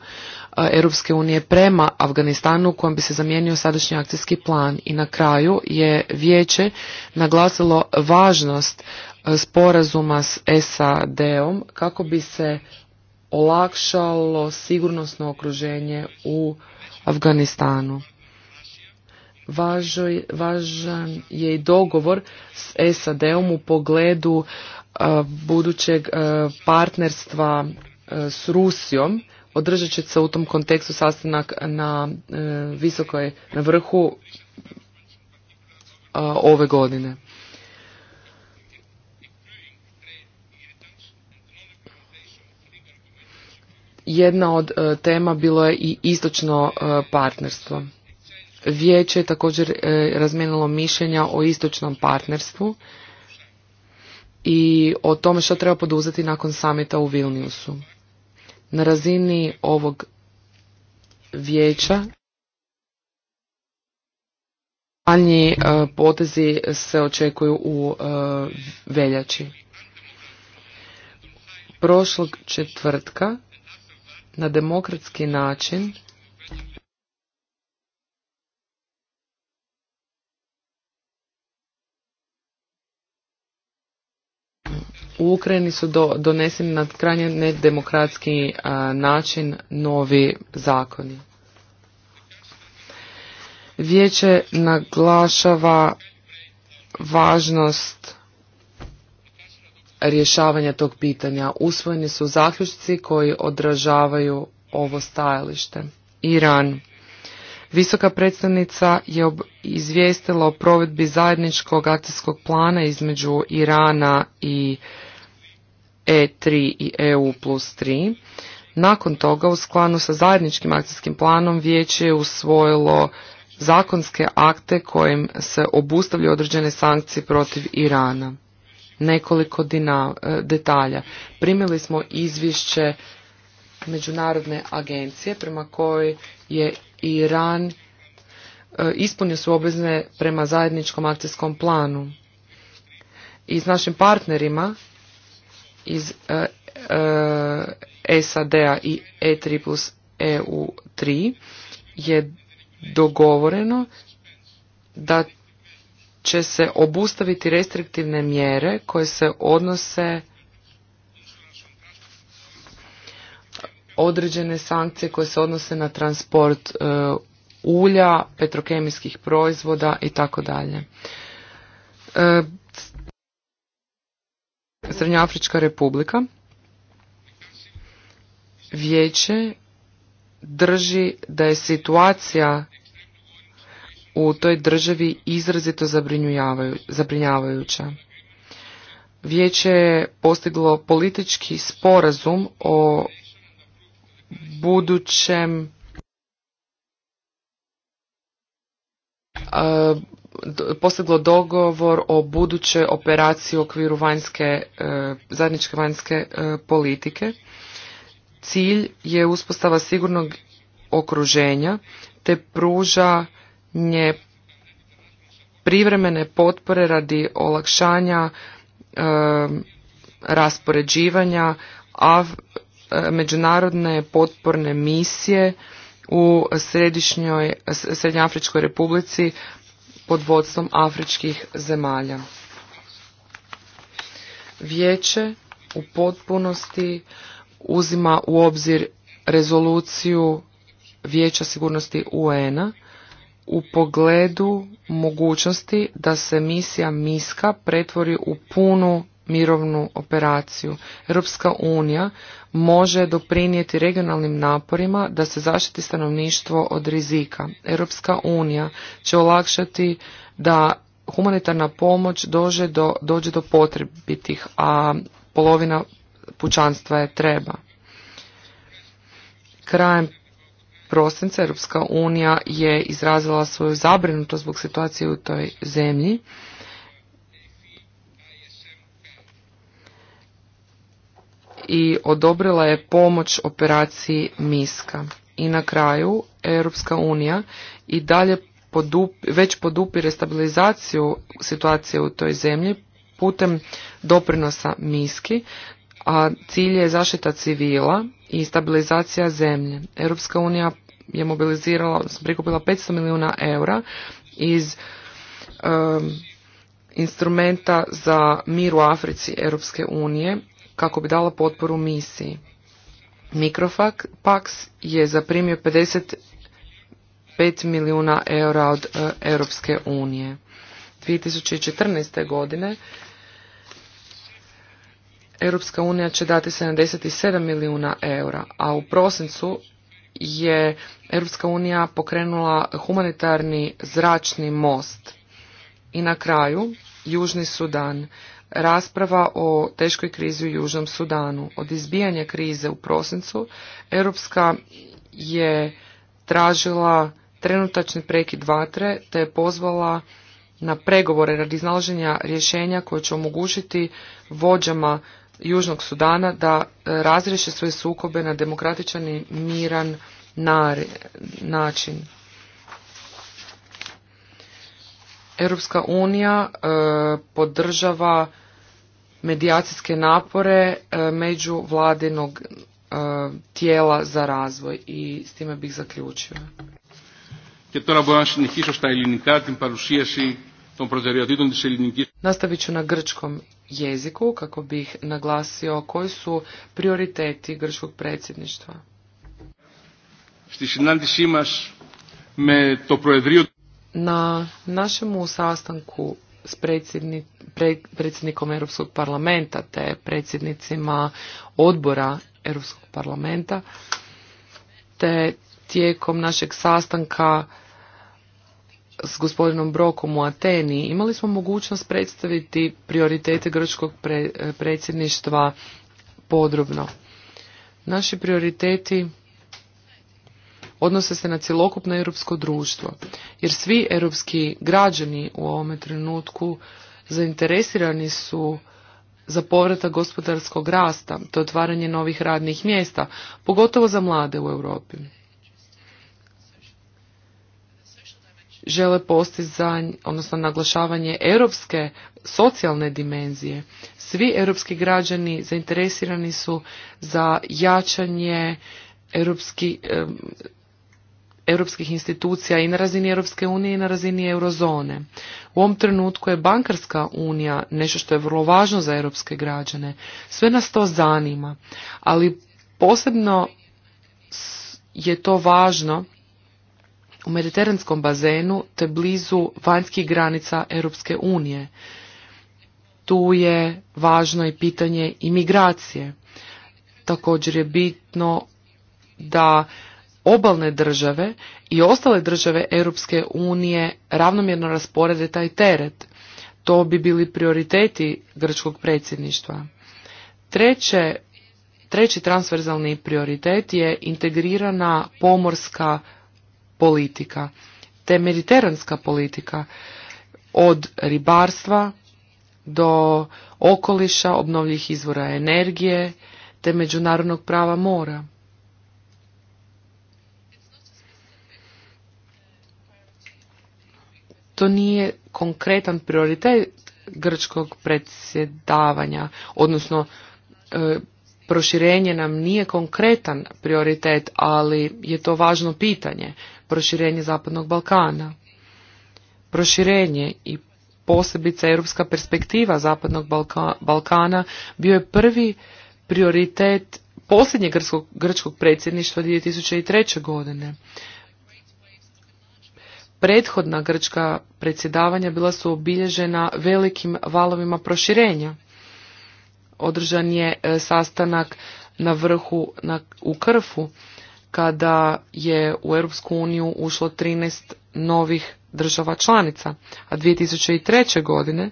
e, Europske unije prema Afganistanu kojem bi se zamijenio sadašnji akcijski plan. I na kraju je vijeće naglasilo važnost e, sporazuma s SAD-om kako bi se olakšalo sigurnosno okruženje u Afganistanu. važan je i dogovor s SAD-om u pogledu E, budućeg e, partnerstva e, s Rusijom. Održat će se u tom kontekstu sastanak na visokoj, na vrhu ove godine. Jedna od tema bilo je i istočno partnerstvo. Vijeće je također razmijenilo mišljenja o istočnom partnerstvu i o tome što treba poduzeti nakon samita u Vilniusu. Na razini ovog vijeća manji e, potezi se očekuju u e, veljači. Prošlog četvrtka na demokratski način u Ukrajini su do, doneseni na krajnje nedemokratski način novi zakoni. Vijeće naglašava važnost rješavanja tog pitanja. Usvojeni su zaključci koji odražavaju ovo stajalište. Iran. Visoka predstavnica je izvijestila o provedbi zajedničkog akcijskog plana između Irana i E3 i EU plus 3. Nakon toga, u skladu sa zajedničkim akcijskim planom, vijeće je usvojilo zakonske akte kojim se obustavljaju određene sankcije protiv Irana. Nekoliko e, detalja. Primili smo izvješće Međunarodne agencije prema kojoj je Iran e, ispunio su obvezne prema zajedničkom akcijskom planu. I s našim partnerima iz e, e, SAD-a i E3 plus EU3 je dogovoreno da će se obustaviti restriktivne mjere koje se odnose određene sankcije koje se odnose na transport e, ulja, petrokemijskih proizvoda i tako dalje. Srednjoafrička republika, vijeće drži da je situacija u toj državi izrazito zabrinjavajuća. Vijeće je postiglo politički sporazum o budućem postiglo dogovor o budućoj operaciji u okviru vanjske, e, zajedničke vanjske e, politike. Cilj je uspostava sigurnog okruženja te pružanje privremene potpore radi olakšanja e, raspoređivanja a međunarodne potporne misije u Središnjoj Srednjoafričkoj republici pod vodstvom afričkih zemalja. Vijeće u potpunosti uzima u obzir rezoluciju Vijeća sigurnosti UN-a u pogledu mogućnosti da se misija Miska pretvori u punu mirovnu operaciju. Europska unija može doprinijeti regionalnim naporima da se zaštiti stanovništvo od rizika. Europska unija će olakšati da humanitarna pomoć dođe do, dođe do potrebitih, a polovina pučanstva je treba. Krajem prosinca Europska unija je izrazila svoju zabrinutost zbog situacije u toj zemlji i odobrila je pomoć operaciji Miska. I na kraju, Europska unija i dalje već podupire stabilizaciju situacije u toj zemlji putem doprinosa Miski, a cilj je zaštita civila i stabilizacija zemlje. Europska unija je mobilizirala, prikupila 500 milijuna eura iz instrumenta za mir u Africi Europske unije kako bi dala potporu misiji. Mikrofax je zaprimio 55 milijuna eura od e, Europske unije. 2014. godine Europska unija će dati 77 milijuna eura, a u prosincu je Europska unija pokrenula humanitarni zračni most. I na kraju, Južni Sudan rasprava o teškoj krizi u Južnom Sudanu. Od izbijanja krize u prosincu Europska je tražila trenutačni prekid vatre te je pozvala na pregovore radi iznalaženja rješenja koje će omogućiti vođama Južnog Sudana da e, razriješe svoje sukobe na demokratičan i miran način. Europska unija e, podržava medijacijske napore e, među vladinog e, tijela za razvoj i s time bih zaključio. Και τώρα μπορώ να συνεχίσω στα ελληνικά την παρουσίαση των προτεραιοτήτων της ελληνικής. Nastavit ću na grčkom jeziku kako bih naglasio koji su prioriteti grčkog predsjedništva. Στη συνάντησή μας με το Προεδρείο na našemu sastanku s predsjednikom Europskog parlamenta te predsjednicima odbora Europskog parlamenta te tijekom našeg sastanka s gospodinom Brokom u Ateni imali smo mogućnost predstaviti prioritete grčkog predsjedništva podrobno. Naši prioriteti odnose se na cjelokupno europsko društvo, jer svi europski građani u ovome trenutku zainteresirani su za povratak gospodarskog rasta, te otvaranje novih radnih mjesta, pogotovo za mlade u Europi. žele postizanje, odnosno naglašavanje europske socijalne dimenzije. Svi europski građani zainteresirani su za jačanje europski, europskih institucija i na razini Europske unije i na razini eurozone. U ovom trenutku je bankarska unija nešto što je vrlo važno za europske građane. Sve nas to zanima, ali posebno je to važno u mediteranskom bazenu te blizu vanjskih granica Europske unije. Tu je važno i pitanje imigracije. Također je bitno da obalne države i ostale države Europske unije ravnomjerno rasporede taj teret. To bi bili prioriteti grčkog predsjedništva. Treće, treći transverzalni prioritet je integrirana pomorska politika te mediteranska politika od ribarstva do okoliša, obnovljivih izvora energije te međunarodnog prava mora. to nije konkretan prioritet grčkog predsjedavanja, odnosno e, proširenje nam nije konkretan prioritet, ali je to važno pitanje, proširenje Zapadnog Balkana. Proširenje i posebice europska perspektiva Zapadnog Balkana bio je prvi prioritet posljednje grčkog, grčkog predsjedništva 2003. godine. Prethodna grčka predsjedavanja bila su obilježena velikim valovima proširenja. Održan je e, sastanak na vrhu na, u Krfu kada je u Europsku uniju ušlo 13 novih država članica, a 2003. godine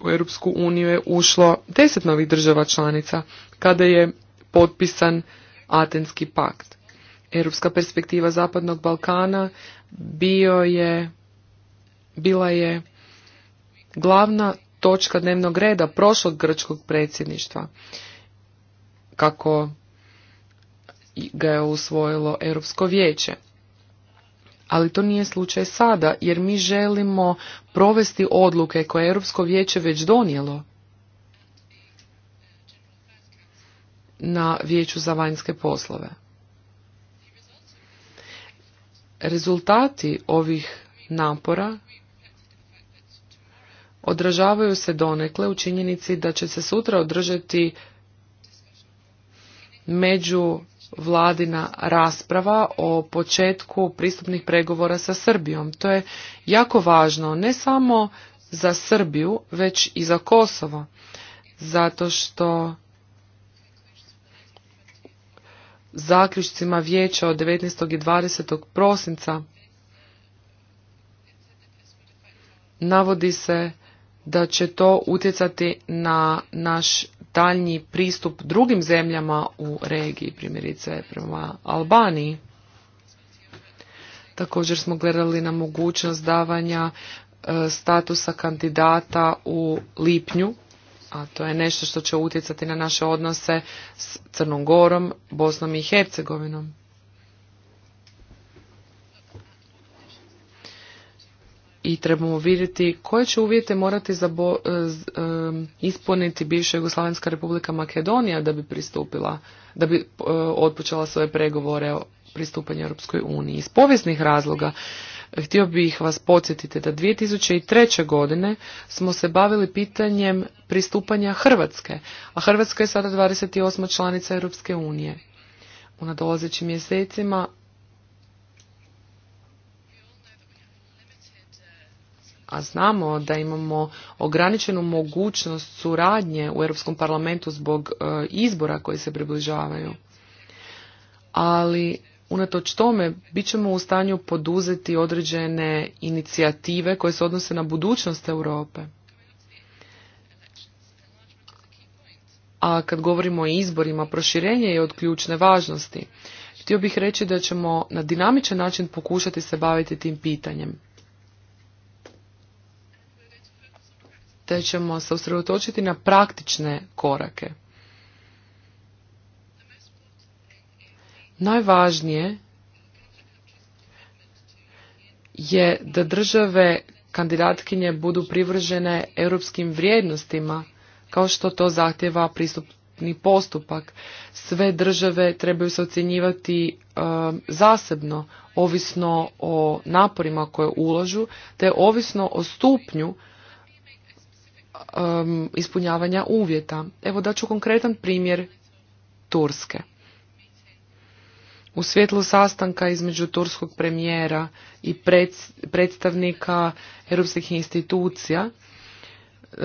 u Europsku uniju je ušlo 10 novih država članica kada je potpisan Atenski pakt. Europska perspektiva Zapadnog Balkana bio je, bila je glavna točka dnevnog reda prošlog grčkog predsjedništva kako ga je usvojilo Europsko vijeće. Ali to nije slučaj sada, jer mi želimo provesti odluke koje je Europsko vijeće već donijelo na vijeću za vanjske poslove. Rezultati ovih napora odražavaju se donekle u činjenici da će se sutra održati među vladina rasprava o početku pristupnih pregovora sa Srbijom. To je jako važno ne samo za Srbiju, već i za Kosovo, zato što zaključcima vijeća od 19. i 20. prosinca navodi se da će to utjecati na naš daljnji pristup drugim zemljama u regiji, primjerice prema Albaniji. Također smo gledali na mogućnost davanja e, statusa kandidata u lipnju a to je nešto što će utjecati na naše odnose s Crnom Gorom, Bosnom i Hercegovinom. I trebamo vidjeti koje će uvjete morati za bo, e, e, ispuniti bivša Jugoslavenska republika Makedonija da bi pristupila, da bi e, otpočela svoje pregovore o pristupanju Europskoj uniji. Iz povijesnih razloga Htio bih vas podsjetiti da 2003. godine smo se bavili pitanjem pristupanja Hrvatske, a Hrvatska je sada 28. članica Europske unije. U nadolazećim mjesecima a znamo da imamo ograničenu mogućnost suradnje u Europskom parlamentu zbog e, izbora koji se približavaju. Ali Unatoč tome, bit ćemo u stanju poduzeti određene inicijative koje se odnose na budućnost Europe. A kad govorimo o izborima, proširenje je od ključne važnosti. Htio bih reći da ćemo na dinamičan način pokušati se baviti tim pitanjem. Te ćemo se usredotočiti na praktične korake. Najvažnije je da države kandidatkinje budu privržene europskim vrijednostima, kao što to zahtjeva pristupni postupak. Sve države trebaju se ocjenjivati um, zasebno, ovisno o naporima koje uložu, te ovisno o stupnju um, ispunjavanja uvjeta. Evo ću konkretan primjer Turske. U svjetlu sastanka između turskog premijera i predstavnika europskih institucija e,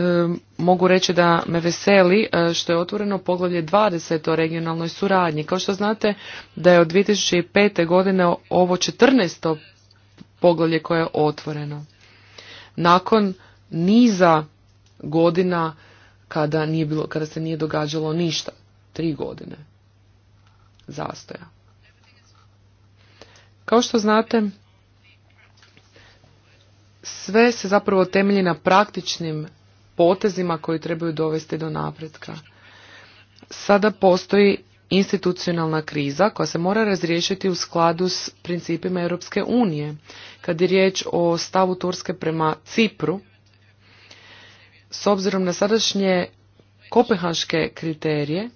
mogu reći da me veseli e, što je otvoreno poglavlje 20 regionalnoj suradnji. Kao što znate da je od 2005. godine ovo 14. poglavlje koje je otvoreno. Nakon niza godina kada, nije bilo, kada se nije događalo ništa, tri godine zastoja. Kao što znate, sve se zapravo temelji na praktičnim potezima koji trebaju dovesti do napretka. Sada postoji institucionalna kriza koja se mora razriješiti u skladu s principima Europske unije. Kad je riječ o stavu Turske prema Cipru, s obzirom na sadašnje kopehanške kriterije,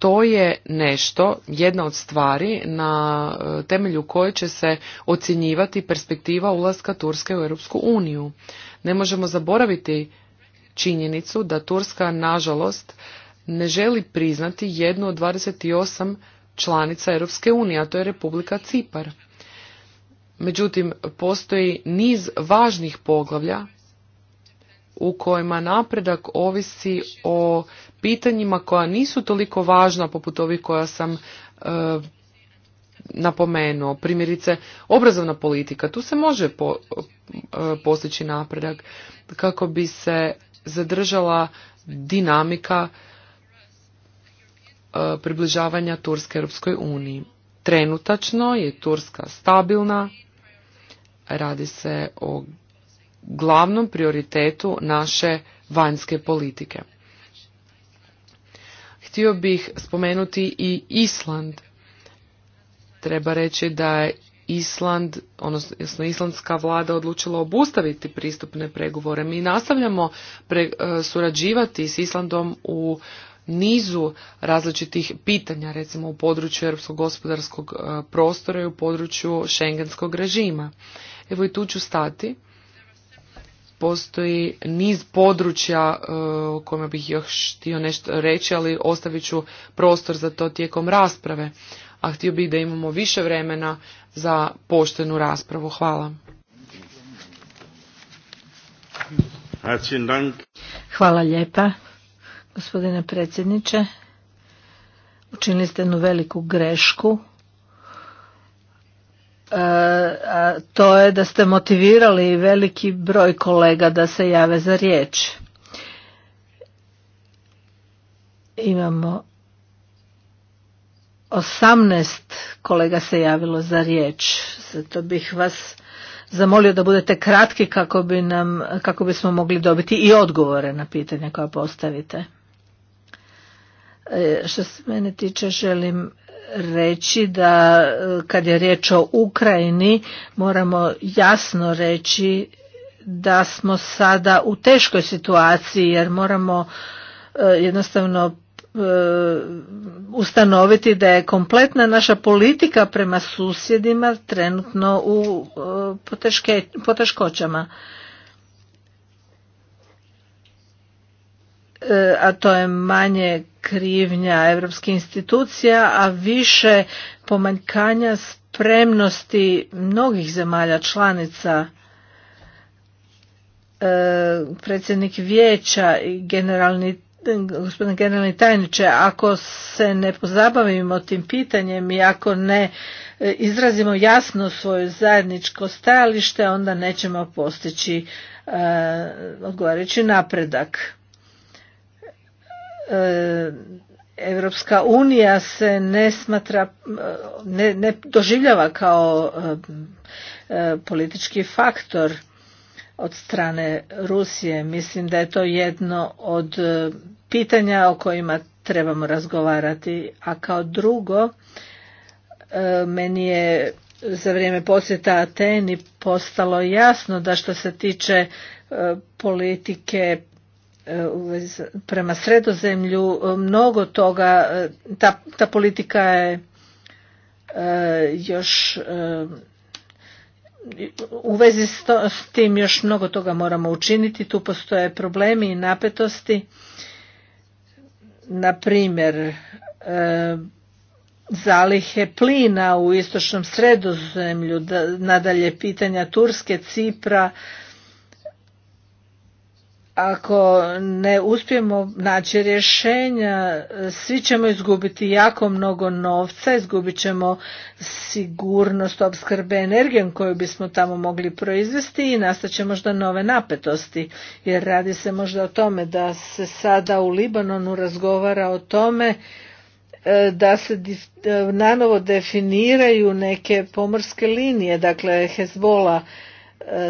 to je nešto, jedna od stvari na e, temelju koje će se ocjenjivati perspektiva ulaska Turske u Europsku uniju. Ne možemo zaboraviti činjenicu da Turska, nažalost, ne želi priznati jednu od 28 članica Europske unije, a to je Republika Cipar. Međutim, postoji niz važnih poglavlja u kojima napredak ovisi o pitanjima koja nisu toliko važna poput ovih koja sam e, napomenuo. Primjerice, obrazovna politika. Tu se može po, e, postići napredak kako bi se zadržala dinamika e, približavanja Turske Europskoj uniji. Trenutačno je Turska stabilna, radi se o glavnom prioritetu naše vanjske politike. Htio bih spomenuti i Island. Treba reći da je Island, odnosno islandska vlada odlučila obustaviti pristupne pregovore. Mi nastavljamo e, surađivati s Islandom u nizu različitih pitanja, recimo u području europskog gospodarskog e, prostora i u području šengenskog režima. Evo i tu ću stati postoji niz područja e, o kojima bih još htio nešto reći, ali ostavit ću prostor za to tijekom rasprave. A htio bih da imamo više vremena za poštenu raspravu. Hvala. Hvala lijepa, gospodine predsjedniče. Učinili ste jednu veliku grešku a to je da ste motivirali veliki broj kolega da se jave za riječ. Imamo 18 kolega se javilo za riječ. Zato bih vas zamolio da budete kratki kako bi nam kako bismo mogli dobiti i odgovore na pitanja koja postavite. E, što se mene tiče, želim reći da e, kad je riječ o Ukrajini moramo jasno reći da smo sada u teškoj situaciji jer moramo e, jednostavno e, ustanoviti da je kompletna naša politika prema susjedima trenutno u poteškoćama. E, a to je manje krivnja europskih institucija, a više pomanjkanja spremnosti mnogih zemalja članica e, predsjednik vijeća i generalni gospodine generalni tajniče, ako se ne pozabavimo tim pitanjem i ako ne e, izrazimo jasno svoje zajedničko stajalište, onda nećemo postići odgovarajući napredak. Europska unija se ne smatra, ne, ne doživljava kao e, e, politički faktor od strane Rusije. Mislim da je to jedno od e, pitanja o kojima trebamo razgovarati. A kao drugo, meni je za vrijeme posjeta Ateni postalo jasno da što se tiče politike E, prema sredozemlju e, mnogo toga e, ta, ta politika je još u vezi s, s tim još mnogo toga moramo učiniti tu postoje problemi i napetosti na primjer zalihe plina u istočnom sredozemlju nadalje pitanja turske cipra ako ne uspijemo naći rješenja, svi ćemo izgubiti jako mnogo novca, izgubit ćemo sigurnost opskrbe energijom koju bismo tamo mogli proizvesti i će možda nove napetosti. Jer radi se možda o tome da se sada u Libanonu razgovara o tome e, da se e, nanovo definiraju neke pomorske linije, dakle Hezbola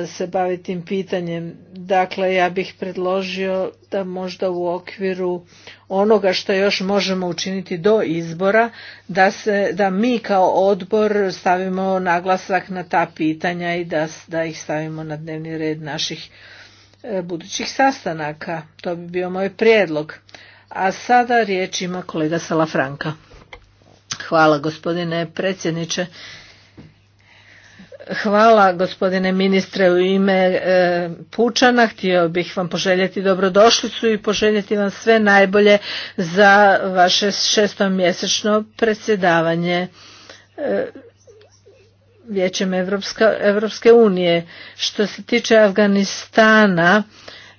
se bavi tim pitanjem. Dakle, ja bih predložio da možda u okviru onoga što još možemo učiniti do izbora, da, se, da mi kao odbor stavimo naglasak na ta pitanja i da, da ih stavimo na dnevni red naših e, budućih sastanaka. To bi bio moj prijedlog. A sada riječ ima kolega Salafranka. Hvala gospodine predsjedniče. Hvala gospodine ministre u ime e, Pučana. Htio bih vam poželjeti dobrodošlicu i poželjeti vam sve najbolje za vaše šestomjesečno predsjedavanje e, Vijećem Evropske unije. Što se tiče Afganistana,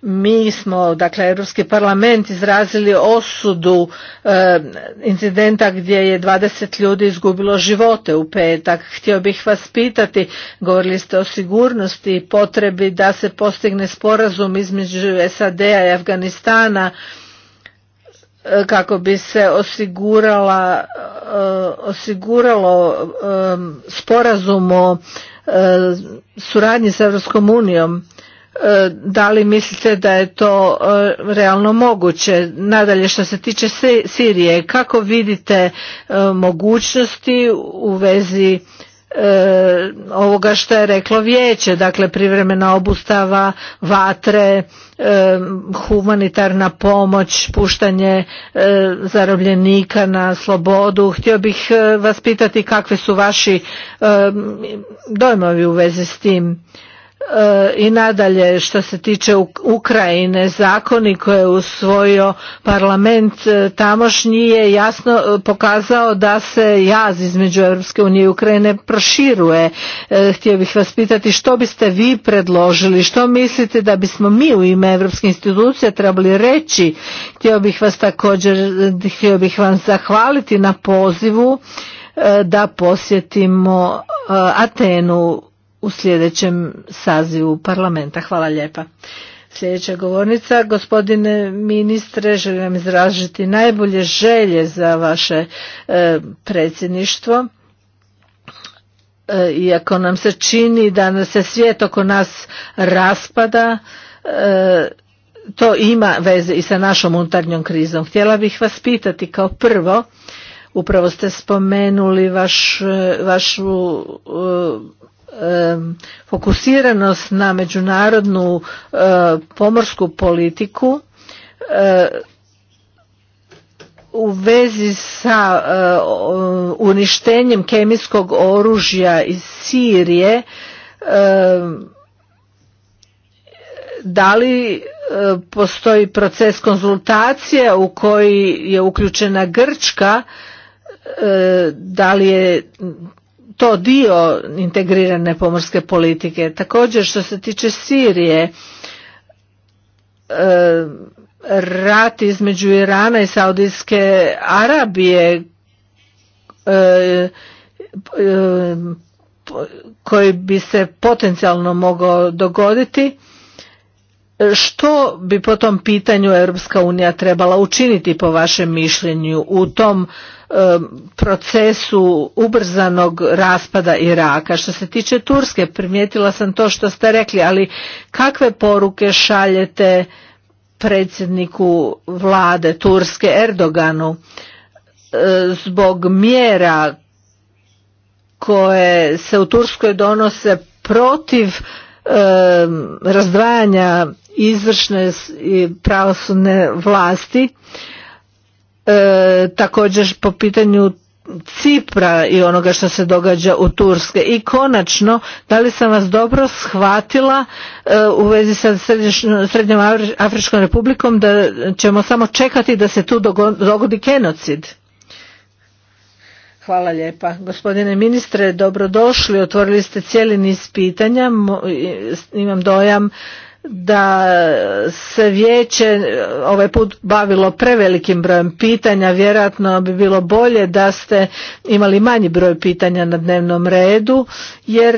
mi smo, dakle, Europski parlament izrazili osudu e, incidenta gdje je 20 ljudi izgubilo živote u petak. Htio bih vas pitati, govorili ste o sigurnosti i potrebi da se postigne sporazum između SAD-a i Afganistana e, kako bi se osigurala, e, osiguralo sporazum o suradnji s Europskom unijom E, da li mislite da je to e, realno moguće? Nadalje što se tiče Sirije, kako vidite e, mogućnosti u vezi ovoga što je reklo vijeće, dakle privremena obustava, vatre, humanitarna pomoć, puštanje zarobljenika na slobodu. Htio bih vas pitati kakve su vaši dojmovi u vezi s tim i nadalje što se tiče Ukrajine zakoni koje je usvojio parlament e, tamošnji je jasno e, pokazao da se jaz između Europske unije i Ukrajine proširuje. E, htio bih vas pitati što biste vi predložili, što mislite da bismo mi u ime Europske institucije trebali reći. Htio bih vas također, htio bih vam zahvaliti na pozivu da posjetimo Atenu u sljedećem sazivu parlamenta. Hvala lijepa. Sljedeća govornica, gospodine ministre, želim vam izražiti najbolje želje za vaše e, predsjedništvo. E, iako nam se čini da se svijet oko nas raspada, e, to ima veze i sa našom unutarnjom krizom. Htjela bih vas pitati kao prvo, upravo ste spomenuli vaš, vašu fokusiranost na međunarodnu e, pomorsku politiku e, u vezi sa e, uništenjem kemijskog oružja iz Sirije da li postoji proces konzultacije u koji je uključena Grčka da li je to dio integrirane pomorske politike. Također što se tiče Sirije, e, rat između Irana i Saudijske Arabije e, e, koji bi se potencijalno mogao dogoditi, što bi po tom pitanju Europska unija trebala učiniti po vašem mišljenju u tom Um, procesu ubrzanog raspada Iraka. Što se tiče Turske, primijetila sam to što ste rekli, ali kakve poruke šaljete predsjedniku vlade Turske Erdoganu uh, zbog mjera koje se u Turskoj donose protiv um, razdvajanja izvršne i pravosudne vlasti E, također po pitanju Cipra i onoga što se događa u Turske. I konačno, da li sam vas dobro shvatila e, u vezi sa Srednjom Afričkom republikom da ćemo samo čekati da se tu dogodi genocid? Hvala lijepa. Gospodine ministre, dobrodošli. Otvorili ste cijeli niz pitanja. Imam dojam da se vijeće e, ovaj put bavilo prevelikim brojem pitanja, vjerojatno bi bilo bolje da ste imali manji broj pitanja na dnevnom redu, jer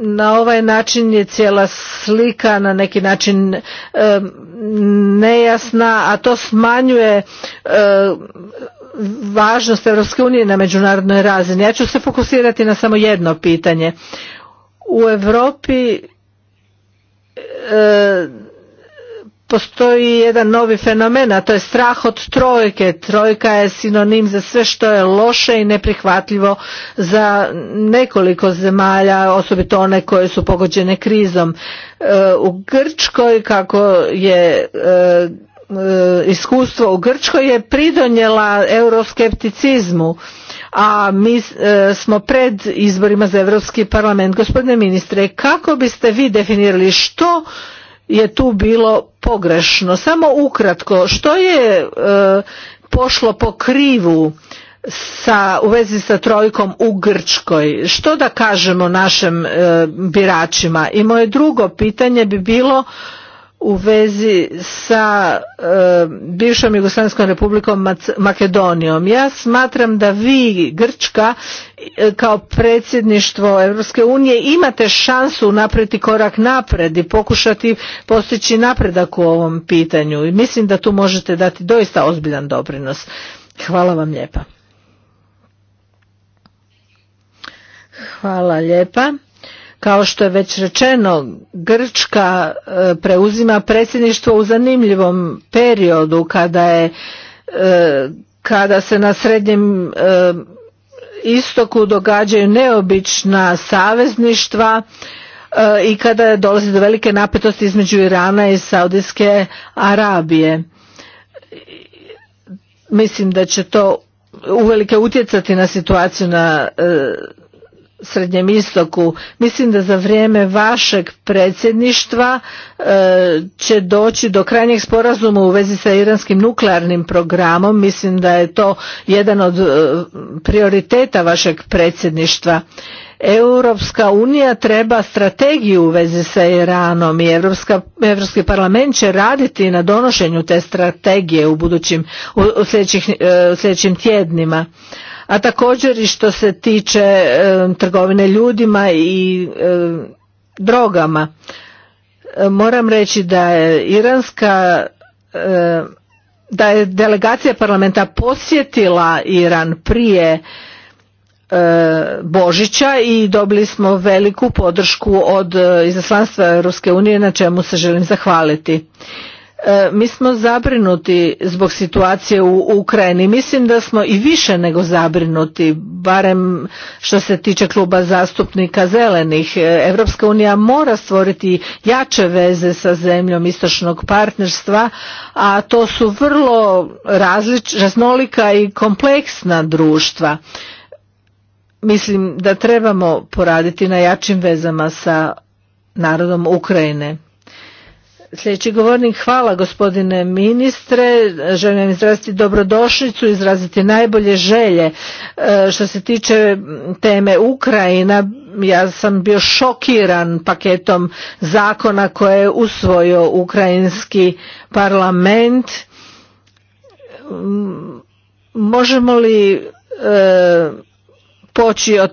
na ovaj način je cijela slika na neki način e, nejasna, a to smanjuje e, važnost Europske unije na međunarodnoj razini. Ja ću se fokusirati na samo jedno pitanje. U Europi postoji jedan novi fenomen, a to je strah od trojke. Trojka je sinonim za sve što je loše i neprihvatljivo za nekoliko zemalja, osobito one koje su pogođene krizom. E, u Grčkoj, kako je e, e, iskustvo u Grčkoj je pridonjela euroskepticizmu a mi e, smo pred izborima za Europski parlament. Gospodine ministre, kako biste vi definirali što je tu bilo pogrešno? Samo ukratko, što je e, pošlo po krivu u vezi sa trojkom u Grčkoj. Što da kažemo našim e, biračima? I moje drugo pitanje bi bilo u vezi sa e, bivšom Jugoslavijskom republikom Makedonijom. Ja smatram da vi, Grčka, e, kao predsjedništvo Europske unije imate šansu napraviti korak napred i pokušati postići napredak u ovom pitanju i mislim da tu možete dati doista ozbiljan doprinos. Hvala vam lijepa. Hvala lijepa. Kao što je već rečeno, Grčka e, preuzima predsjedništvo u zanimljivom periodu kada je e, kada se na srednjem e, istoku događaju neobična savezništva i kada dolazi do velike napetosti između Irana i Saudijske Arabije. Mislim da će to uvelike utjecati na situaciju na Srednjem istoku. Mislim da za vrijeme vašeg predsjedništva e, će doći do krajnjeg sporazuma u vezi sa iranskim nuklearnim programom. Mislim da je to jedan od e, prioriteta vašeg predsjedništva. Europska unija treba strategiju u vezi sa Iranom i Europski parlament će raditi na donošenju te strategije u budućim u, u sljedećih, e, sljedećim tjednima. A također i što se tiče e, trgovine ljudima i e, drogama. Moram reći da je iranska da je delegacija parlamenta posjetila Iran prije E, Božića i dobili smo veliku podršku od e, izaslanstva Europske unije na čemu se želim zahvaliti. E, mi smo zabrinuti zbog situacije u Ukrajini. Mislim da smo i više nego zabrinuti, barem što se tiče kluba zastupnika zelenih. Evropska unija mora stvoriti jače veze sa zemljom istočnog partnerstva, a to su vrlo raznolika i kompleksna društva mislim da trebamo poraditi na jačim vezama sa narodom Ukrajine. Sljedeći govornik, hvala gospodine ministre, želim vam izraziti dobrodošlicu, izraziti najbolje želje. E, što se tiče teme Ukrajina, ja sam bio šokiran paketom zakona koje je usvojio ukrajinski parlament. Možemo li e, Poči od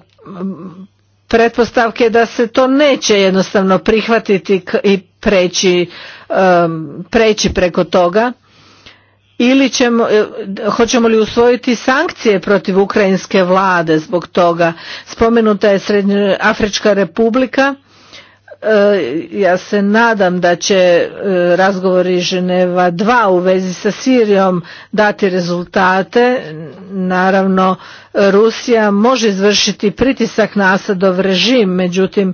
pretpostavke da se to neće jednostavno prihvatiti i preći, preći preko toga ili ćemo, e, hoćemo li usvojiti sankcije protiv ukrajinske vlade zbog toga. Spomenuta je Srednjoafrička republika E, ja se nadam da će e, razgovori Ženeva 2 u vezi sa Sirijom dati rezultate. Naravno, Rusija može izvršiti pritisak na Asadov režim, međutim,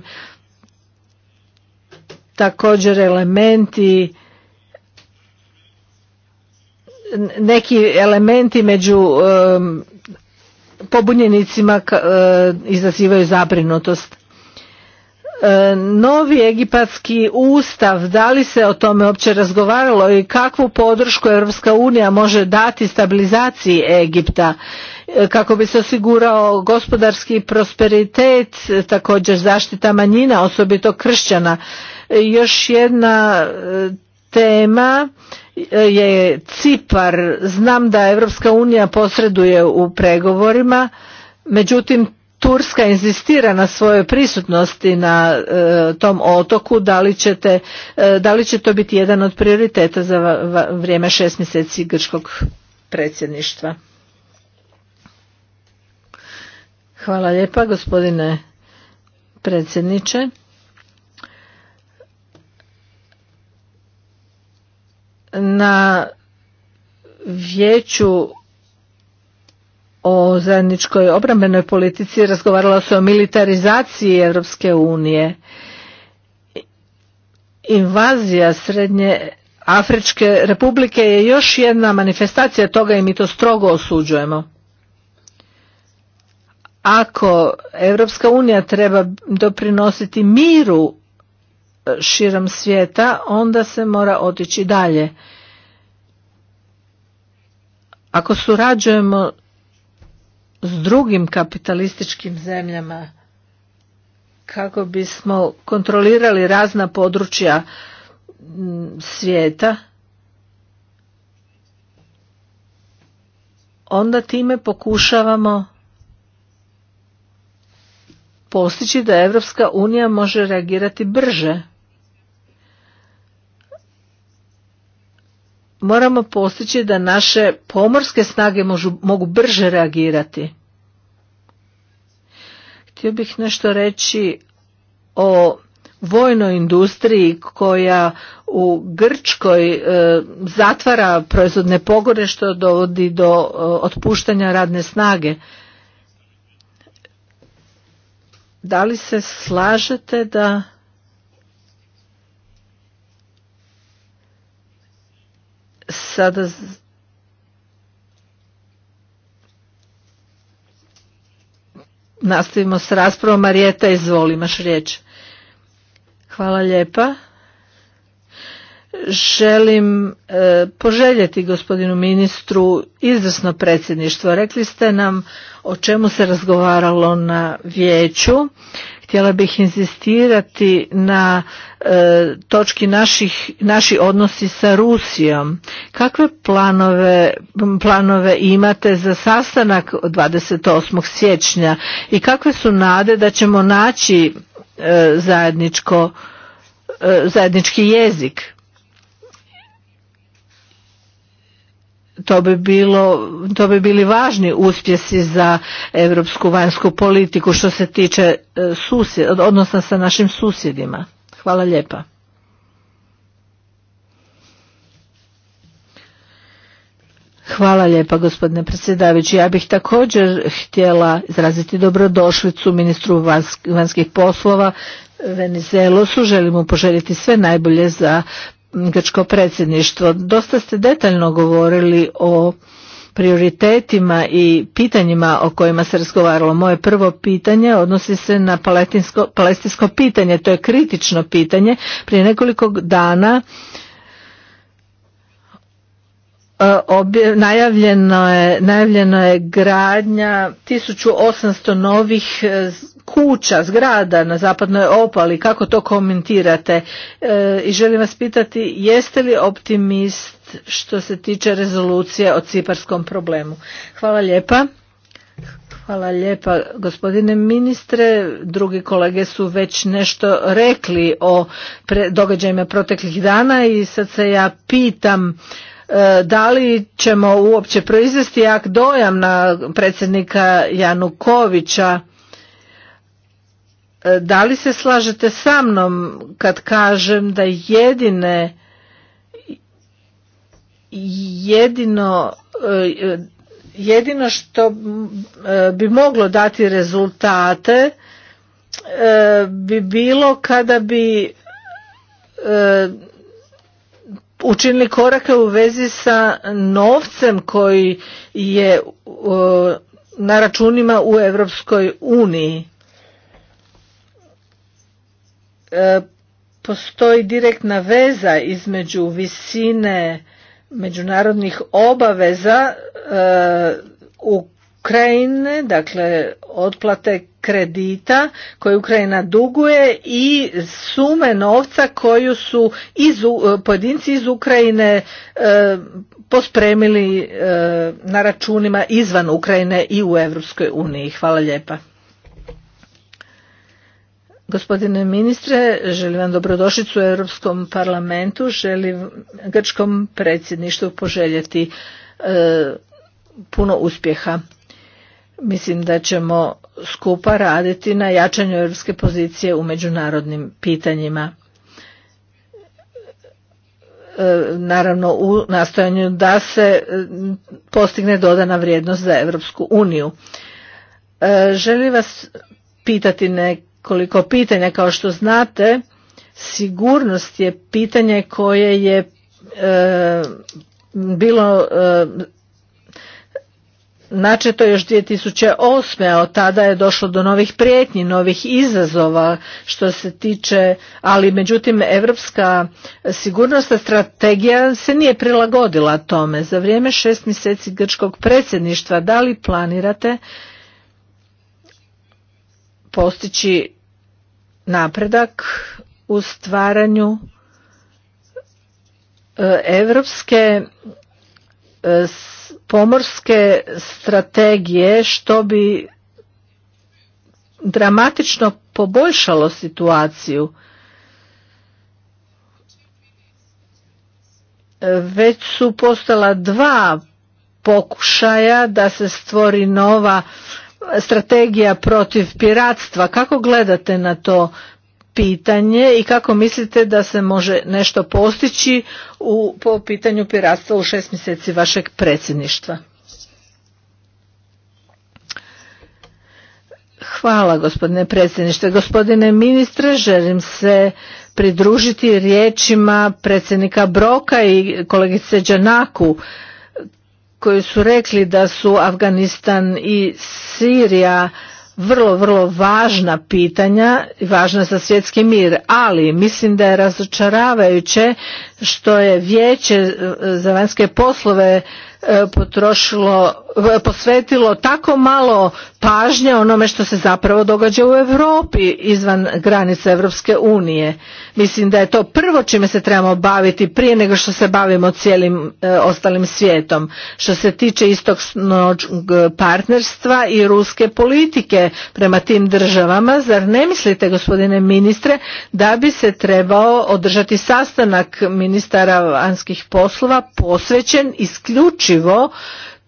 također elementi neki elementi među e, pobunjenicima izazivaju zabrinutost. E, novi egipatski ustav, da li se o tome uopće razgovaralo i kakvu podršku Europska unija može dati stabilizaciji Egipta e, kako bi se osigurao gospodarski prosperitet, također zaštita manjina, osobito kršćana. E, još jedna tema je Cipar. Znam da Europska unija posreduje u pregovorima, međutim Turska inzistira na svojoj prisutnosti na e, tom otoku, e, da li, će to biti jedan od prioriteta za vrijeme šest mjeseci grčkog predsjedništva? Hvala lijepa gospodine predsjedniče. Na vijeću o zajedničkoj obrambenoj politici razgovaralo se o militarizaciji Europske unije. Invazija Srednje Afričke republike je još jedna manifestacija toga i mi to strogo osuđujemo. Ako Europska unija treba doprinositi miru e, širom svijeta, onda se mora otići dalje. Ako surađujemo s drugim kapitalističkim zemljama kako bismo kontrolirali razna područja svijeta onda time pokušavamo postići da Europska unija može reagirati brže moramo postići da naše pomorske snage mogu brže reagirati. Htio bih nešto reći o vojnoj industriji koja u Grčkoj e, zatvara proizvodne pogore što dovodi do e, otpuštanja radne snage. Da li se slažete da Sada nastavimo s raspravom. Marijeta, izvoli, imaš riječ. Hvala lijepa. Želim e, poželjeti gospodinu ministru izvrsno predsjedništvo. Rekli ste nam o čemu se razgovaralo na vijeću. Htjela bih inzistirati na e, točki naših, naši odnosi sa Rusijom. Kakve planove, planove imate za sastanak 28. siječnja i kakve su nade da ćemo naći e, zajedničko, e, zajednički jezik? to bi, bilo, to bi bili važni uspjesi za europsku vanjsku politiku što se tiče e, susjed, odnosno sa našim susjedima. Hvala lijepa. Hvala lijepa gospodine predsjedavajući. Ja bih također htjela izraziti dobrodošlicu ministru vanjskih poslova Venizelosu. mu poželjeti sve najbolje za grčko predsjedništvo. Dosta ste detaljno govorili o prioritetima i pitanjima o kojima se razgovaralo. Moje prvo pitanje odnosi se na palestinsko pitanje, to je kritično pitanje. Prije nekoliko dana e, najavljeno, je, najavljeno je gradnja 1800 novih e, kuća, zgrada na zapadnoj opali, kako to komentirate? E, I želim vas pitati, jeste li optimist što se tiče rezolucije o ciparskom problemu? Hvala lijepa. Hvala lijepa gospodine ministre. Drugi kolege su već nešto rekli o događajima proteklih dana i sad se ja pitam e, da li ćemo uopće proizvesti jak dojam na predsjednika Janukovića E, da li se slažete sa mnom kad kažem da jedine jedino e, e, jedino što bi moglo dati rezultate bi bilo kada bi učinili korake u vezi sa novcem koji je na računima u Europskoj uniji E, postoji direktna veza između visine međunarodnih obaveza e, Ukrajine, dakle otplate kredita koje Ukrajina duguje i sume novca koju su e, pojedinci iz Ukrajine pospremili na računima izvan Ukrajine i u Europskoj Hvala lijepa. Gospodine ministre, želim vam dobrodošlicu u Europskom parlamentu, želim grčkom predsjedništvu poželjeti e, puno uspjeha. Mislim da ćemo skupa raditi na jačanju europske pozicije u međunarodnim pitanjima. E, naravno u nastojanju da se e, postigne dodana vrijednost za Europsku uniju. želim vas pitati neke koliko pitanja. Kao što znate, sigurnost je pitanje koje je e, bilo e, načeto još 2008. a od tada je došlo do novih prijetnji, novih izazova što se tiče, ali međutim evropska sigurnosna strategija se nije prilagodila tome. Za vrijeme šest mjeseci grčkog predsjedništva da li planirate postići napredak u stvaranju europske e, pomorske strategije što bi dramatično poboljšalo situaciju već su postala dva pokušaja da se stvori nova strategija protiv piratstva. Kako gledate na to pitanje i kako mislite da se može nešto postići u, po pitanju piratstva u šest mjeseci vašeg predsjedništva? Hvala gospodine predsjedniče. Gospodine ministre, želim se pridružiti riječima predsjednika Broka i kolegice Đanaku koji su rekli da su Afganistan i Sirija vrlo, vrlo važna pitanja i važna za svjetski mir, ali mislim da je razočaravajuće što je vijeće e, za vanjske poslove e, potrošilo, e, posvetilo tako malo Pažnje onome što se zapravo događa u Europi izvan granica Europske unije. Mislim da je to prvo čime se trebamo baviti prije nego što se bavimo cijelim e, ostalim svijetom. Što se tiče istog e, partnerstva i ruske politike prema tim državama, zar ne mislite gospodine ministre da bi se trebao održati sastanak ministara vanjskih poslova posvećen isključivo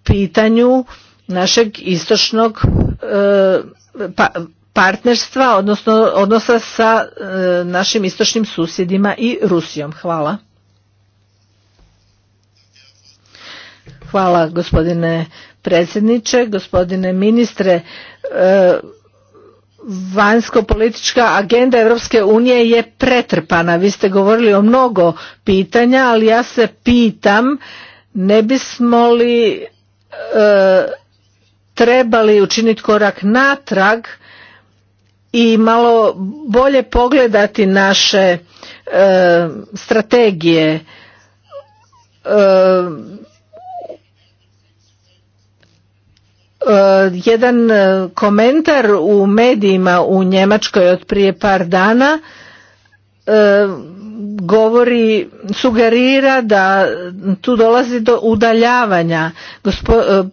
pitanju našeg istočnog e, pa, partnerstva, odnosno odnosa sa e, našim istočnim susjedima i Rusijom. Hvala. Hvala gospodine predsjedniče, gospodine ministre. E, vanjsko-politička agenda Europske unije je pretrpana. Vi ste govorili o mnogo pitanja, ali ja se pitam ne bismo li trebali učiniti korak natrag i malo bolje pogledati naše e, strategije e, e, jedan komentar u medijima u Njemačkoj od prije par dana E, govori, sugerira da tu dolazi do udaljavanja. E,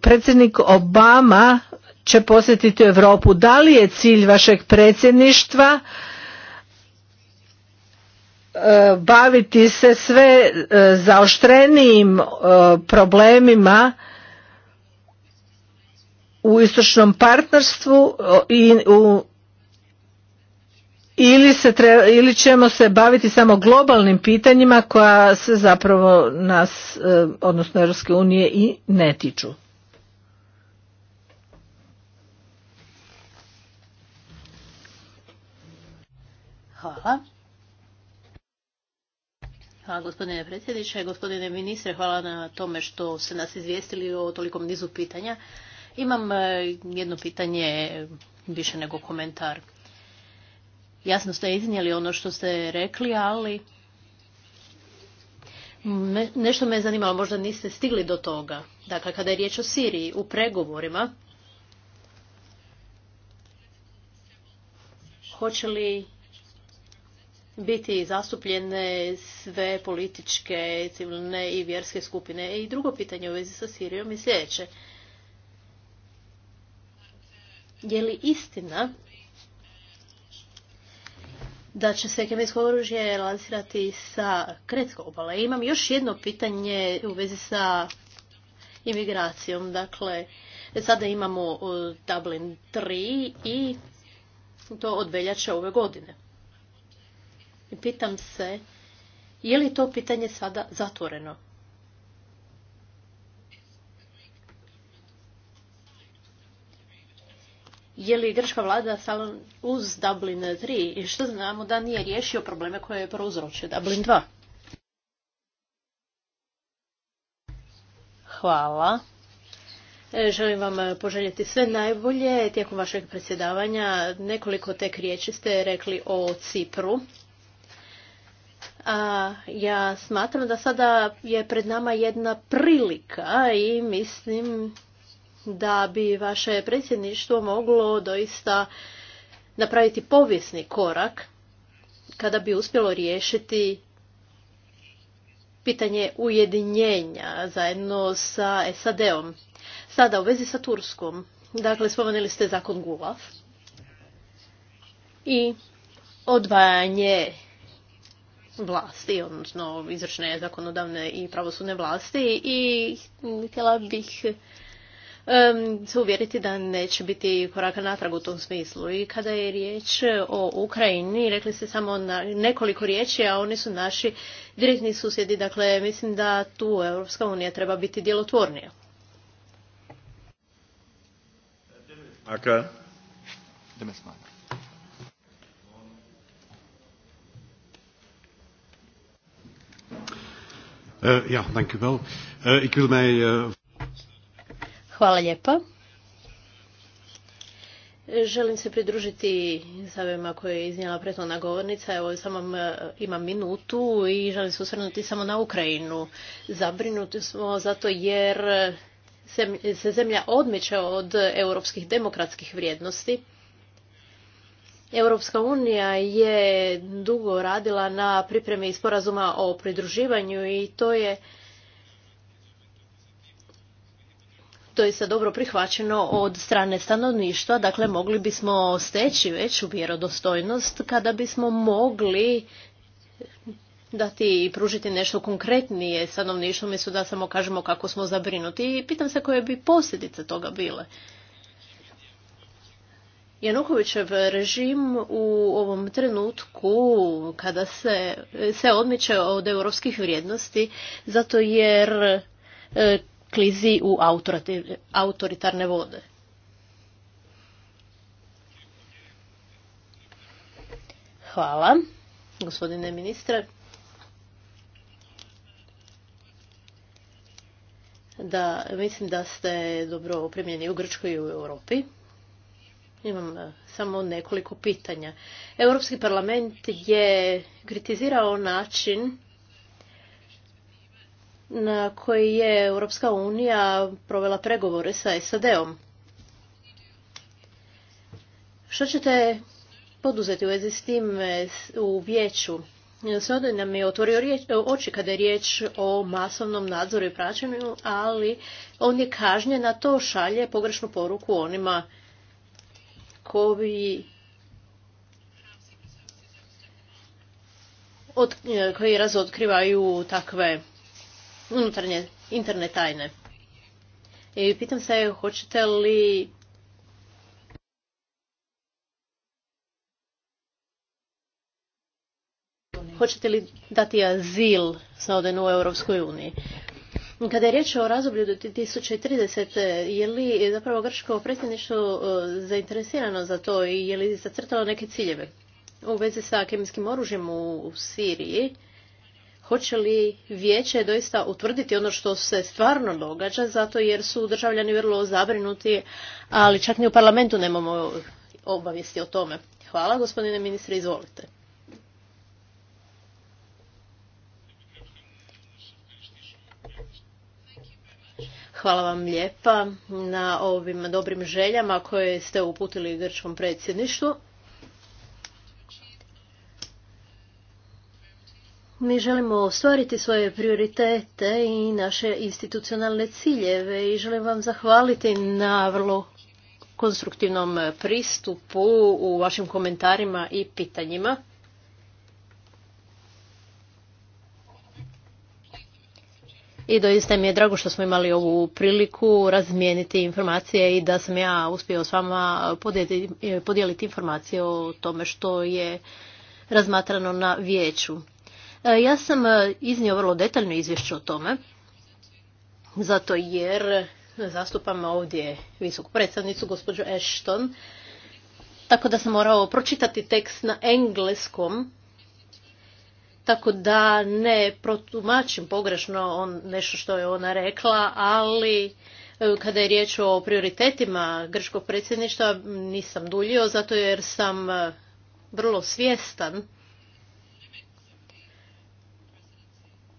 predsjednik Obama će posjetiti Europu. Da li je cilj vašeg predsjedništva e, baviti se sve zaoštrenijim problemima u istočnom partnerstvu i u ili, se treba, ili ćemo se baviti samo globalnim pitanjima koja se zapravo nas, e, odnosno Europske unije, i ne tiču. Hvala. Hvala gospodine predsjedniče, gospodine ministre, hvala na tome što ste nas izvijestili o tolikom nizu pitanja. Imam e, jedno pitanje, više nego komentar. Jasno ste iznijeli ono što ste rekli, ali nešto me je zanimalo, možda niste stigli do toga. Dakle, kada je riječ o Siriji, u pregovorima, hoće li biti zastupljene sve političke, civilne i vjerske skupine. I drugo pitanje u vezi sa Sirijom je sljedeće. Je li istina da će se kemijsko oružje lansirati sa kretskog obale. Imam još jedno pitanje u vezi sa imigracijom. Dakle, sada imamo e, Dublin 3 i to od veljače ove godine. Pitam se, je li to pitanje sada zatvoreno? je li grčka vlada stala uz Dublin 3 i što znamo da nije riješio probleme koje je prouzročio Dublin 2? Hvala. E, želim vam poželjeti sve najbolje tijekom vašeg predsjedavanja. Nekoliko tek riječi ste rekli o Cipru. A, ja smatram da sada je pred nama jedna prilika i mislim da bi vaše predsjedništvo moglo doista napraviti povijesni korak kada bi uspjelo riješiti pitanje ujedinjenja zajedno sa SAD-om. Sada u vezi sa Turskom. Dakle, spomenuli ste zakon Gulaf i odvajanje vlasti, odnosno izvršne zakonodavne i pravosudne vlasti i htjela bih se uvjeriti da neće biti koraka natrag u tom smislu. I kada je riječ o Ukrajini, rekli ste samo na nekoliko riječi, a oni su naši direktni susjedi. Dakle, mislim da tu Europska unija treba biti djelotvornija. Eh, ja, dank eh, ik wil mij eh, Hvala lijepa. Želim se pridružiti savima koje je iznijela prethodna govornica. Evo samo e, imam minutu i želim se osvrnuti samo na Ukrajinu. Zabrinuti smo zato jer se zemlja odmiče od europskih demokratskih vrijednosti. Europska unija je dugo radila na pripremi sporazuma o pridruživanju i to je doista dobro prihvaćeno od strane stanovništva, dakle mogli bismo steći veću vjerodostojnost kada bismo mogli dati i pružiti nešto konkretnije mi su da samo kažemo kako smo zabrinuti i pitam se koje bi posljedice toga bile. Janukovićev režim u ovom trenutku kada se, se odmiče od europskih vrijednosti zato jer e, klizi u autoritarne vode. Hvala, gospodine ministre. Da, mislim da ste dobro opremljeni u Grčkoj i u Europi. Imam eh, samo nekoliko pitanja. Europski parlament je kritizirao način na koji je Europska unija provela pregovore sa SAD-om. Što ćete poduzeti u vezi s tim u vijeću? Sada nam je otvorio riječ, oči kada je riječ o masovnom nadzoru i praćenju, ali on je kažnjen na to šalje pogrešnu poruku onima koji koji razotkrivaju takve unutarnje interne tajne. I pitam se hoćete li hoćete li dati azil Snowdenu u Europskoj uniji. Kada je riječ o razoblju do 2030, je li zapravo grčko predsjedništvo e, zainteresirano za to i je li zacrtalo neke ciljeve? U vezi sa kemijskim oružjem u Siriji, Hoće li vijeće doista utvrditi ono što se stvarno događa, zato jer su državljani vrlo zabrinuti, ali čak ni u parlamentu nemamo obavijesti o tome. Hvala, gospodine ministre, izvolite. Hvala vam lijepa na ovim dobrim željama koje ste uputili grčkom predsjedništvu. Mi želimo ostvariti svoje prioritete i naše institucionalne ciljeve i želim vam zahvaliti na vrlo konstruktivnom pristupu u vašim komentarima i pitanjima. I doista mi je drago što smo imali ovu priliku razmijeniti informacije i da sam ja uspio s vama eh, podijeliti informacije o tome što je razmatrano na vijeću. E, ja sam e, iznio vrlo detaljno izvješće o tome, zato jer zastupam ovdje visoku predstavnicu, gospođu Ashton, tako da sam morao pročitati tekst na engleskom, tako da ne protumačim pogrešno on, nešto što je ona rekla, ali e, kada je riječ o prioritetima grčkog predsjedništva nisam duljio, zato jer sam vrlo svjestan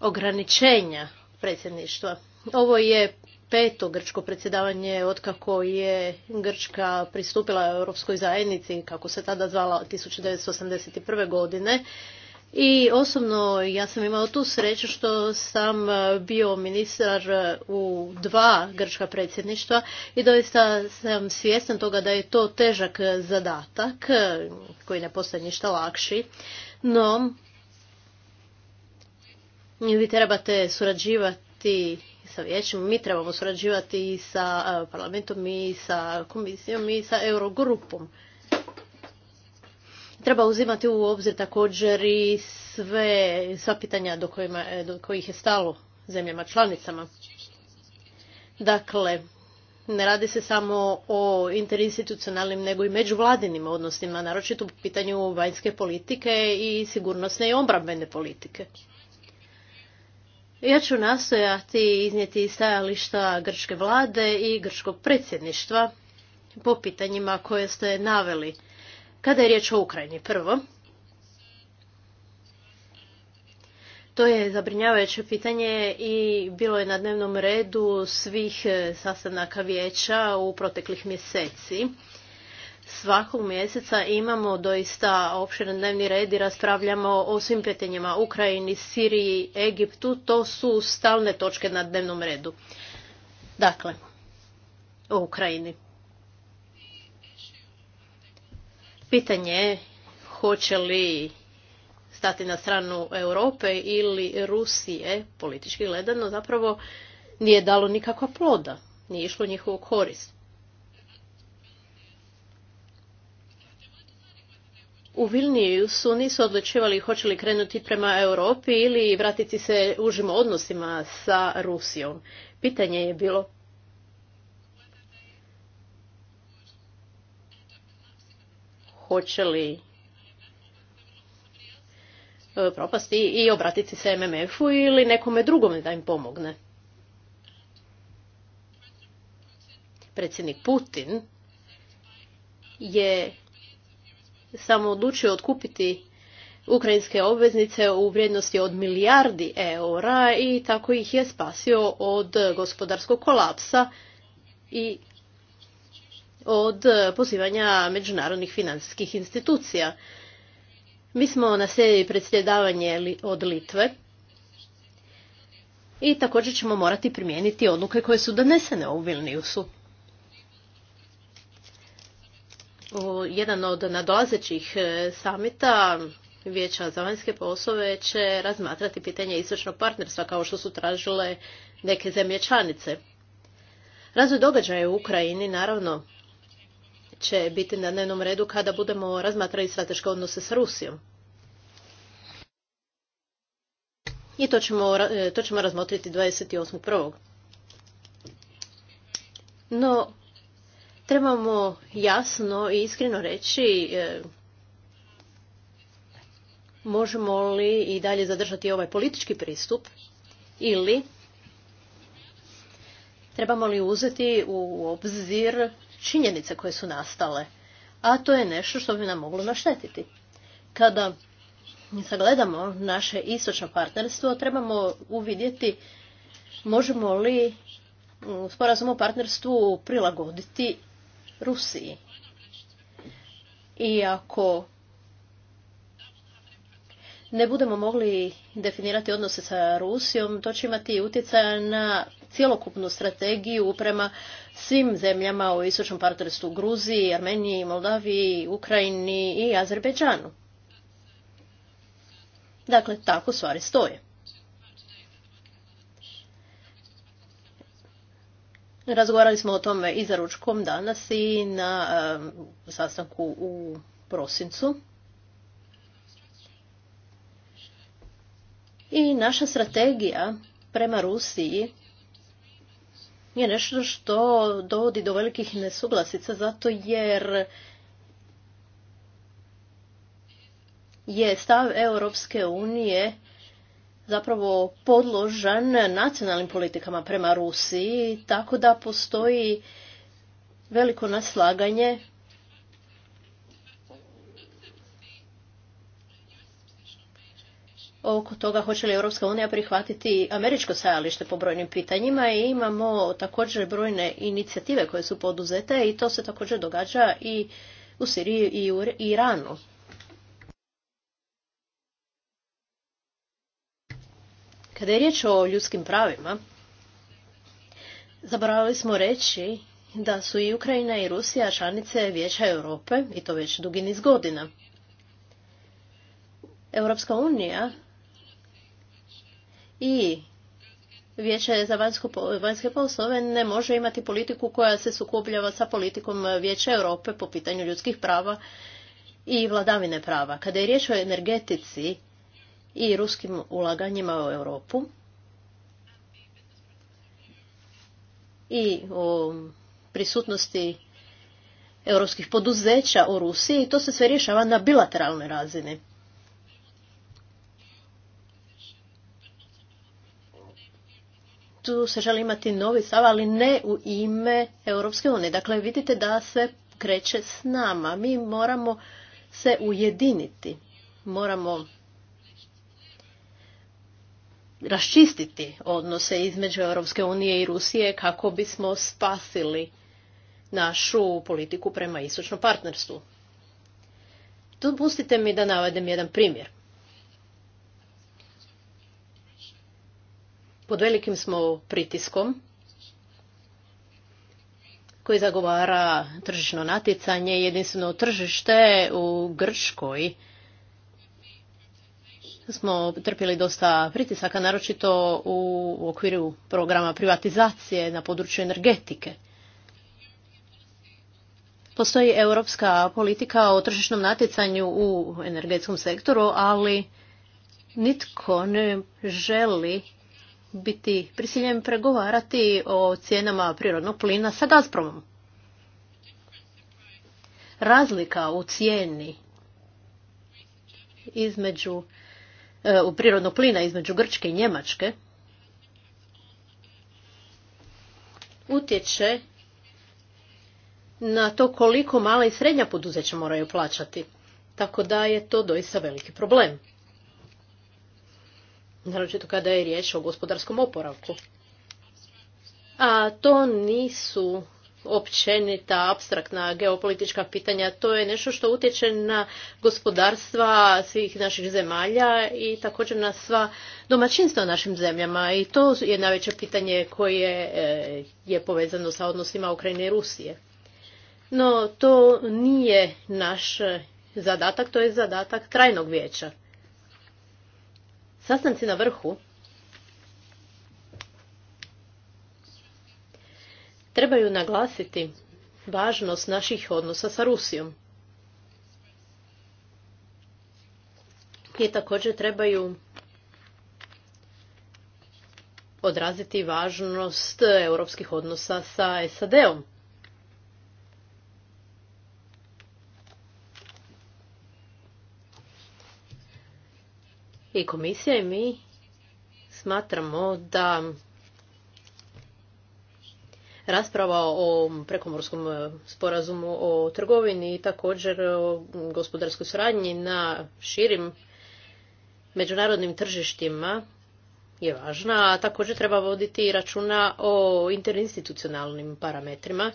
ograničenja predsjedništva. Ovo je peto grčko predsjedavanje otkako je Grčka pristupila Europskoj zajednici, kako se tada zvala 1981. godine. I osobno ja sam imao tu sreću što sam bio ministar u dva grčka predsjedništva i doista sam svjestan toga da je to težak zadatak koji ne postaje ništa lakši. No, vi trebate surađivati sa vijećem, mi trebamo surađivati i sa e, parlamentom i sa komisijom i sa Eurogrupom. Treba uzimati u obzir također i sve, sva pitanja do, e, do kojih je stalo zemljama članicama. Dakle, ne radi se samo o interinstitucionalnim nego i međuvladinim odnosima, naročito u pitanju vanjske politike i sigurnosne i obrambene politike. Ja ću nastojati iznijeti stajališta grčke vlade i grčkog predsjedništva po pitanjima koje ste naveli. Kada je riječ o Ukrajini prvo, To je zabrinjavajuće pitanje i bilo je na dnevnom redu svih sastanaka vijeća u proteklih mjeseci svakog mjeseca imamo doista opširan dnevni red i raspravljamo o svim pitanjima Ukrajini, Siriji, Egiptu. To su stalne točke na dnevnom redu. Dakle, o Ukrajini. Pitanje je hoće li stati na stranu Europe ili Rusije, politički gledano, zapravo nije dalo nikakva ploda, nije išlo njihovu korist. u su nisu odlučivali hoće li krenuti prema Europi ili vratiti se užim odnosima sa Rusijom. Pitanje je bilo hoće li e, propasti i obratiti se MMF-u ili nekome drugome da im pomogne. Predsjednik Putin je samo odlučio otkupiti ukrajinske obveznice u vrijednosti od milijardi eura i tako ih je spasio od gospodarskog kolapsa i od pozivanja međunarodnih financijskih institucija. Mi smo naslijedili predsjedavanje od Litve i također ćemo morati primijeniti odluke koje su donesene u Vilniusu. U jedan od nadolazećih e, samita Vijeća za vanjske poslove će razmatrati pitanje istočnog partnerstva kao što su tražile neke zemlje članice. Razvoj događaja u Ukrajini naravno će biti na dnevnom redu kada budemo razmatrali strateške odnose s Rusijom. I to ćemo, e, to ćemo razmotriti 28.1. No, trebamo jasno i iskreno reći e, možemo li i dalje zadržati ovaj politički pristup ili trebamo li uzeti u obzir činjenice koje su nastale, a to je nešto što bi nam moglo naštetiti. Kada sagledamo naše istočno partnerstvo, trebamo uvidjeti možemo li sporazum o partnerstvu prilagoditi Rusiji. I ako ne budemo mogli definirati odnose sa Rusijom, to će imati utjecaja na cjelokupnu strategiju prema svim zemljama u istočnom partnerstvu Gruziji, Armeniji, Moldaviji, Ukrajini i Azerbeđanu. Dakle, tako stvari stoje. Razgovarali smo o tome i za ručkom danas i na sastanku u prosincu. I naša strategija prema Rusiji je nešto što dovodi do velikih nesuglasica zato jer je stav Europske unije zapravo podložan nacionalnim politikama prema Rusiji, tako da postoji veliko naslaganje oko toga hoće li Europska unija prihvatiti američko stajalište po brojnim pitanjima i imamo također brojne inicijative koje su poduzete i to se također događa i u Siriji i u Iranu. Kada je riječ o ljudskim pravima, zaboravili smo reći da su i Ukrajina i Rusija članice Vijeća Europe i to već dugi niz godina. Europska unija i Vijeće za vanjske poslove ne može imati politiku koja se sukobljava sa politikom Vijeća Europe po pitanju ljudskih prava i vladavine prava. Kada je riječ o energetici, i ruskim ulaganjima u Europu i o prisutnosti europskih poduzeća u Rusiji i to se sve rješava na bilateralnoj razini. Tu se želi imati novi stav, ali ne u ime Europske unije. Dakle, vidite da se kreće s nama. Mi moramo se ujediniti. Moramo raščistiti odnose između Europske unije i Rusije kako bismo spasili našu politiku prema istočnom partnerstvu. Dopustite mi da navedem jedan primjer. Pod velikim smo pritiskom koji zagovara tržišno natjecanje, jedinstveno tržište u Grčkoj smo trpili dosta pritisaka, naročito u okviru programa privatizacije na području energetike. Postoji europska politika o tržišnom natjecanju u energetskom sektoru, ali nitko ne želi biti prisiljen pregovarati o cijenama prirodnog plina sa Gazpromom. Razlika u cijeni između E, u prirodnog plina između Grčke i Njemačke utječe na to koliko mala i srednja poduzeća moraju plaćati. Tako da je to doista veliki problem. Naročito kada je riječ o gospodarskom oporavku. A to nisu općenita, abstraktna geopolitička pitanja, to je nešto što utječe na gospodarstva svih naših zemalja i također na sva domaćinstva u našim zemljama i to je najveće pitanje koje eh, je povezano sa odnosima Ukrajine i Rusije. No, to nije naš zadatak, to je zadatak trajnog vijeća. Sastanci na vrhu trebaju naglasiti važnost naših odnosa sa Rusijom. I također trebaju odraziti važnost europskih odnosa sa SAD-om. I komisija i mi smatramo da rasprava o prekomorskom e, sporazumu o trgovini i također o gospodarskoj suradnji na širim međunarodnim tržištima je važna, a također treba voditi računa o interinstitucionalnim parametrima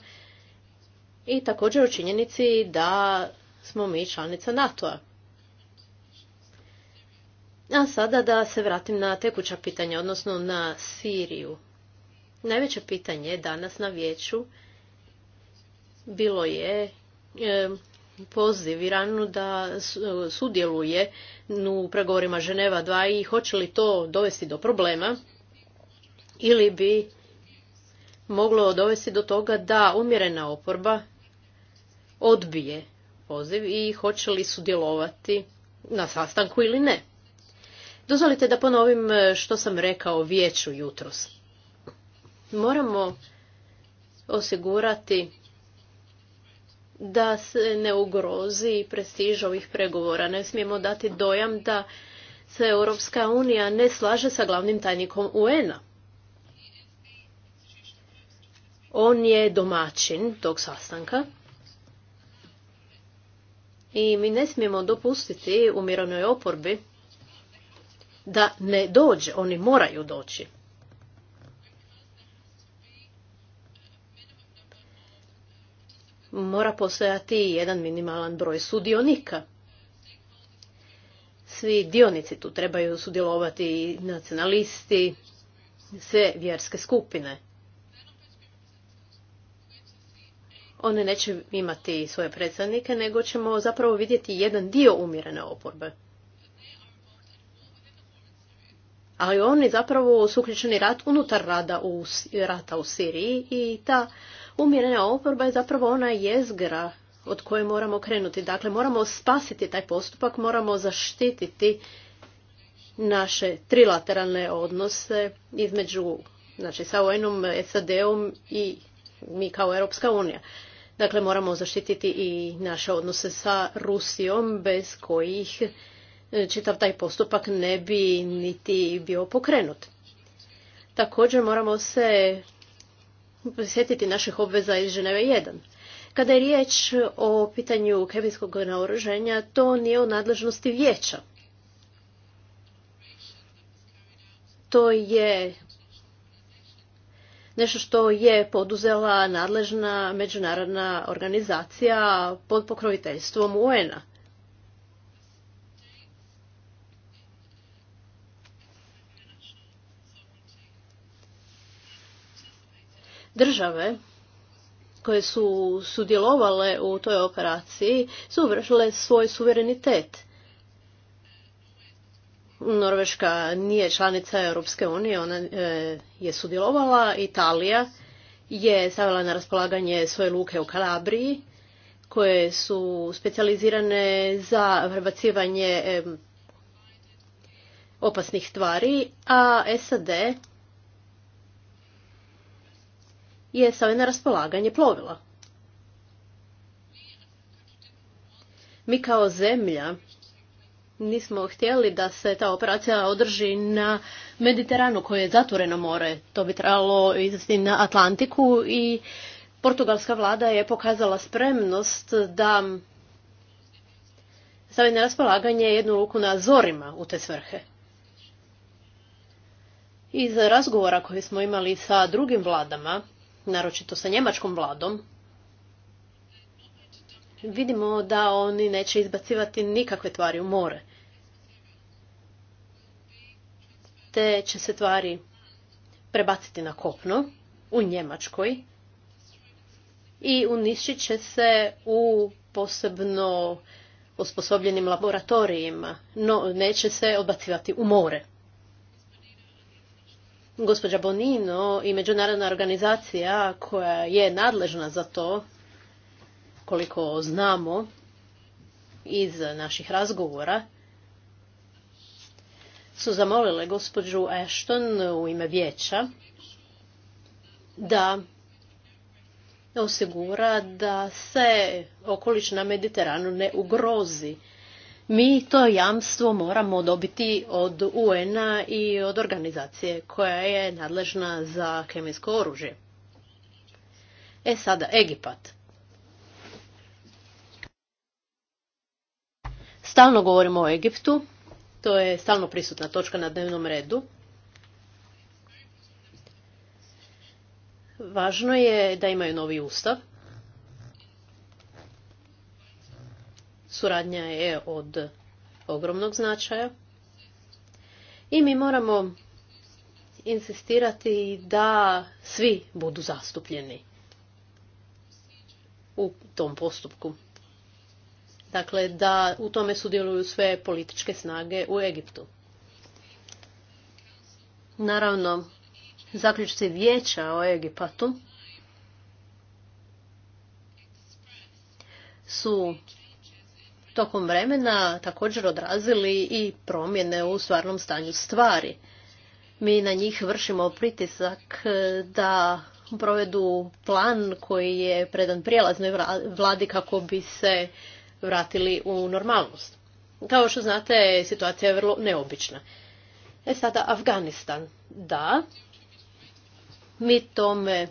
i također o činjenici da smo mi članica NATO-a. A sada da se vratim na tekuća pitanja, odnosno na Siriju. Najveće pitanje danas na vijeću bilo je e, poziv Iranu da e, sudjeluje u pregovorima Ženeva 2 i hoće li to dovesti do problema ili bi moglo dovesti do toga da umjerena oporba odbije poziv i hoće li sudjelovati na sastanku ili ne. Dozvolite da ponovim e, što sam rekao vijeću jutros moramo osigurati da se ne ugrozi prestiž ovih pregovora. Ne smijemo dati dojam da se Europska unija ne slaže sa glavnim tajnikom UN-a. On je domaćin tog sastanka i mi ne smijemo dopustiti u mirovnoj oporbi da ne dođe, oni moraju doći. mora postojati jedan minimalan broj sudionika. Svi dionici tu trebaju sudjelovati nacionalisti, sve vjerske skupine. One neće imati svoje predstavnike, nego ćemo zapravo vidjeti jedan dio umirene oporbe. Ali oni zapravo su uključeni rat unutar rada u, rata u Siriji i ta umjerenja oporba je zapravo ona jezgra od koje moramo krenuti. Dakle, moramo spasiti taj postupak, moramo zaštititi naše trilateralne odnose između, znači sa un SAD-om i mi kao Europska unija. Dakle, moramo zaštititi i naše odnose sa Rusijom, bez kojih e, čitav taj postupak ne bi niti bio pokrenut. Također moramo se sjetiti naših obveza iz Ženeve 1. Kada je riječ o pitanju kemijskog naoruženja, to nije u nadležnosti vijeća. To je nešto što je poduzela nadležna međunarodna organizacija pod pokroviteljstvom UN-a. Države koje su sudjelovale u toj operaciji su vršile svoj suverenitet. Norveška nije članica Europske unije, ona e, je sudjelovala. Italija je stavila na raspolaganje svoje luke u Kalabriji koje su specijalizirane za prebacivanje opasnih tvari, a SAD je stavio na raspolaganje plovila. Mi kao zemlja nismo htjeli da se ta operacija održi na Mediteranu koje je zatvoreno more. To bi trebalo izvesti na Atlantiku i portugalska vlada je pokazala spremnost da stavi na raspolaganje jednu luku na zorima u te svrhe. Iz razgovora koje smo imali sa drugim vladama, naročito sa njemačkom vladom, vidimo da oni neće izbacivati nikakve tvari u more. Te će se tvari prebaciti na kopno u Njemačkoj i uništit će se u posebno osposobljenim laboratorijima, no neće se odbacivati u more gospođa Bonino i međunarodna organizacija koja je nadležna za to, koliko znamo iz naših razgovora, su zamolile gospođu Ashton u ime vijeća da osigura da se okoliš na Mediteranu ne ugrozi mi to jamstvo moramo dobiti od UN-a i od organizacije koja je nadležna za kemijsko oružje. E sada, Egipat. Stalno govorimo o Egiptu, to je stalno prisutna točka na dnevnom redu. Važno je da imaju novi ustav, Suradnja je od ogromnog značaja i mi moramo insistirati da svi budu zastupljeni u tom postupku. Dakle, da u tome sudjeluju sve političke snage u Egiptu. Naravno, zaključci vijeća o Egipatu su tokom vremena također odrazili i promjene u stvarnom stanju stvari. Mi na njih vršimo pritisak e, da provedu plan koji je predan prijelaznoj vladi kako bi se vratili u normalnost. Kao što znate, situacija je vrlo neobična. E sada, Afganistan. Da, mi tome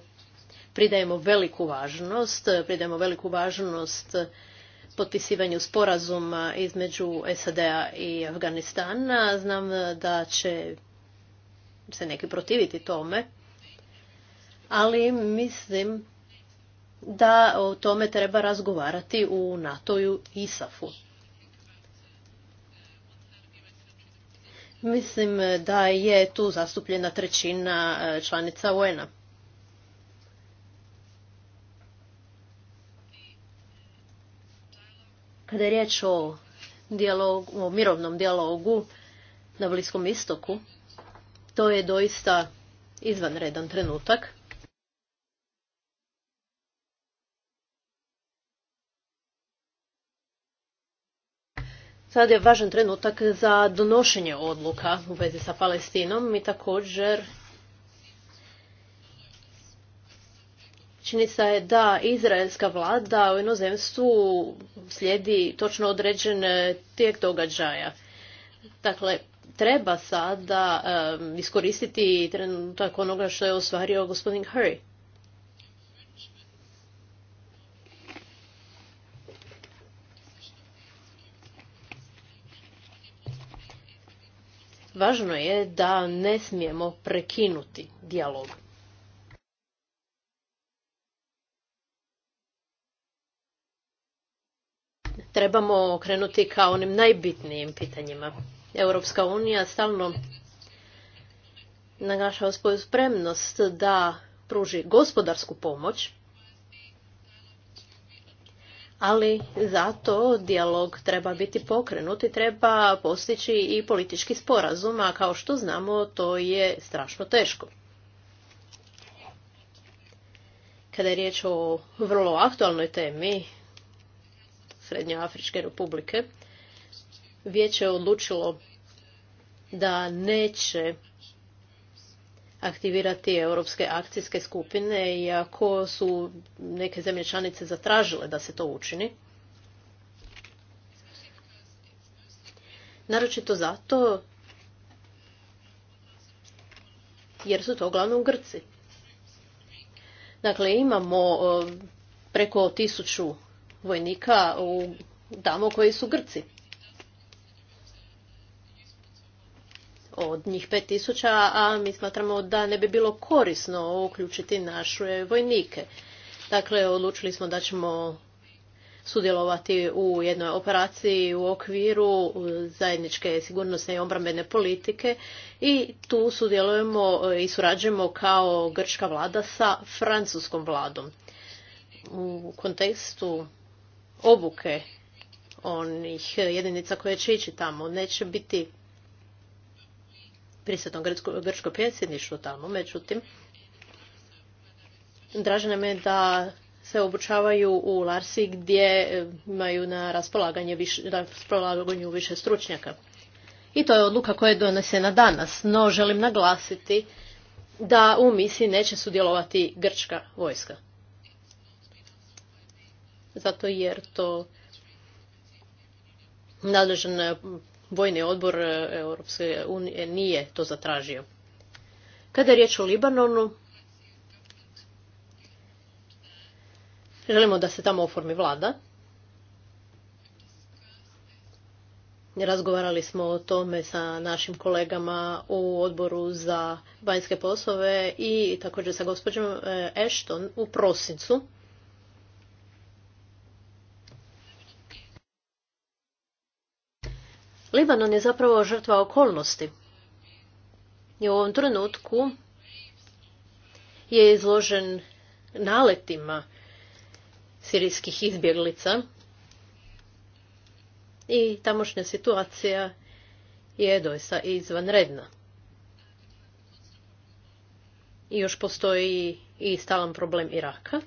pridajemo veliku važnost, pridajemo veliku važnost potpisivanju sporazuma između SAD-a i Afganistana. Znam da će se neki protiviti tome, ali mislim da o tome treba razgovarati u NATO-u i ISAF-u. Mislim da je tu zastupljena trećina e, članica un Kada je riječ o, o mirovnom dijalogu na Bliskom istoku, to je doista izvanredan trenutak. Sad je važan trenutak za donošenje odluka u vezi sa Palestinom i također Činjenica je da izraelska vlada u inozemstvu slijedi točno određen e, tijek događaja. Dakle, treba sada um, iskoristiti trenutak onoga što je ostvario gospodin Hurry. Važno je da ne smijemo prekinuti dijalog. trebamo okrenuti ka onim najbitnijim pitanjima. Europska unija stalno naglašava svoju spremnost da pruži gospodarsku pomoć, ali zato dijalog treba biti pokrenut i treba postići i politički sporazum, a kao što znamo to je strašno teško. Kada je riječ o vrlo aktualnoj temi, Srednjoafričke republike, vijeće je odlučilo da neće aktivirati europske akcijske skupine, iako su neke zemlje članice zatražile da se to učini. Naročito zato jer su to uglavnom Grci. Dakle, imamo eh, preko tisuću vojnika u damo koji su Grci. Od njih 5000, a mi smatramo da ne bi bilo korisno uključiti naše vojnike. Dakle, odlučili smo da ćemo sudjelovati u jednoj operaciji u okviru zajedničke sigurnosne i obrambene politike i tu sudjelujemo i surađujemo kao grčka vlada sa francuskom vladom. U kontekstu obuke onih jedinica koje će ići tamo. Neće biti prisjetno grčko, grčko predsjedništvo tamo, međutim, draže nam je da se obučavaju u Larsi gdje e, imaju na raspolaganje raspolaganju više stručnjaka. I to je odluka koja je donesena danas, no želim naglasiti da u misiji neće sudjelovati grčka vojska zato jer to nadležan eh, vojni odbor eh, Europske unije nije to zatražio. Kada je riječ o Libanonu, želimo da se tamo oformi vlada. Razgovarali smo o tome sa našim kolegama u odboru za vanjske poslove i također sa gospođom eh, Ashton u prosincu. Libanon je zapravo žrtva okolnosti. I u ovom trenutku je izložen naletima sirijskih izbjeglica i tamošnja situacija je doista izvanredna. I još postoji i stalan problem Iraka.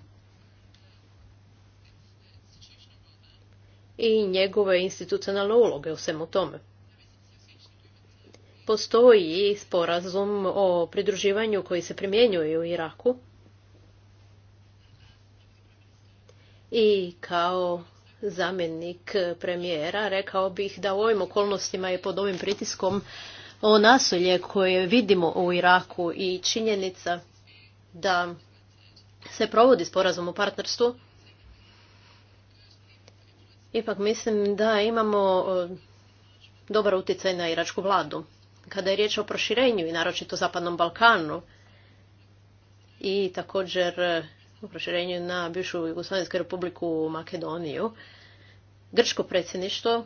i njegove institucionalne uloge u svemu tome. Postoji sporazum o pridruživanju koji se primjenjuje u Iraku i kao zamjenik premijera rekao bih da u ovim okolnostima i pod ovim pritiskom o nasilje koje vidimo u Iraku i činjenica da se provodi sporazum o partnerstvu Ipak mislim da imamo e, dobar utjecaj na iračku vladu. Kada je riječ o proširenju i naročito Zapadnom Balkanu i također o e, proširenju na bivšu Jugoslavijsku republiku Makedoniju, grčko predsjedništvo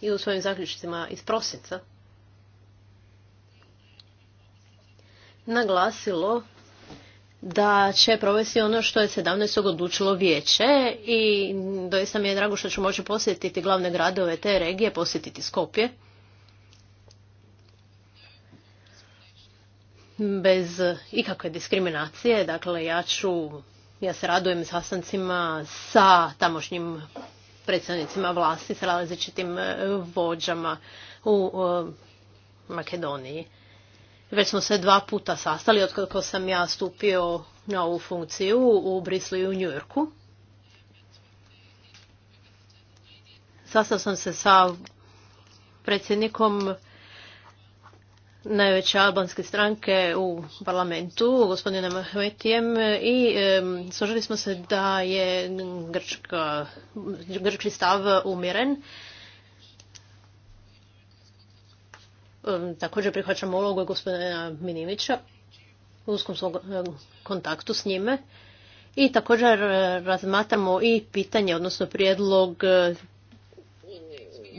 i u svojim zaključcima iz prosinca naglasilo da će provesti ono što je 17. odlučilo vijeće i doista mi je drago što ću moći posjetiti glavne gradove te regije, posjetiti Skopje. Bez ikakve diskriminacije, dakle ja ću, ja se radujem sastancima sa tamošnjim predstavnicima vlasti, sa različitim eh, vođama u eh, Makedoniji. Već smo se dva puta sastali otkako sam ja stupio na ovu funkciju u Brislu i u Njujorku. Sastao sam se sa predsjednikom najveće albanske stranke u parlamentu, gospodine Mahmetijem, i složili smo se da je grčki stav umjeren Također prihvaćamo ulogu gospodina Minimića u uskom svog kontaktu s njime. I također e, razmatramo i pitanje, odnosno prijedlog e,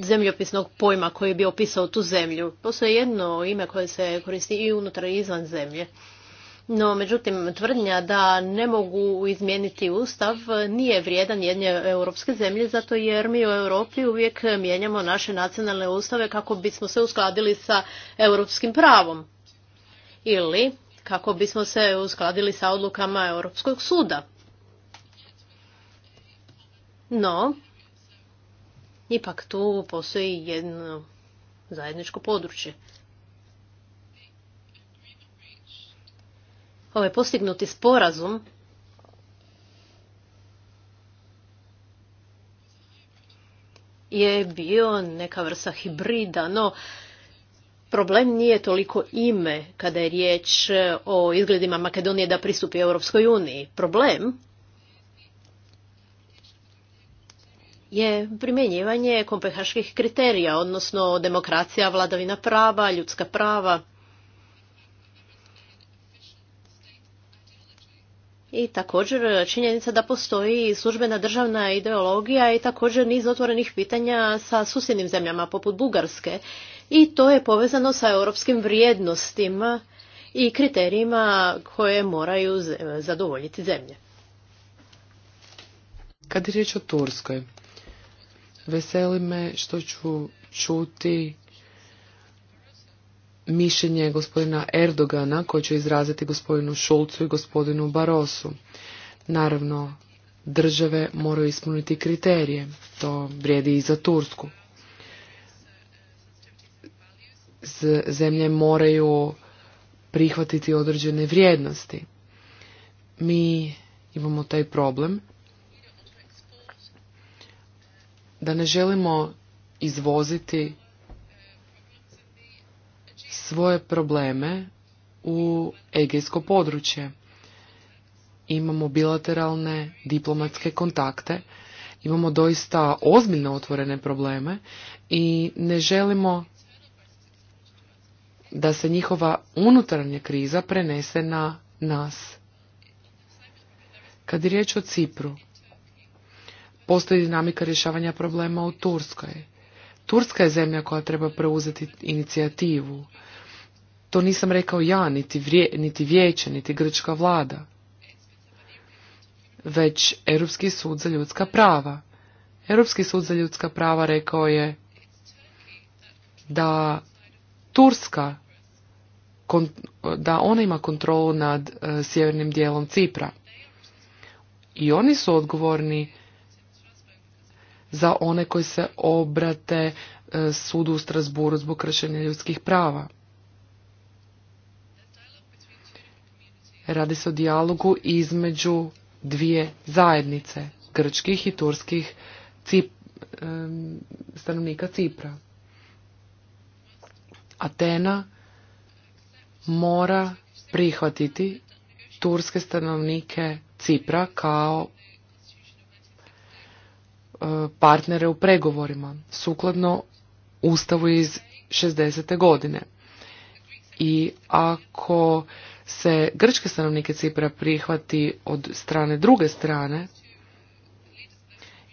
zemljopisnog pojma koji bi opisao tu zemlju. Postoje jedno ime koje se koristi i unutar i izvan zemlje. No, međutim, tvrdnja da ne mogu izmijeniti ustav nije vrijedan jedne europske zemlje, zato jer mi u Europi uvijek mijenjamo naše nacionalne ustave kako bismo se uskladili sa europskim pravom ili kako bismo se uskladili sa odlukama Europskog suda. No, ipak tu postoji jedno zajedničko područje. ovaj postignuti sporazum je bio neka vrsta hibrida, no problem nije toliko ime kada je riječ e, o izgledima Makedonije da pristupi Europskoj uniji. Problem je primjenjivanje kompehaških kriterija, odnosno demokracija, vladavina prava, ljudska prava. i također činjenica da postoji službena državna ideologija i također niz otvorenih pitanja sa susjednim zemljama poput Bugarske i to je povezano sa europskim vrijednostima i kriterijima koje moraju zadovoljiti zemlje. Kad je riječ o Turskoj, veseli me što ću čuti mišljenje gospodina Erdogana koje će izraziti gospodinu Šulcu i gospodinu Barosu. Naravno, države moraju ispuniti kriterije. To vrijedi i za Tursku. Zemlje moraju prihvatiti određene vrijednosti. Mi imamo taj problem da ne želimo izvoziti svoje probleme u egejsko područje. Imamo bilateralne diplomatske kontakte, imamo doista ozbiljno otvorene probleme i ne želimo da se njihova unutarnja kriza prenese na nas. Kad je riječ o Cipru, postoji dinamika rješavanja problema u Turskoj. Turska je zemlja koja treba preuzeti inicijativu to nisam rekao ja, niti, niti vijeće, niti grčka vlada, već Europski sud za ljudska prava. Europski sud za ljudska prava rekao je da Turska, da ona ima kontrolu nad e, sjevernim dijelom Cipra. I oni su odgovorni za one koji se obrate e, sudu u Strasburu zbog kršenja ljudskih prava. Radi se o dijalogu između dvije zajednice, grčkih i turskih stanovnika Cipra. Atena mora prihvatiti turske stanovnike Cipra kao e, partnere u pregovorima, sukladno Ustavu iz 60. godine i ako se grčke stanovnike Cipra prihvati od strane druge strane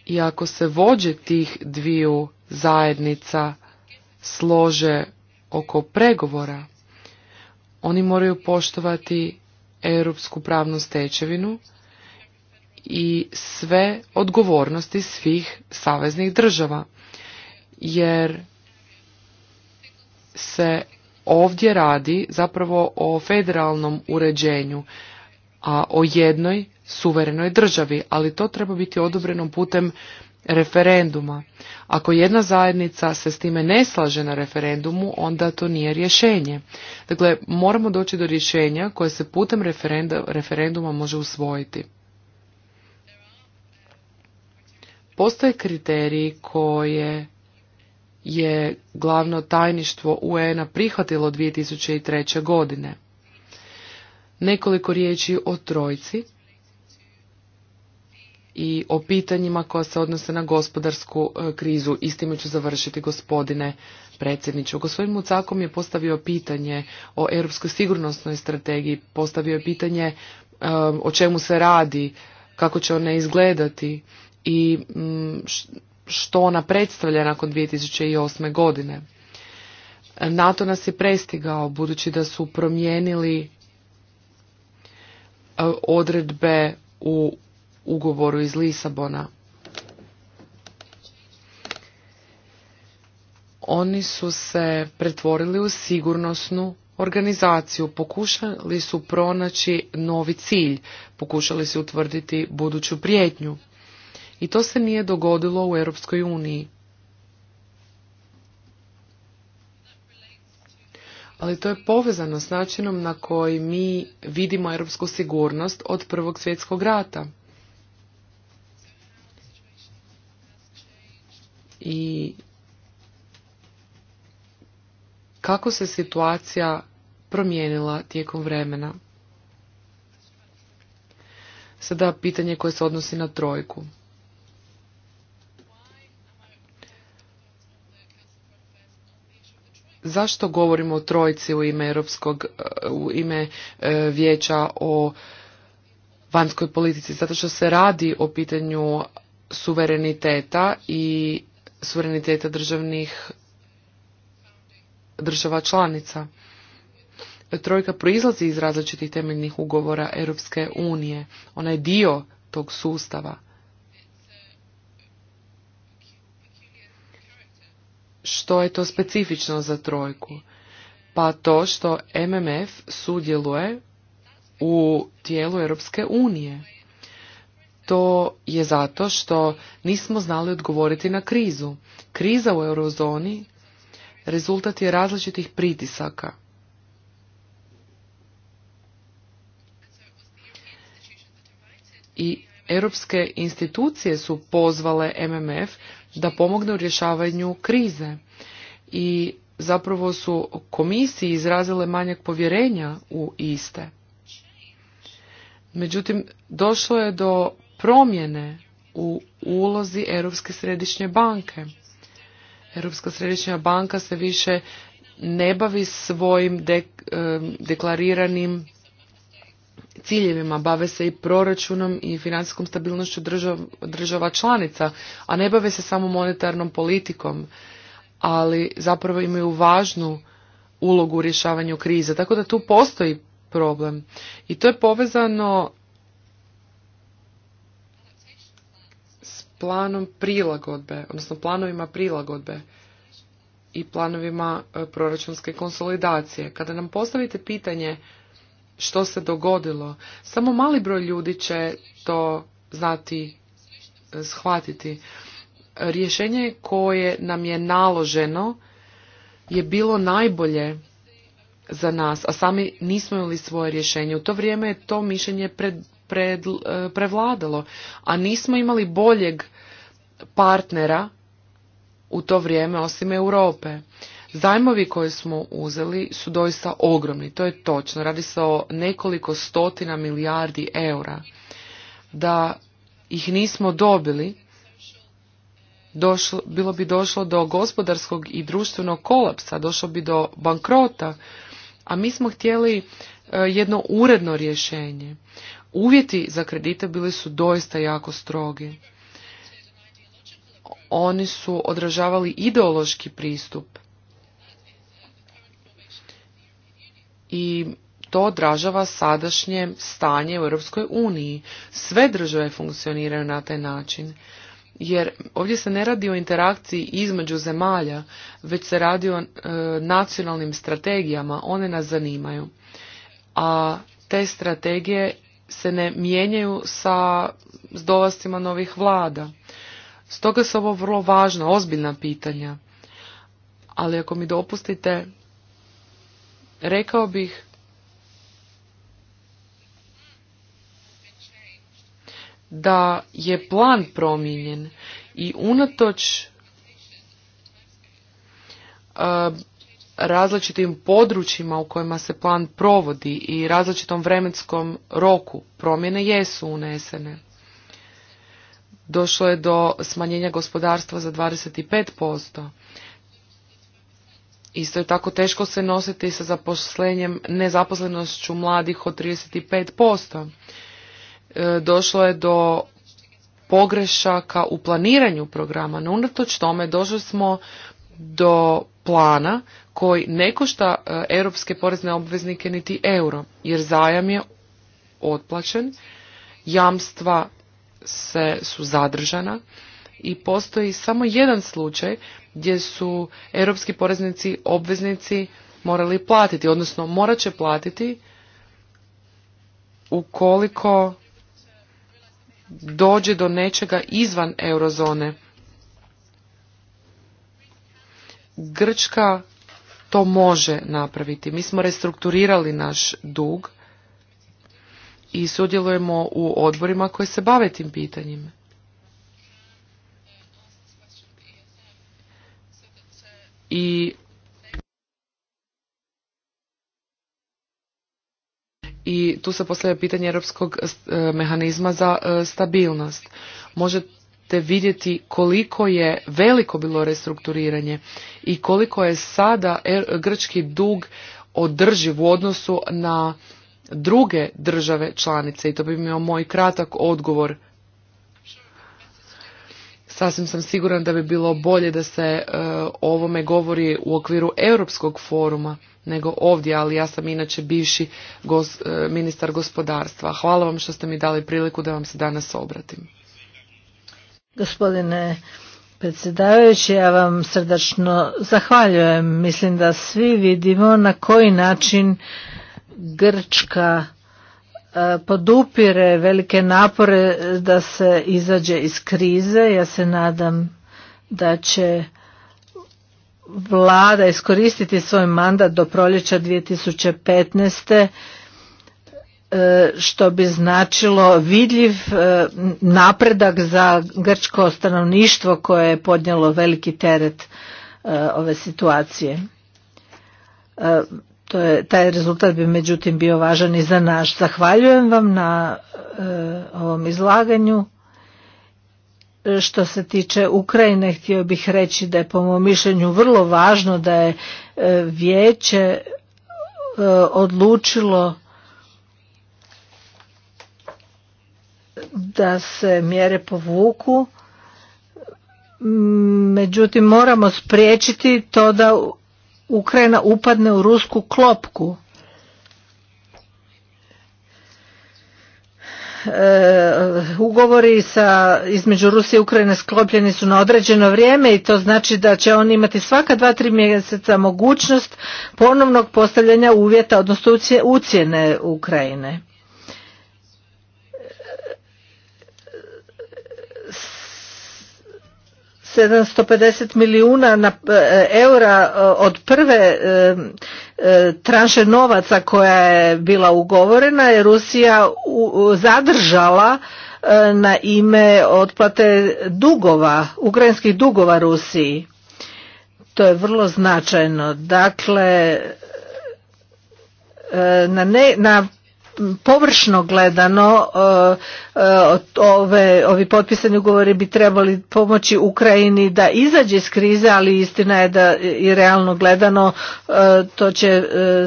i ako se vođe tih dviju zajednica slože oko pregovora, oni moraju poštovati europsku pravnu stečevinu i sve odgovornosti svih saveznih država, jer se ovdje radi zapravo o federalnom uređenju, a o jednoj suverenoj državi, ali to treba biti odobreno putem referenduma. Ako jedna zajednica se s time ne slaže na referendumu, onda to nije rješenje. Dakle, moramo doći do rješenja koje se putem referenduma može usvojiti. Postoje kriteriji koje je glavno tajništvo UN-a prihvatilo 2003. godine. Nekoliko riječi o trojci i o pitanjima koja se odnose na gospodarsku e, krizu. I ću završiti gospodine predsjedniče. Gospodin svojim je postavio pitanje o europskoj sigurnosnoj strategiji, postavio je pitanje e, o čemu se radi, kako će ona izgledati i što ona predstavlja nakon 2008. godine. NATO nas je prestigao budući da su promijenili e, odredbe u ugovoru iz Lisabona. Oni su se pretvorili u sigurnosnu organizaciju, pokušali su pronaći novi cilj, pokušali su utvrditi buduću prijetnju. I to se nije dogodilo u Europskoj uniji. Ali to je povezano s načinom na koji mi vidimo europsku sigurnost od Prvog svjetskog rata. I kako se situacija promijenila tijekom vremena. Sada pitanje koje se odnosi na trojku. zašto govorimo o trojci u ime europskog e, u ime e, vijeća o vanjskoj politici zato što se radi o pitanju suvereniteta i suvereniteta državnih država članica trojka proizlazi iz različitih temeljnih ugovora Europske unije ona je dio tog sustava što je to specifično za trojku? Pa to što MMF sudjeluje u tijelu Europske unije. To je zato što nismo znali odgovoriti na krizu. Kriza u eurozoni rezultat je različitih pritisaka. I europske institucije su pozvale MMF da pomogne u rješavanju krize i zapravo su komisiji izrazile manjak povjerenja u iste. Međutim, došlo je do promjene u ulozi Europske središnje banke. Europska središnja banka se više ne bavi svojim deklariranim ciljevima, bave se i proračunom i financijskom stabilnošću država članica, a ne bave se samo monetarnom politikom, ali zapravo imaju važnu ulogu u rješavanju krize. Tako da tu postoji problem. I to je povezano s planom prilagodbe, odnosno planovima prilagodbe i planovima e, proračunske konsolidacije. Kada nam postavite pitanje što se dogodilo. Samo mali broj ljudi će to znati, e, shvatiti. Rješenje koje nam je naloženo je bilo najbolje za nas, a sami nismo imali svoje rješenje. U to vrijeme je to mišljenje e, prevladalo, a nismo imali boljeg partnera u to vrijeme osim Europe. Zajmovi koje smo uzeli su doista ogromni, to je točno. Radi se o nekoliko stotina milijardi eura. Da ih nismo dobili, došlo, bilo bi došlo do gospodarskog i društvenog kolapsa, došlo bi do bankrota, a mi smo htjeli e, jedno uredno rješenje. Uvjeti za kredite bili su doista jako strogi. Oni su odražavali ideološki pristup i to odražava sadašnje stanje u Europskoj uniji. Sve države funkcioniraju na taj način. Jer ovdje se ne radi o interakciji između zemalja, već se radi o e, nacionalnim strategijama, one nas zanimaju. A te strategije se ne mijenjaju sa s novih vlada. Stoga su ovo vrlo važna, ozbiljna pitanja. Ali ako mi dopustite, rekao bih da je plan promijenjen i unatoč e, različitim područjima u kojima se plan provodi i različitom vremenskom roku promjene jesu unesene. Došlo je do smanjenja gospodarstva za 25%, Isto je tako teško se nositi sa zaposlenjem nezaposlenošću mladih od 35%. E, došlo je do pogrešaka u planiranju programa, no unatoč tome došli smo do plana koji ne košta e, europske porezne obveznike niti euro, jer zajam je otplaćen, jamstva se su zadržana, i postoji samo jedan slučaj gdje su europski poreznici obveznici morali platiti, odnosno morat će platiti ukoliko dođe do nečega izvan eurozone. Grčka to može napraviti. Mi smo restrukturirali naš dug i sudjelujemo u odborima koji se bave tim pitanjima. i i tu se postavlja pitanje europskog e, mehanizma za e, stabilnost. Možete vidjeti koliko je veliko bilo restrukturiranje i koliko je sada er, grčki dug održiv u odnosu na druge države članice i to bi bio moj kratak odgovor Sasvim sam siguran da bi bilo bolje da se o e, ovome govori u okviru Europskog foruma nego ovdje, ali ja sam inače bivši e, ministar gospodarstva. Hvala vam što ste mi dali priliku da vam se danas obratim. Gospodine predsjedavajući, ja vam srdačno zahvaljujem. Mislim da svi vidimo na koji način Grčka E, podupire velike napore da se izađe iz krize. Ja se nadam da će vlada iskoristiti svoj mandat do proljeća 2015 e, što bi značilo vidljiv e, napredak za grčko stanovništvo koje je podnijelo veliki teret ove situacije. To je, taj rezultat bi međutim bio važan i za naš. Zahvaljujem vam na e, ovom izlaganju. E, što se tiče Ukrajine, htio bih reći da je po mom mišljenju vrlo važno da je e, vijeće odlučilo da se mjere povuku. Međutim, moramo spriječiti to da Ukrajina upadne u rusku klopku. E, ugovori sa, između Rusije i Ukrajine sklopljeni su na određeno vrijeme i to znači da će on imati svaka dva, tri mjeseca mogućnost ponovnog postavljanja uvjeta, odnosno ucijene Ukrajine. 750 milijuna e, eura e, od prve e, tranše novaca koja je bila ugovorena je Rusija zadržala na ime otplate dugova, ukrajinskih dugova Rusiji. To je vrlo značajno. Dakle, na, ne, na površno gledano e, e, ovi potpisani ugovori bi trebali pomoći Ukrajini da izađe iz krize, ali istina je da i realno gledano e, to će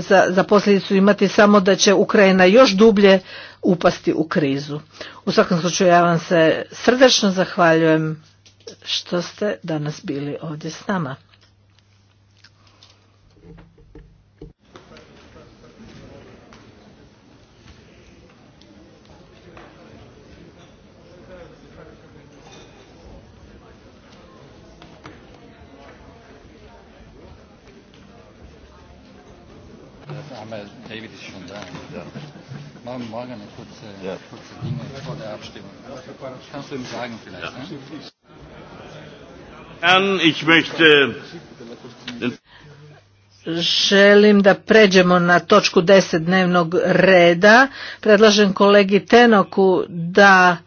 za, za posljedicu imati samo da će Ukrajina još dublje upasti u krizu. U svakom slučaju ja vam se srdečno zahvaljujem što ste danas bili ovdje s nama. David ist schon da. Ja. Morgen, morgen eine kurze, ja. kurze Dinge vor der Abstimmung. Kannst du ihm sagen vielleicht? Ja. Ne? Ähm, ich möchte... Želim da pređemo na točku 10 dnevnog reda. Predlažem kolegi Tenoku da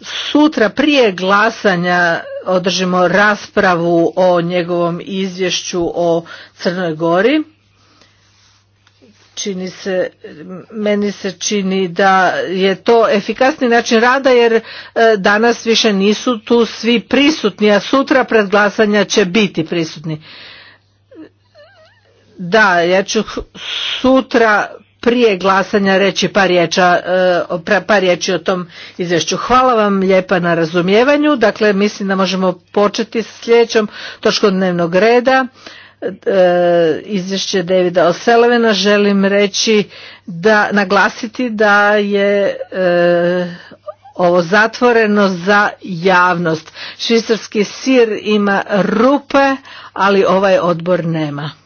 sutra prije glasanja održimo raspravu o njegovom izvješću o Crnoj Gori čini se, meni se čini da je to efikasni način rada jer e, danas više nisu tu svi prisutni, a sutra pred glasanja će biti prisutni. Da, ja ću sutra prije glasanja reći par, riječa, e, par riječi o tom izvješću. Hvala vam lijepa na razumijevanju. Dakle, mislim da možemo početi s sljedećom točkom dnevnog reda. E, izvješće Davida Oselevena želim reći da naglasiti da je e, ovo zatvoreno za javnost. Švicarski sir ima rupe, ali ovaj odbor nema.